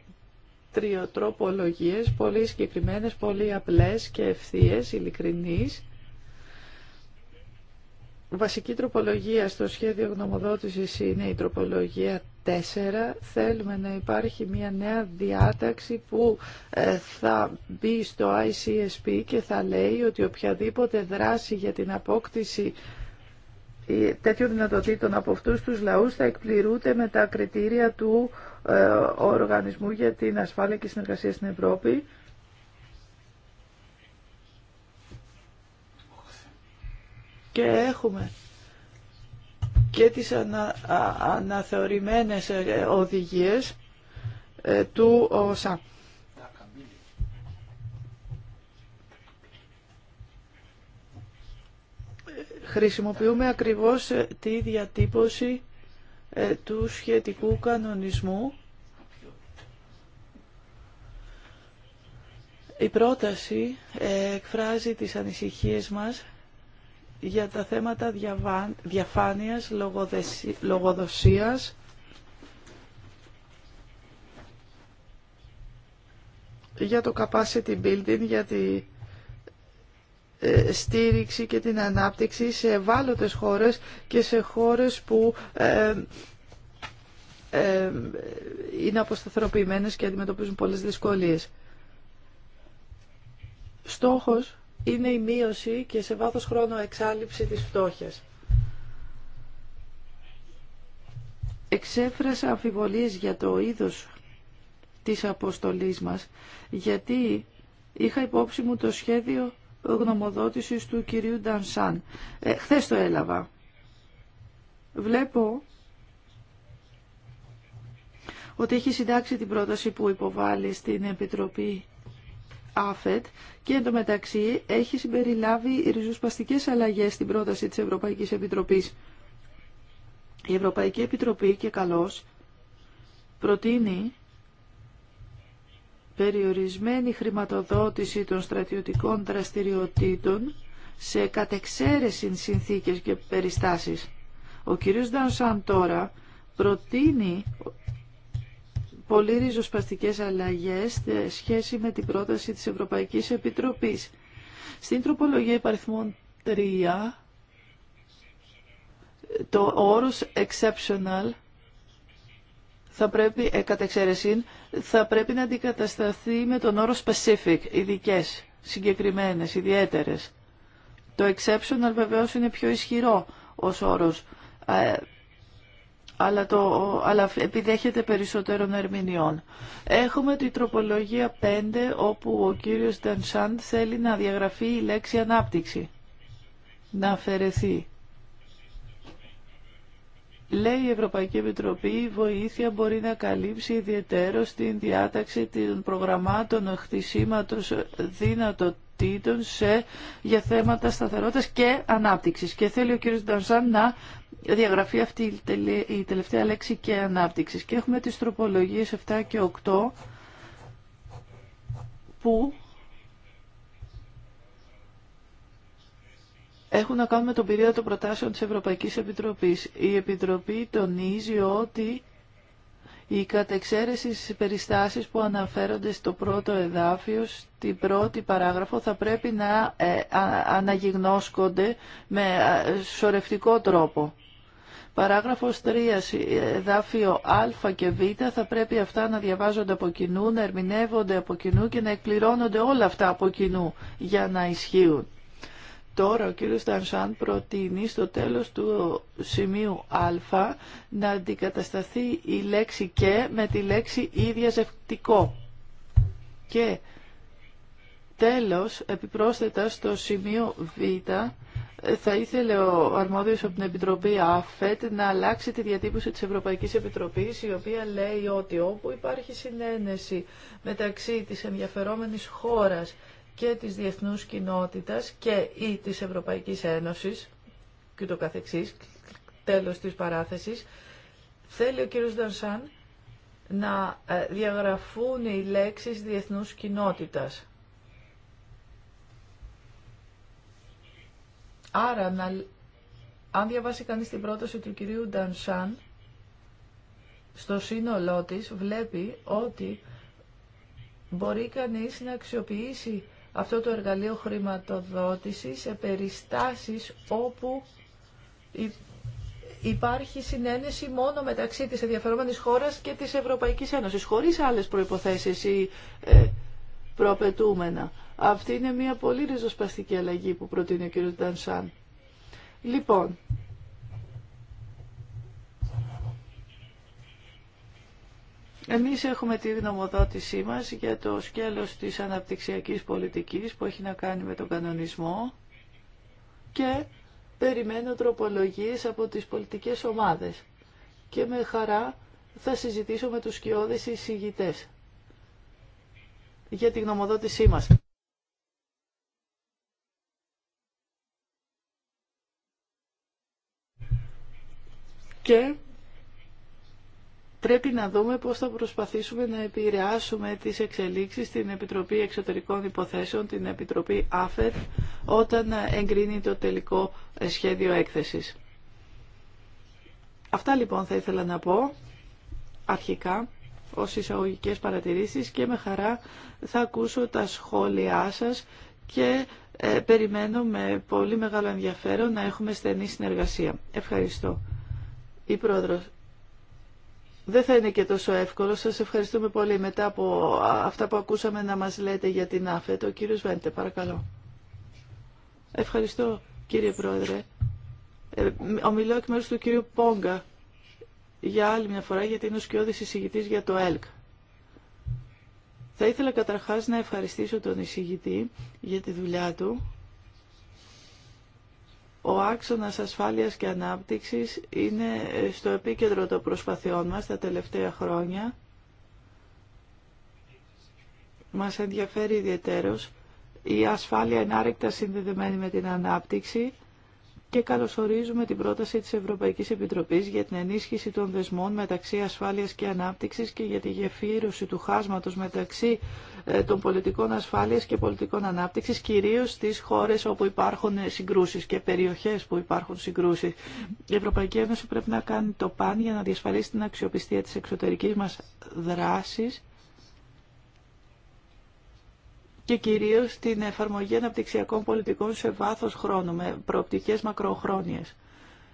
τριοτροπολογίες, πολύ συγκεκριμένες, πολύ απλές και ευθείες, ειλικρινείς βασική τροπολογία στο σχέδιο γνωμοδότησης είναι η τροπολογία 4. Θέλουμε να υπάρχει μια νέα διάταξη που ε, θα μπει στο ICSP και θα λέει ότι οποιαδήποτε δράση για την απόκτηση ε, τέτοιων δυνατοτήτων από αυτούς τους λαούς θα εκπληρούνται με τα κριτήρια του ε, Οργανισμού για την Ασφάλεια και Συνεργασία στην Ευρώπη και έχουμε και τις ανα, αναθεωρημένες ε, οδηγίες ε, του ΟΣΑ. Χρησιμοποιούμε ακριβώς ε, τη διατύπωση του σχετικού κανονισμού. Η πρόταση εκφράζει τις ανησυχίες μας για τα θέματα διαφάνειας, λογοδοσίας, για το capacity building, για τη ε, στήριξη και την ανάπτυξη σε ευάλωτες χώρες και σε χώρες που ε, ε, είναι αποσταθεροποιημένες και αντιμετωπίζουν πολλές δυσκολίες. Στόχος είναι η μείωση και σε βάθος χρόνου εξάλληψη της φτώχειας. Εξέφρασα αμφιβολίες για το είδος της αποστολής μας, γιατί είχα υπόψη μου το σχέδιο γνωμοδότησης του κυρίου Ντανσάν. Ε, χθες το έλαβα. Βλέπω ότι έχει συντάξει την πρόταση που υποβάλλει στην Επιτροπή ΑΦΕΤ και εντωμεταξύ έχει συμπεριλάβει ριζοσπαστικές αλλαγές στην πρόταση της Ευρωπαϊκής Επιτροπής. Η Ευρωπαϊκή Επιτροπή και καλώς προτείνει περιορισμένη χρηματοδότηση των στρατιωτικών δραστηριοτήτων σε κατεξαίρεση συνθήκες και περιστάσεις. Ο κ. Ντανσάν τώρα προτείνει πολύ ριζοσπαστικές αλλαγές σε σχέση με την πρόταση της Ευρωπαϊκής Επιτροπής. Στην τροπολογία υπαριθμών 3, το όρος exceptional θα πρέπει, ε, θα πρέπει να αντικατασταθεί με τον όρο specific, ειδικέ, συγκεκριμένες, ιδιαίτερες. Το exceptional βεβαίως είναι πιο ισχυρό ως όρος. Ε, αλλά, το, αλλά επιδέχεται περισσότερων ερμηνεών. Έχουμε την τροπολογία 5, όπου ο κύριος Ντανσάν θέλει να διαγραφεί η λέξη ανάπτυξη, να αφαιρεθεί. Λέει η Ευρωπαϊκή Επιτροπή, η βοήθεια μπορεί να καλύψει ιδιαίτερο στην διάταξη των προγραμμάτων χτισήματος δυνατοτήτων σε, για θέματα σταθερότητας και ανάπτυξης. Και θέλει ο κ. Ντανζάν να διαγραφεί αυτή η τελευταία λέξη και ανάπτυξης. Και έχουμε τις τροπολογίες 7 και 8 που έχουν να κάνουν με τον πυρήνα των προτάσεων της Ευρωπαϊκής Επιτροπής. Η Επιτροπή τονίζει ότι οι κατεξαίρεσεις περιστάσεις που αναφέρονται στο πρώτο εδάφιο, στην πρώτη παράγραφο, θα πρέπει να ε, αναγυγνώσκονται με σωρευτικό τρόπο. Παράγραφος 3, ε, εδάφιο Α και Β, θα πρέπει αυτά να διαβάζονται από κοινού, να ερμηνεύονται από κοινού και να εκπληρώνονται όλα αυτά από κοινού για να ισχύουν. Τώρα ο κύριος Τανσάν προτείνει στο τέλος του σημείου α να αντικατασταθεί η λέξη και με τη λέξη ίδια ζευτικό. Και τέλος, επιπρόσθετα στο σημείο β, θα ήθελε ο αρμόδιος από την Επιτροπή ΑΦΕΤ να αλλάξει τη διατύπωση της Ευρωπαϊκής Επιτροπής η οποία λέει ότι όπου υπάρχει συνένεση μεταξύ της ενδιαφερόμενης χώρας και της διεθνούς κοινότητας και ή της Ευρωπαϊκής Ένωσης και το καθεξής, τέλος της παράθεσης, θέλει ο κύριος Ντανσάν να ε, διαγραφούν οι λέξεις διεθνούς κοινότητας. Άρα, να, αν διαβάσει κανείς την πρόταση του κυρίου Ντανσάν, στο σύνολό της βλέπει ότι μπορεί κανείς να αξιοποιήσει αυτό το εργαλείο χρηματοδότηση σε περιστάσεις όπου υπάρχει συνένεση μόνο μεταξύ της ενδιαφερόμενης χώρας και της Ευρωπαϊκής Ένωσης, χωρίς άλλες προϋποθέσεις ή ε, προπετούμενα. Αυτή είναι μια πολύ ριζοσπαστική αλλαγή που προτείνει ο κ. Ντανσάν. Λοιπόν, Εμείς έχουμε τη γνωμοδότησή μας για το σκέλος της αναπτυξιακής πολιτικής που έχει να κάνει με τον κανονισμό και περιμένω τροπολογίες από τις πολιτικές ομάδες και με χαρά θα συζητήσω με τους σκιώδες εισηγητές για τη γνωμοδότησή μας. Και πρέπει να δούμε πώς θα προσπαθήσουμε να επηρεάσουμε τις εξελίξεις στην Επιτροπή Εξωτερικών Υποθέσεων, την Επιτροπή ΑΦΕΤ, όταν εγκρίνει το τελικό ε, σχέδιο έκθεσης. Αυτά λοιπόν θα ήθελα να πω αρχικά ως εισαγωγικέ παρατηρήσεις και με χαρά θα ακούσω τα σχόλιά σας και ε, περιμένω με πολύ μεγάλο ενδιαφέρον να έχουμε στενή συνεργασία. Ευχαριστώ. Η Πρόεδρος, δεν θα είναι και τόσο εύκολο. Σας ευχαριστούμε πολύ μετά από αυτά που ακούσαμε να μας λέτε για την ΑΦΕΤ. Ο κύριος Βέντε, παρακαλώ. Ευχαριστώ, κύριε Πρόεδρε. Ε, ομιλώ εκ μέρους του κύριου Πόγκα για άλλη μια φορά γιατί είναι ο σκιώδη για το ΕΛΚ. Θα ήθελα καταρχάς να ευχαριστήσω τον εισηγητή για τη δουλειά του ο άξονας ασφάλειας και ανάπτυξης είναι στο επίκεντρο των προσπαθειών μας τα τελευταία χρόνια. Μας ενδιαφέρει ιδιαίτερος η ασφάλεια είναι συνδεδεμένη με την ανάπτυξη και καλωσορίζουμε την πρόταση της Ευρωπαϊκής Επιτροπής για την ενίσχυση των δεσμών μεταξύ ασφάλειας και ανάπτυξης και για τη γεφύρωση του χάσματος μεταξύ ε, των πολιτικών ασφάλειας και πολιτικών ανάπτυξης, κυρίως στις χώρες όπου υπάρχουν ε, συγκρούσεις και περιοχές που υπάρχουν συγκρούσεις. Η Ευρωπαϊκή Ένωση πρέπει να κάνει το παν για να διασφαλίσει την αξιοπιστία της εξωτερικής μας δράσης και κυρίως την εφαρμογή αναπτυξιακών πολιτικών σε βάθος χρόνου, με προοπτικές μακροχρόνιες.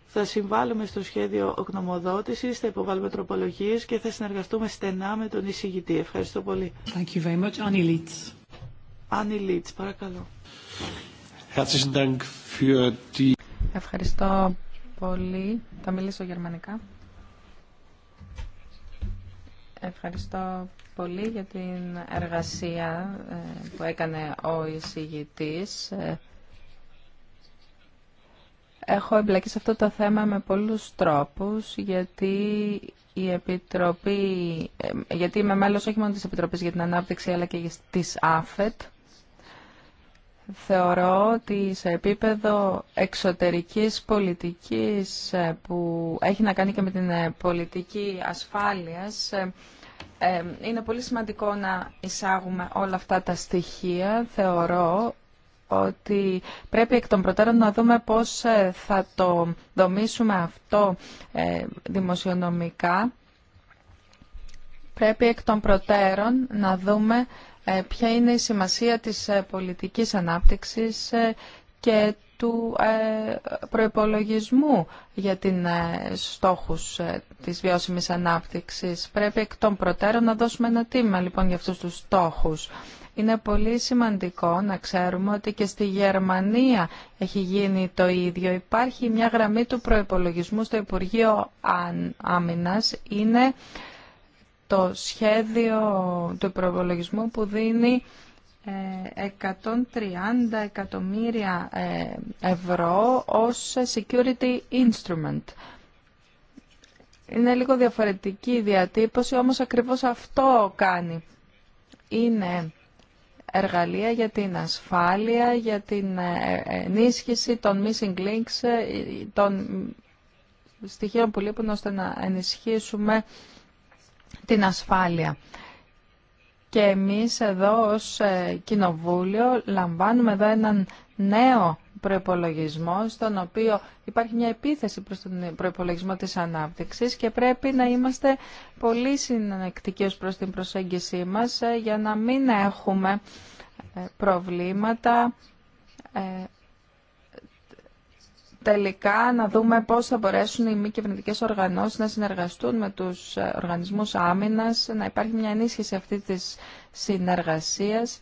Θα συμβάλλουμε στο σχέδιο οκνομοδότηση, θα υποβάλουμε τροπολογίε και θα συνεργαστούμε στενά με τον εισηγητή. Ευχαριστώ πολύ. Thank you Ευχαριστώ πολύ. Θα μιλήσω γερμανικά πολύ για την εργασία ε, που έκανε ο εισηγητής. Ε, έχω εμπλακεί σε αυτό το θέμα με πολλούς τρόπους, γιατί η Επιτροπή, ε, γιατί είμαι μέλος όχι μόνο της Επιτροπής για την Ανάπτυξη, αλλά και της ΑΦΕΤ. Θεωρώ ότι σε επίπεδο εξωτερικής πολιτικής που έχει να κάνει και με την πολιτική ασφάλειας, είναι πολύ σημαντικό να εισάγουμε όλα αυτά τα στοιχεία. Θεωρώ ότι πρέπει εκ των προτέρων να δούμε πώς ε, θα το δομήσουμε αυτό ε, δημοσιονομικά. Πρέπει εκ των προτέρων να δούμε ε, ποια είναι η σημασία της πολιτικής ανάπτυξης και του ε, προϋπολογισμού για την ε, στόχους ε, της βιώσιμης ανάπτυξης. Πρέπει εκ των προτέρων να δώσουμε ένα τίμημα λοιπόν για αυτούς τους στόχους. Είναι πολύ σημαντικό να ξέρουμε ότι και στη Γερμανία έχει γίνει το ίδιο. Υπάρχει μια γραμμή του προϋπολογισμού στο Υπουργείο Άμυνας. Είναι το σχέδιο του προϋπολογισμού που δίνει 130 ε, εκατομμύρια ε, ευρώ ως security instrument. Είναι λίγο διαφορετική διατύπωση, όμως ακριβώς αυτό κάνει. Είναι εργαλεία για την ασφάλεια, για την ε, ενίσχυση των missing links, των στοιχείων που λείπουν ώστε να ενισχύσουμε την ασφάλεια και εμείς εδώ ως ε, Κοινοβούλιο λαμβάνουμε εδώ έναν νέο προϋπολογισμό στον οποίο υπάρχει μια επίθεση προς τον προϋπολογισμό της ανάπτυξης και πρέπει να είμαστε πολύ συνεκτικοί ως προς την προσέγγιση μας ε, για να μην έχουμε ε, προβλήματα τελικά να δούμε πώς θα μπορέσουν οι μη κυβερνητικέ οργανώσεις να συνεργαστούν με τους ε, οργανισμούς άμυνας, να υπάρχει μια ενίσχυση αυτή της συνεργασίας,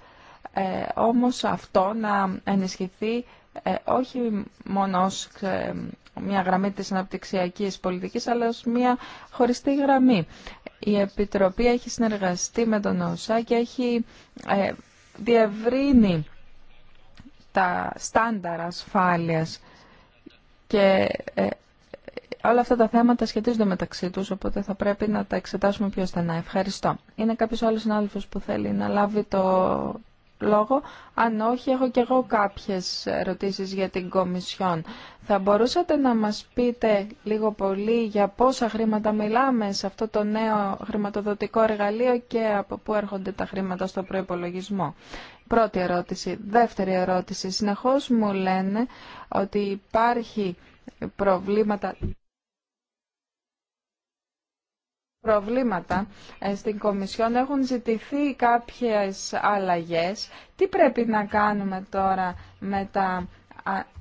ε, όμως αυτό να ενισχυθεί ε, όχι μόνο ως ε, μια γραμμή της αναπτυξιακής πολιτικής, αλλά ως μια χωριστή γραμμή. Η Επιτροπή έχει συνεργαστεί με τον ΩΣΑ και έχει διευρύνει τα στάνταρ ασφάλειας και ε, όλα αυτά τα θέματα σχετίζονται μεταξύ τους, οπότε θα πρέπει να τα εξετάσουμε πιο στενά. Ευχαριστώ. Είναι κάποιος άλλος συνάδελφος που θέλει να λάβει το, λόγο. Αν όχι, έχω και εγώ κάποιες ερωτήσεις για την Κομισιόν. Θα μπορούσατε να μας πείτε λίγο πολύ για πόσα χρήματα μιλάμε σε αυτό το νέο χρηματοδοτικό εργαλείο και από πού έρχονται τα χρήματα στο προϋπολογισμό. Πρώτη ερώτηση. Δεύτερη ερώτηση. Συνεχώς μου λένε ότι υπάρχει προβλήματα προβλήματα ε, στην Κομισιόν. Έχουν ζητηθεί κάποιες αλλαγές. Τι πρέπει να κάνουμε τώρα με τα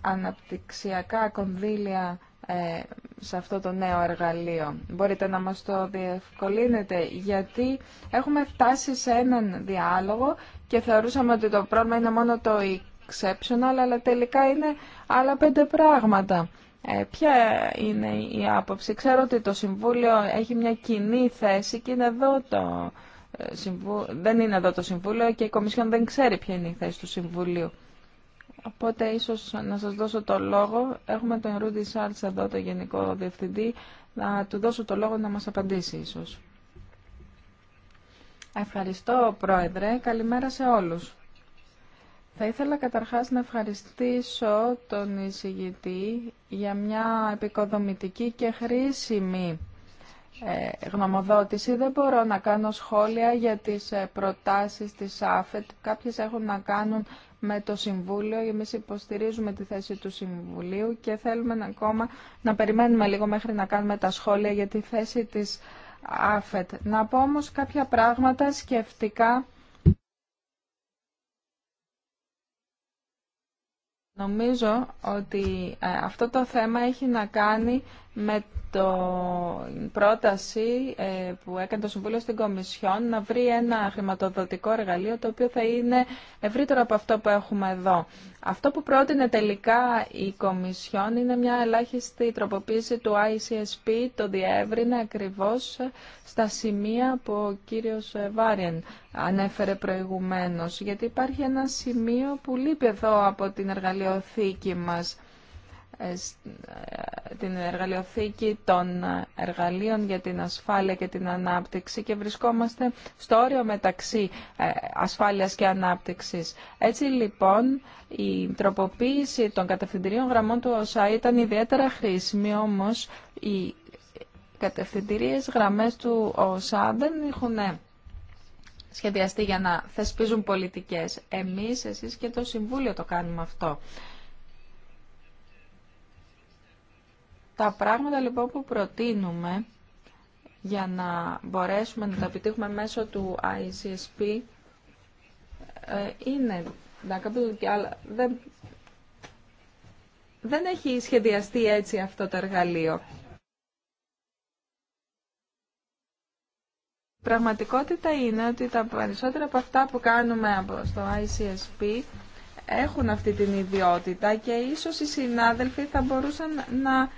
αναπτυξιακά κονδύλια ε, σε αυτό το νέο εργαλείο. Μπορείτε να μας το διευκολύνετε γιατί έχουμε φτάσει σε έναν διάλογο και θεωρούσαμε ότι το πρόβλημα είναι μόνο το exceptional αλλά τελικά είναι άλλα πέντε πράγματα. Ε, ποια είναι η άποψη. Ξέρω ότι το Συμβούλιο έχει μια κοινή θέση και είναι το ε, δεν είναι εδώ το Συμβούλιο και η Κομισιόν δεν ξέρει ποια είναι η θέση του Συμβουλίου. Οπότε ίσως να σας δώσω το λόγο. Έχουμε τον Ρούντι Σάλτς εδώ, το Γενικό Διευθυντή. Να του δώσω το λόγο να μας απαντήσει ίσως. Ευχαριστώ Πρόεδρε. Καλημέρα σε όλους. Θα ήθελα καταρχάς να ευχαριστήσω τον εισηγητή για μια επικοδομητική και χρήσιμη ε, γνωμοδότηση. Δεν μπορώ να κάνω σχόλια για τις ε, προτάσεις της ΑΦΕΤ. Κάποιες έχουν να κάνουν με το Συμβούλιο. Εμείς υποστηρίζουμε τη θέση του Συμβουλίου και θέλουμε ακόμα να περιμένουμε λίγο μέχρι να κάνουμε τα σχόλια για τη θέση της ΑΦΕΤ. Να πω όμως κάποια πράγματα σκεφτικά Νομίζω ότι ε, αυτό το θέμα έχει να κάνει με την πρόταση ε, που έκανε το Συμβούλιο στην Κομισιόν να βρει ένα χρηματοδοτικό εργαλείο το οποίο θα είναι ευρύτερο από αυτό που έχουμε εδώ. Αυτό που πρότεινε τελικά η Κομισιόν είναι μια ελάχιστη τροποποίηση του ICSP, το διεύρυνε ακριβώς στα σημεία που ο κύριος Βάριεν ανέφερε προηγουμένως, γιατί υπάρχει ένα σημείο που λείπει εδώ από την εργαλειοθήκη μας. Ε, ε, την εργαλειοθήκη των εργαλείων για την ασφάλεια και την ανάπτυξη και βρισκόμαστε στο όριο μεταξύ ε, ασφάλειας και ανάπτυξης. Έτσι λοιπόν η τροποποίηση των κατευθυντηρίων γραμμών του ΩΣΑ ήταν ιδιαίτερα χρήσιμη όμως οι κατευθυντηρίες γραμμές του ΩΣΑ δεν έχουν σχεδιαστεί για να θεσπίζουν πολιτικές. Εμείς, εσείς και το Συμβούλιο το κάνουμε αυτό. Τα πράγματα λοιπόν που προτείνουμε για να μπορέσουμε να τα επιτύχουμε μέσω του ICSP ε, είναι δεν, δεν έχει σχεδιαστεί έτσι αυτό το εργαλείο. Πραγματικότητα είναι ότι τα περισσότερα από αυτά που κάνουμε στο ICSP έχουν αυτή την ιδιότητα και ίσως οι συνάδελφοι θα μπορούσαν να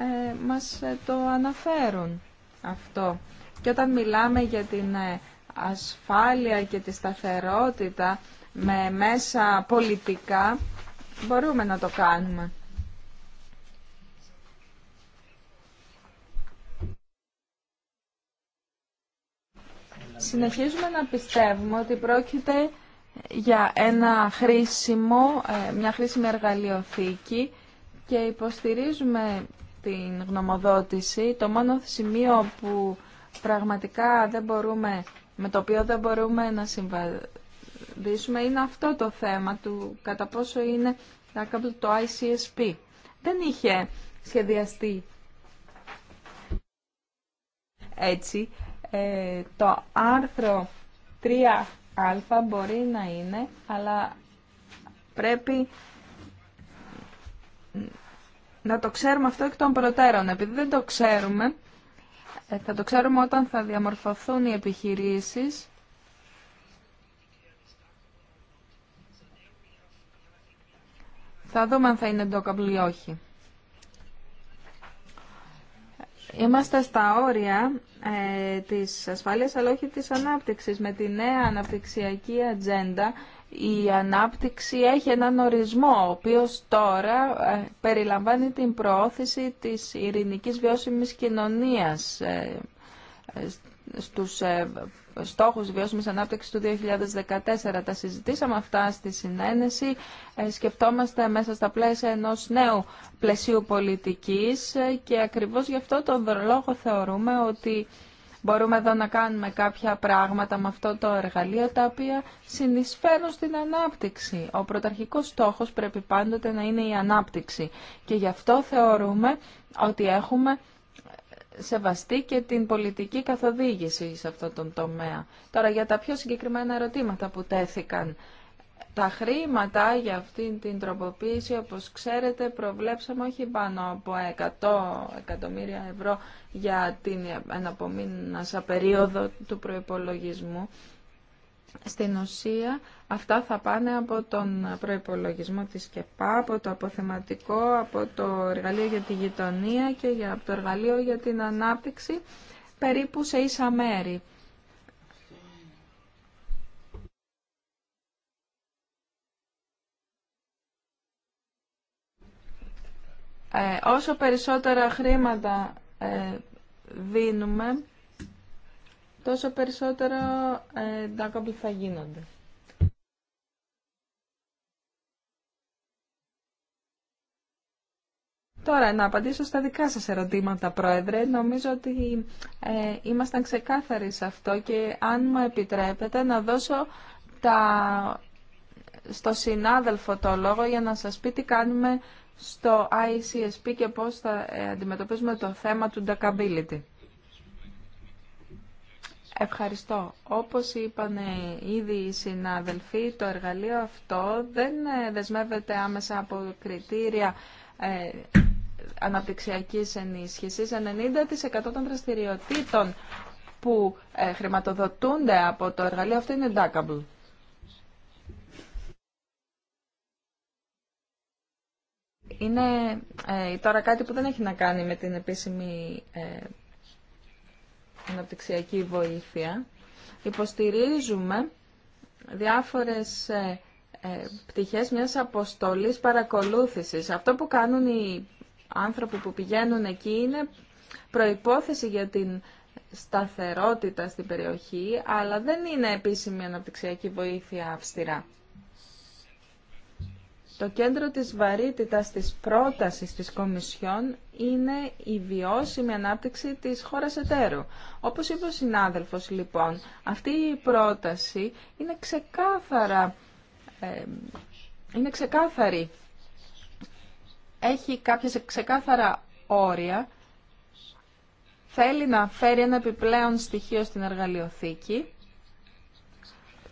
ε, μας ε, το αναφέρουν αυτό. Και όταν μιλάμε για την ε, ασφάλεια και τη σταθερότητα με μέσα πολιτικά, μπορούμε να το κάνουμε. Συνεχίζουμε να πιστεύουμε ότι πρόκειται για ένα χρήσιμο, μια χρήσιμη εργαλειοθήκη και υποστηρίζουμε την γνωμοδότηση, το μόνο σημείο που πραγματικά δεν μπορούμε, με το οποίο δεν μπορούμε να συμβαδίσουμε είναι αυτό το θέμα του κατά πόσο είναι το ICSP. Δεν είχε σχεδιαστεί έτσι. Ε, το άρθρο 3α μπορεί να είναι, αλλά πρέπει να το ξέρουμε αυτό εκ των προτέρων. Επειδή δεν το ξέρουμε, ε, θα το ξέρουμε όταν θα διαμορφωθούν οι επιχειρήσεις Θα δούμε αν θα είναι το ή όχι. Είμαστε στα όρια ε, της ασφάλειας αλλά όχι της ανάπτυξης. Με τη νέα αναπτυξιακή ατζέντα η ανάπτυξη έχει έναν ορισμό, ο οποίος τώρα ε, περιλαμβάνει την προώθηση της ειρηνικής βιώσιμης κοινωνίας ε, ε, στους στόχους βιώσιμης ανάπτυξης του 2014. Τα συζητήσαμε αυτά στη συνένεση. Σκεφτόμαστε μέσα στα πλαίσια ενός νέου πλαισίου πολιτικής και ακριβώς γι' αυτό τον λόγο θεωρούμε ότι Μπορούμε εδώ να κάνουμε κάποια πράγματα με αυτό το εργαλείο τα οποία συνεισφέρουν στην ανάπτυξη. Ο πρωταρχικός στόχος πρέπει πάντοτε να είναι η ανάπτυξη και γι' αυτό θεωρούμε ότι έχουμε σεβαστεί και την πολιτική καθοδήγηση σε αυτό τον τομέα. Τώρα για τα πιο συγκεκριμένα ερωτήματα που τέθηκαν. Τα χρήματα για αυτήν την τροποποίηση, όπως ξέρετε, προβλέψαμε όχι πάνω από 100 εκατομμύρια ευρώ για την εναπομείνασα περίοδο του προϋπολογισμού. Στην ουσία, αυτά θα πάνε από τον προϋπολογισμό της ΚΕΠΑ, από το αποθεματικό, από το εργαλείο για τη γειτονία και από το εργαλείο για την ανάπτυξη, περίπου σε ίσα μέρη. Ε, όσο περισσότερα χρήματα ε, δίνουμε, τόσο περισσότερο ε, ντάκαμπλ θα γίνονται. Τώρα, να απαντήσω στα δικά σας ερωτήματα, Πρόεδρε. Νομίζω ότι ε, ήμασταν ξεκάθαροι σε αυτό και αν μου επιτρέπετε να δώσω τα... στο συνάδελφο το λόγο για να σας πει τι κάνουμε στο ICSP και πώς θα ε, αντιμετωπίζουμε το θέμα του Dacability. Ευχαριστώ. Όπως είπαν ε, ήδη οι συναδελφοί, το εργαλείο αυτό δεν ε, δεσμεύεται άμεσα από κριτήρια αναπτυξιακής ενίσχυσης. 90% των δραστηριοτήτων που χρηματοδοτούνται από το εργαλείο αυτό είναι Dacable. είναι ε, τώρα κάτι που δεν έχει να κάνει με την επίσημη ε, αναπτυξιακή βοήθεια. Υποστηρίζουμε διάφορες ε, πτυχές μιας αποστολής παρακολούθησης. Αυτό που κάνουν οι άνθρωποι που πηγαίνουν εκεί είναι προϋπόθεση για την σταθερότητα στην περιοχή, αλλά δεν είναι επίσημη αναπτυξιακή βοήθεια αυστηρά. Το κέντρο της βαρύτητας της πρότασης της Κομισιόν είναι η βιώσιμη ανάπτυξη της χώρας εταίρου. Όπως είπε ο συνάδελφος λοιπόν, αυτή η πρόταση είναι, ξεκάθαρα, είναι ξεκάθαρη. Έχει κάποια ξεκάθαρα όρια. Θέλει να φέρει ένα επιπλέον στοιχείο στην εργαλειοθήκη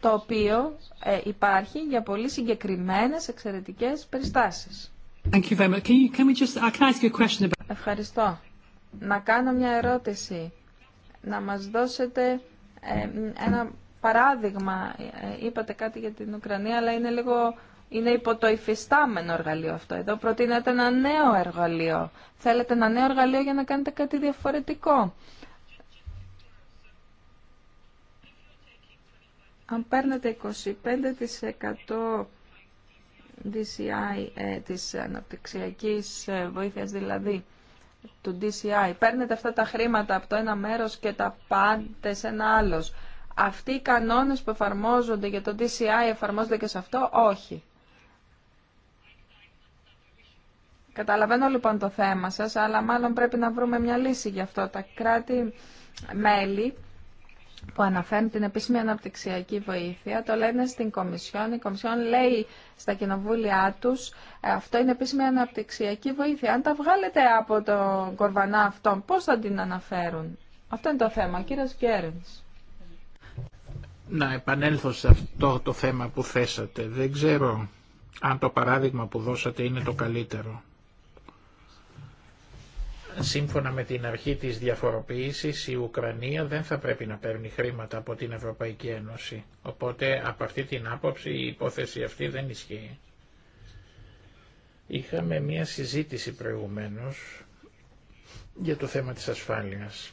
το οποίο ε, υπάρχει για πολύ συγκεκριμένες εξαιρετικές περιστάσεις. Ευχαριστώ. Να κάνω μια ερώτηση. Να μας δώσετε ε, ένα παράδειγμα. Ε, είπατε κάτι για την Ουκρανία, αλλά είναι λίγο... Είναι υπό εργαλείο αυτό. Εδώ προτείνετε ένα νέο εργαλείο. Θέλετε ένα νέο εργαλείο για να κάνετε κάτι διαφορετικό. Αν παίρνετε 25% DCI ε, της αναπτυξιακής ε, βοήθειας δηλαδή του DCI, παίρνετε αυτά τα χρήματα από το ένα μέρος και τα πάντε σε ένα άλλο. Αυτοί οι κανόνες που εφαρμόζονται για το DCI εφαρμόζονται και σε αυτό, όχι. Καταλαβαίνω λοιπόν το θέμα σας, αλλά μάλλον πρέπει να βρούμε μια λύση γι' αυτό. Τα κράτη-μέλη που αναφέρουν την επίσημη αναπτυξιακή βοήθεια, το λένε στην Κομισιόν. Η Κομισιόν λέει στα κοινοβούλια τους, ε, αυτό είναι επίσημη αναπτυξιακή βοήθεια. Αν τα βγάλετε από τον κορβανά αυτόν, πώς θα την αναφέρουν. Αυτό είναι το θέμα. Κύριος Γκέρενς. Να επανέλθω σε αυτό το θέμα που θέσατε. Δεν ξέρω αν το παράδειγμα που δώσατε είναι το καλύτερο σύμφωνα με την αρχή της διαφοροποίησης η Ουκρανία δεν θα πρέπει να παίρνει χρήματα από την Ευρωπαϊκή Ένωση. Οπότε από αυτή την άποψη η υπόθεση αυτή δεν ισχύει. Είχαμε μία συζήτηση προηγουμένως για το θέμα της ασφάλειας.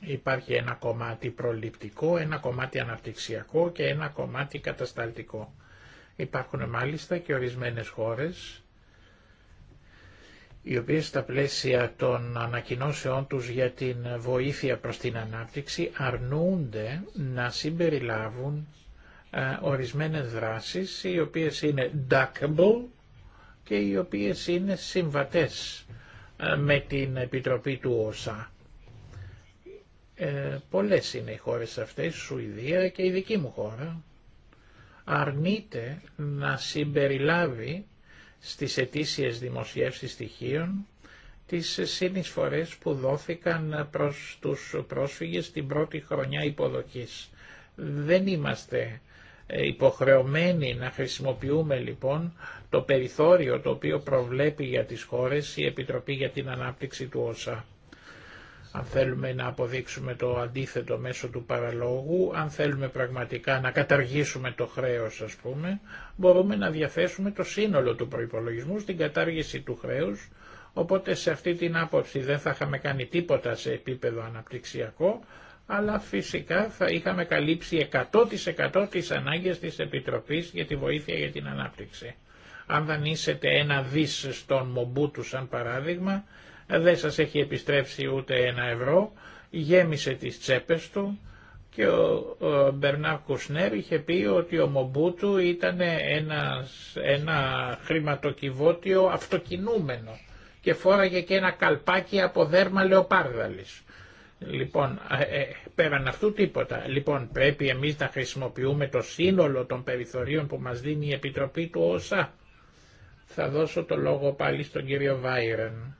Υπάρχει ένα κομμάτι προληπτικό, ένα κομμάτι αναπτυξιακό και ένα κομμάτι κατασταλτικό. Υπάρχουν μάλιστα και ορισμένες χώρες οι οποίες στα πλαίσια των ανακοινώσεών τους για την βοήθεια προς την ανάπτυξη αρνούνται να συμπεριλάβουν ε, ορισμένες δράσεις οι οποίες είναι duckable και οι οποίες είναι συμβατές ε, με την Επιτροπή του ΩΣΑ. Ε, πολλές είναι οι χώρες αυτές, Σουηδία και η δική μου χώρα, αρνείται να συμπεριλάβει στις ετήσιες δημοσιεύσεις στοιχείων τις συνεισφορές που δόθηκαν προς τους πρόσφυγες την πρώτη χρονιά υποδοχής. Δεν είμαστε ε, υποχρεωμένοι να χρησιμοποιούμε λοιπόν το περιθώριο το οποίο προβλέπει για τις χώρες η Επιτροπή για την Ανάπτυξη του ΩΣΑ αν θέλουμε να αποδείξουμε το αντίθετο μέσω του παραλόγου, αν θέλουμε πραγματικά να καταργήσουμε το χρέος ας πούμε, μπορούμε να διαθέσουμε το σύνολο του προϋπολογισμού στην κατάργηση του χρέους, οπότε σε αυτή την άποψη δεν θα είχαμε κάνει τίποτα σε επίπεδο αναπτυξιακό, αλλά φυσικά θα είχαμε καλύψει 100% τις ανάγκες της Επιτροπής για τη βοήθεια για την ανάπτυξη. Αν δανείσετε ένα δις στον Μομπούτου σαν παράδειγμα, δεν σας έχει επιστρέψει ούτε ένα ευρώ, γέμισε τις τσέπες του και ο, ο Μπερνάρ Κουσνέρ είχε πει ότι ο Μομπούτου ήταν ένας, ένα χρηματοκιβώτιο αυτοκινούμενο και φόραγε και ένα καλπάκι από δέρμα λεοπάρδαλης. Λοιπόν, ε, ε, πέραν αυτού τίποτα. Λοιπόν, πρέπει εμείς να χρησιμοποιούμε το σύνολο των περιθωρίων που μας δίνει η Επιτροπή του ΩΣΑ. Θα δώσω το λόγο πάλι στον κύριο Βάιρεν.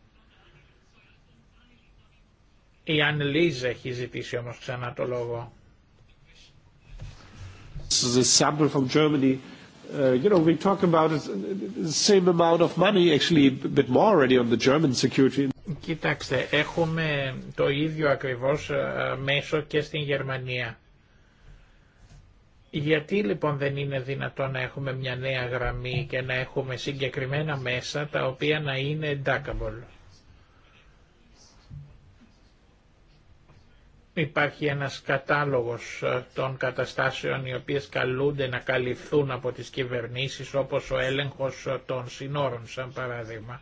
Η Αν έχει ζητήσει όμως ξανά το λόγο. Κοιτάξτε, έχουμε το ίδιο ακριβώς ε, μέσο και στην Γερμανία. Γιατί λοιπόν δεν είναι δυνατό να έχουμε μια νέα γραμμή και να έχουμε συγκεκριμένα μέσα τα οποία να είναι εντάκαμπολ. Υπάρχει ένας κατάλογος ε, των καταστάσεων οι οποίες καλούνται να καλυφθούν από τις κυβερνήσεις όπως ο έλεγχος ε, των συνόρων σαν παράδειγμα.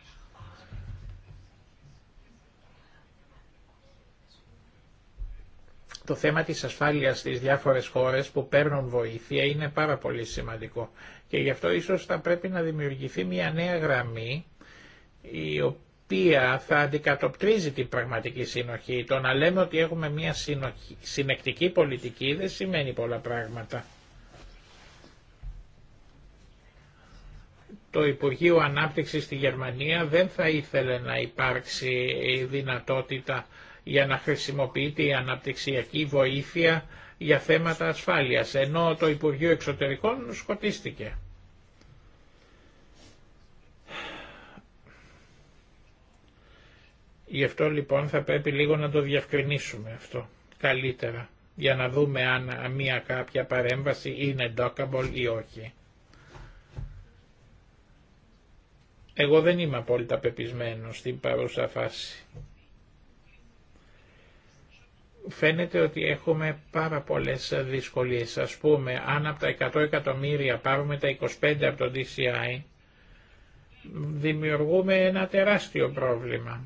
Το θέμα της ασφάλειας στις διάφορες χώρες που παίρνουν βοήθεια είναι πάρα πολύ σημαντικό και γι' αυτό ίσως θα πρέπει να δημιουργηθεί μια νέα γραμμή η οποία οποία θα αντικατοπτρίζει την πραγματική συνοχή. Το να λέμε ότι έχουμε μια συνοχή, συνεκτική πολιτική δεν σημαίνει πολλά πράγματα. Το Υπουργείο Ανάπτυξης στη Γερμανία δεν θα ήθελε να υπάρξει η δυνατότητα για να χρησιμοποιείται η αναπτυξιακή βοήθεια για θέματα ασφάλειας, ενώ το Υπουργείο Εξωτερικών σκοτίστηκε. Γι' αυτό λοιπόν θα πρέπει λίγο να το διευκρινίσουμε αυτό καλύτερα για να δούμε αν μία κάποια παρέμβαση είναι ντόκαμπολ ή όχι. Εγώ δεν είμαι απόλυτα πεπισμένος στην παρούσα φάση. Φαίνεται ότι έχουμε πάρα πολλές δυσκολίες. Ας πούμε, αν από τα 100 εκατομμύρια πάρουμε τα 25 από το DCI, δημιουργούμε ένα τεράστιο πρόβλημα.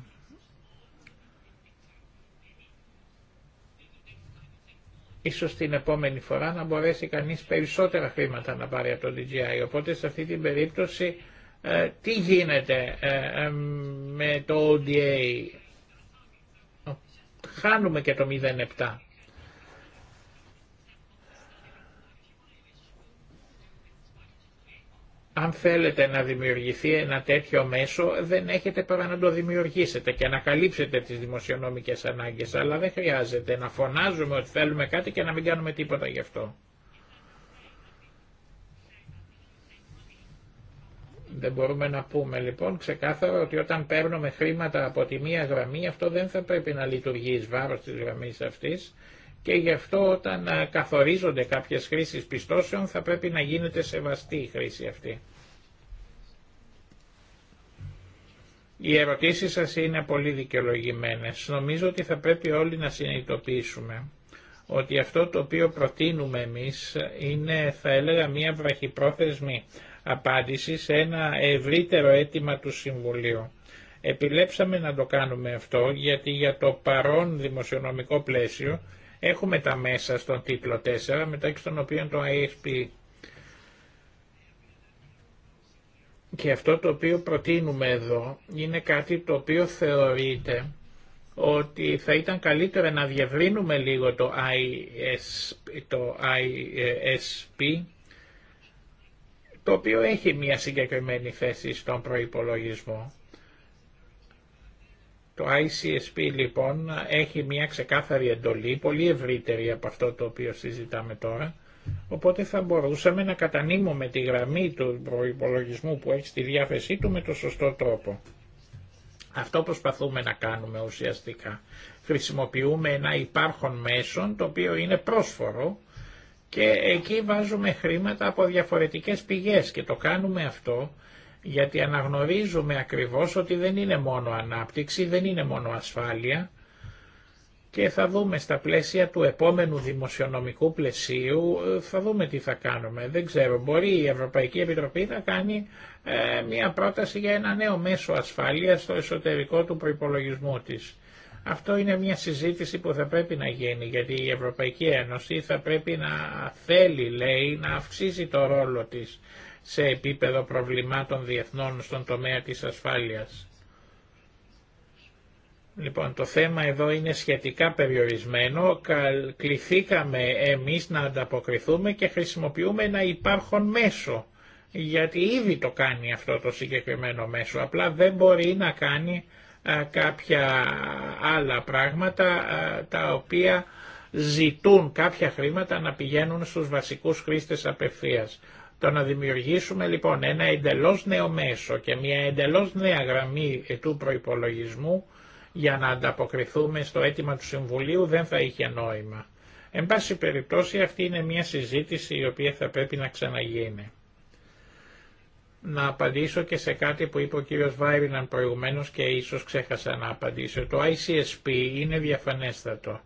Ίσως την επόμενη φορά να μπορέσει κανείς περισσότερα χρήματα να πάρει από το DJI. Οπότε σε αυτή την περίπτωση ε, τι γίνεται ε, ε, με το ODA. Χάνουμε και το 0,7. αν θέλετε να δημιουργηθεί ένα τέτοιο μέσο δεν έχετε παρά να το δημιουργήσετε και να καλύψετε τις δημοσιονομικές ανάγκες αλλά δεν χρειάζεται να φωνάζουμε ότι θέλουμε κάτι και να μην κάνουμε τίποτα γι' αυτό. Δεν μπορούμε να πούμε λοιπόν ξεκάθαρα ότι όταν παίρνουμε χρήματα από τη μία γραμμή αυτό δεν θα πρέπει να λειτουργεί εις βάρος της γραμμής αυτής και γι' αυτό όταν ε, καθορίζονται κάποιες χρήσεις πιστώσεων θα πρέπει να γίνεται σεβαστή η χρήση αυτή. Οι ερωτήσεις σας είναι πολύ δικαιολογημένε. Νομίζω ότι θα πρέπει όλοι να συνειδητοποιήσουμε ότι αυτό το οποίο προτείνουμε εμείς είναι θα έλεγα μια βραχυπρόθεσμη απάντηση σε ένα ευρύτερο αίτημα του Συμβουλίου. Επιλέψαμε να το κάνουμε αυτό γιατί για το παρόν δημοσιονομικό πλαίσιο Έχουμε τα μέσα στον τίτλο 4, μεταξύ των οποίων το ISP. Και αυτό το οποίο προτείνουμε εδώ είναι κάτι το οποίο θεωρείται ότι θα ήταν καλύτερα να διευρύνουμε λίγο το, ISP, το οποίο έχει μια συγκεκριμένη θέση στον προϋπολογισμό το ICSP λοιπόν έχει μια ξεκάθαρη εντολή, πολύ ευρύτερη από αυτό το οποίο συζητάμε τώρα, οπότε θα μπορούσαμε να κατανείμουμε τη γραμμή του προϋπολογισμού που έχει στη διάθεσή του με το σωστό τρόπο. Αυτό προσπαθούμε να κάνουμε ουσιαστικά. Χρησιμοποιούμε ένα υπάρχον μέσον το οποίο είναι πρόσφορο και εκεί βάζουμε χρήματα από διαφορετικές πηγές και το κάνουμε αυτό γιατί αναγνωρίζουμε ακριβώς ότι δεν είναι μόνο ανάπτυξη, δεν είναι μόνο ασφάλεια και θα δούμε στα πλαίσια του επόμενου δημοσιονομικού πλαισίου, ε, θα δούμε τι θα κάνουμε. Δεν ξέρω, μπορεί η Ευρωπαϊκή Επιτροπή να κάνει ε, μια πρόταση για ένα νέο μέσο ασφάλειας στο εσωτερικό του προϋπολογισμού της. Αυτό είναι μια συζήτηση που θα πρέπει να γίνει, γιατί η Ευρωπαϊκή Ένωση θα πρέπει να θέλει, λέει, να αυξήσει το ρόλο της σε επίπεδο προβλημάτων διεθνών στον τομέα της ασφάλειας. Λοιπόν, το θέμα εδώ είναι σχετικά περιορισμένο. Κληθήκαμε εμείς να ανταποκριθούμε και χρησιμοποιούμε ένα υπάρχον μέσο, γιατί ήδη το κάνει αυτό το συγκεκριμένο μέσο. Απλά δεν μπορεί να κάνει κάποια άλλα πράγματα τα οποία ζητούν κάποια χρήματα να πηγαίνουν στους βασικούς χρήστες απευθείας. Το να δημιουργήσουμε λοιπόν ένα εντελώς νέο μέσο και μια εντελώς νέα γραμμή ε, του προϋπολογισμού για να ανταποκριθούμε στο αίτημα του Συμβουλίου δεν θα είχε νόημα. Εν πάση περιπτώσει αυτή είναι μια συζήτηση η οποία θα πρέπει να ξαναγίνει. Να απαντήσω και σε κάτι που είπε ο κύριος Βάιριναν προηγουμένως και ίσως ξέχασα να απαντήσω. Το ICSP είναι διαφανέστατο.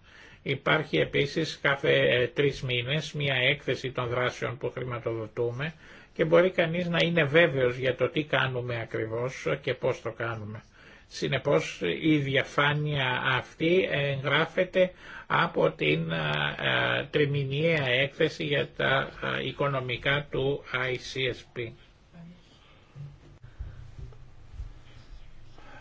Υπάρχει επίσης κάθε ε, τρεις μήνες μια έκθεση των δράσεων που χρηματοδοτούμε και μπορεί κανείς να είναι βέβαιος για το τι κάνουμε ακριβώς και πώς το κάνουμε. Συνεπώς η διαφάνεια αυτή εγγράφεται από την ε, ε, τριμηνιαία έκθεση για τα οικονομικά του ICSP.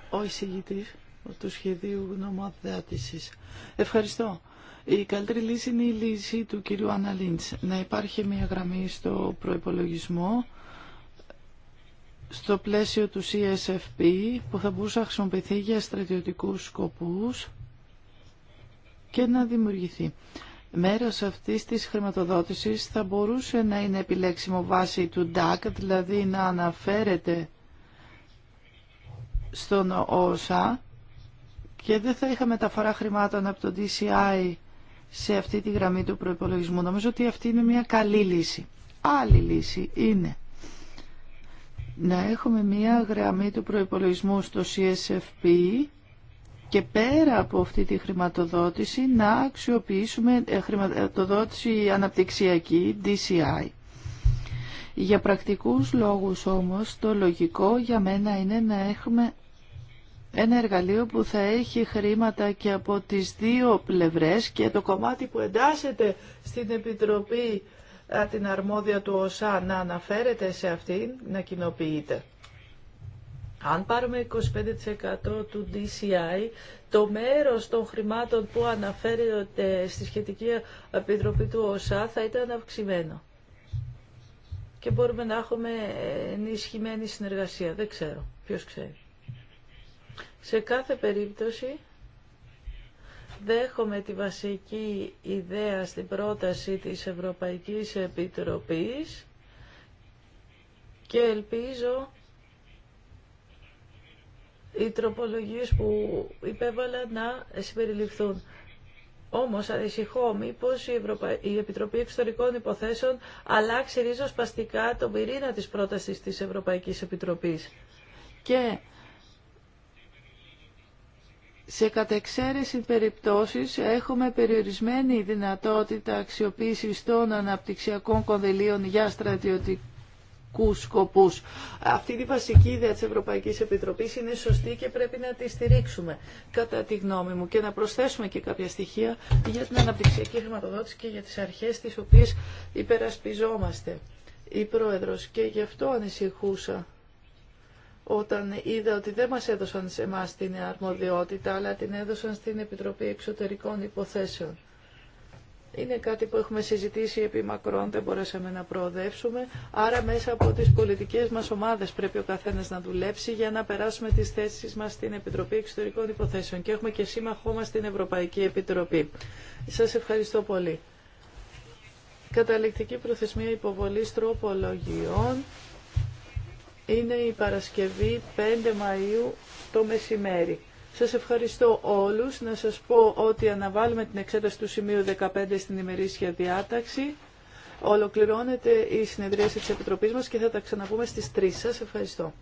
Ο εισηγητής του σχεδίου γνωμοδότησης. Ευχαριστώ. Η καλύτερη λύση είναι η λύση του κυρίου Αναλίντς. Να υπάρχει μια γραμμή στο προϋπολογισμό στο πλαίσιο του CSFP που θα μπορούσε να χρησιμοποιηθεί για στρατιωτικούς σκοπούς και να δημιουργηθεί. Μέρος αυτής της χρηματοδότησης θα μπορούσε να είναι επιλέξιμο βάση του DAC, δηλαδή να αναφέρεται στον ΩΣΑ και δεν θα είχα μεταφορά χρημάτων από το DCI σε αυτή τη γραμμή του προϋπολογισμού. Νομίζω ότι αυτή είναι μια καλή λύση. Άλλη λύση είναι να έχουμε μια γραμμή του προϋπολογισμού στο CSFP και πέρα από αυτή τη χρηματοδότηση να αξιοποιήσουμε ε, χρηματοδότηση αναπτυξιακή, DCI. Για πρακτικούς λόγους όμως το λογικό για μένα είναι να έχουμε ένα εργαλείο που θα έχει χρήματα και από τις δύο πλευρές και το κομμάτι που εντάσσεται στην Επιτροπή την αρμόδια του ΟΣΑ να αναφέρεται σε αυτήν, να κοινοποιείται. Αν πάρουμε 25% του DCI, το μέρος των χρημάτων που αναφέρεται στη σχετική επιτροπή του ΩΣΑ θα ήταν αυξημένο. Και μπορούμε να έχουμε ενισχυμένη συνεργασία. Δεν ξέρω. Ποιος ξέρει. Σε κάθε περίπτωση δέχομαι τη βασική ιδέα στην πρόταση της Ευρωπαϊκής Επιτροπής και ελπίζω οι τροπολογίες που υπέβαλα να συμπεριληφθούν. Όμως ανησυχώ μήπως η, Ευρωπα... Επιτροπή Εξωτερικών Υποθέσεων αλλάξει παστικά τον πυρήνα της πρότασης της Ευρωπαϊκής Επιτροπής. Και σε κατεξαίρεση περιπτώσεις έχουμε περιορισμένη δυνατότητα αξιοποίησης των αναπτυξιακών κονδυλίων για στρατιωτικούς σκοπούς. Αυτή η βασική ιδέα της Ευρωπαϊκής Επιτροπής είναι σωστή και πρέπει να τη στηρίξουμε κατά τη γνώμη μου και να προσθέσουμε και κάποια στοιχεία για την αναπτυξιακή χρηματοδότηση και για τις αρχές τις οποίες υπερασπιζόμαστε. Η Πρόεδρος και γι' αυτό ανησυχούσα όταν είδα ότι δεν μας έδωσαν σε εμά την αρμοδιότητα, αλλά την έδωσαν στην Επιτροπή Εξωτερικών Υποθέσεων. Είναι κάτι που έχουμε συζητήσει επί μακρόν, δεν μπορέσαμε να προοδεύσουμε. Άρα μέσα από τις πολιτικές μας ομάδες πρέπει ο καθένας να δουλέψει για να περάσουμε τις θέσεις μας στην Επιτροπή Εξωτερικών Υποθέσεων. Και έχουμε και σύμμαχό μας στην Ευρωπαϊκή Επιτροπή. Σας ευχαριστώ πολύ. Καταληκτική προθεσμία υποβολής τροπολογιών είναι η Παρασκευή 5 Μαΐου το μεσημέρι. Σας ευχαριστώ όλους. Να σας πω ότι αναβάλουμε την εξέταση του σημείου 15 στην ημερήσια διάταξη. Ολοκληρώνεται η συνεδρίαση της Επιτροπής μας και θα τα ξαναπούμε στις 3. Σας ευχαριστώ.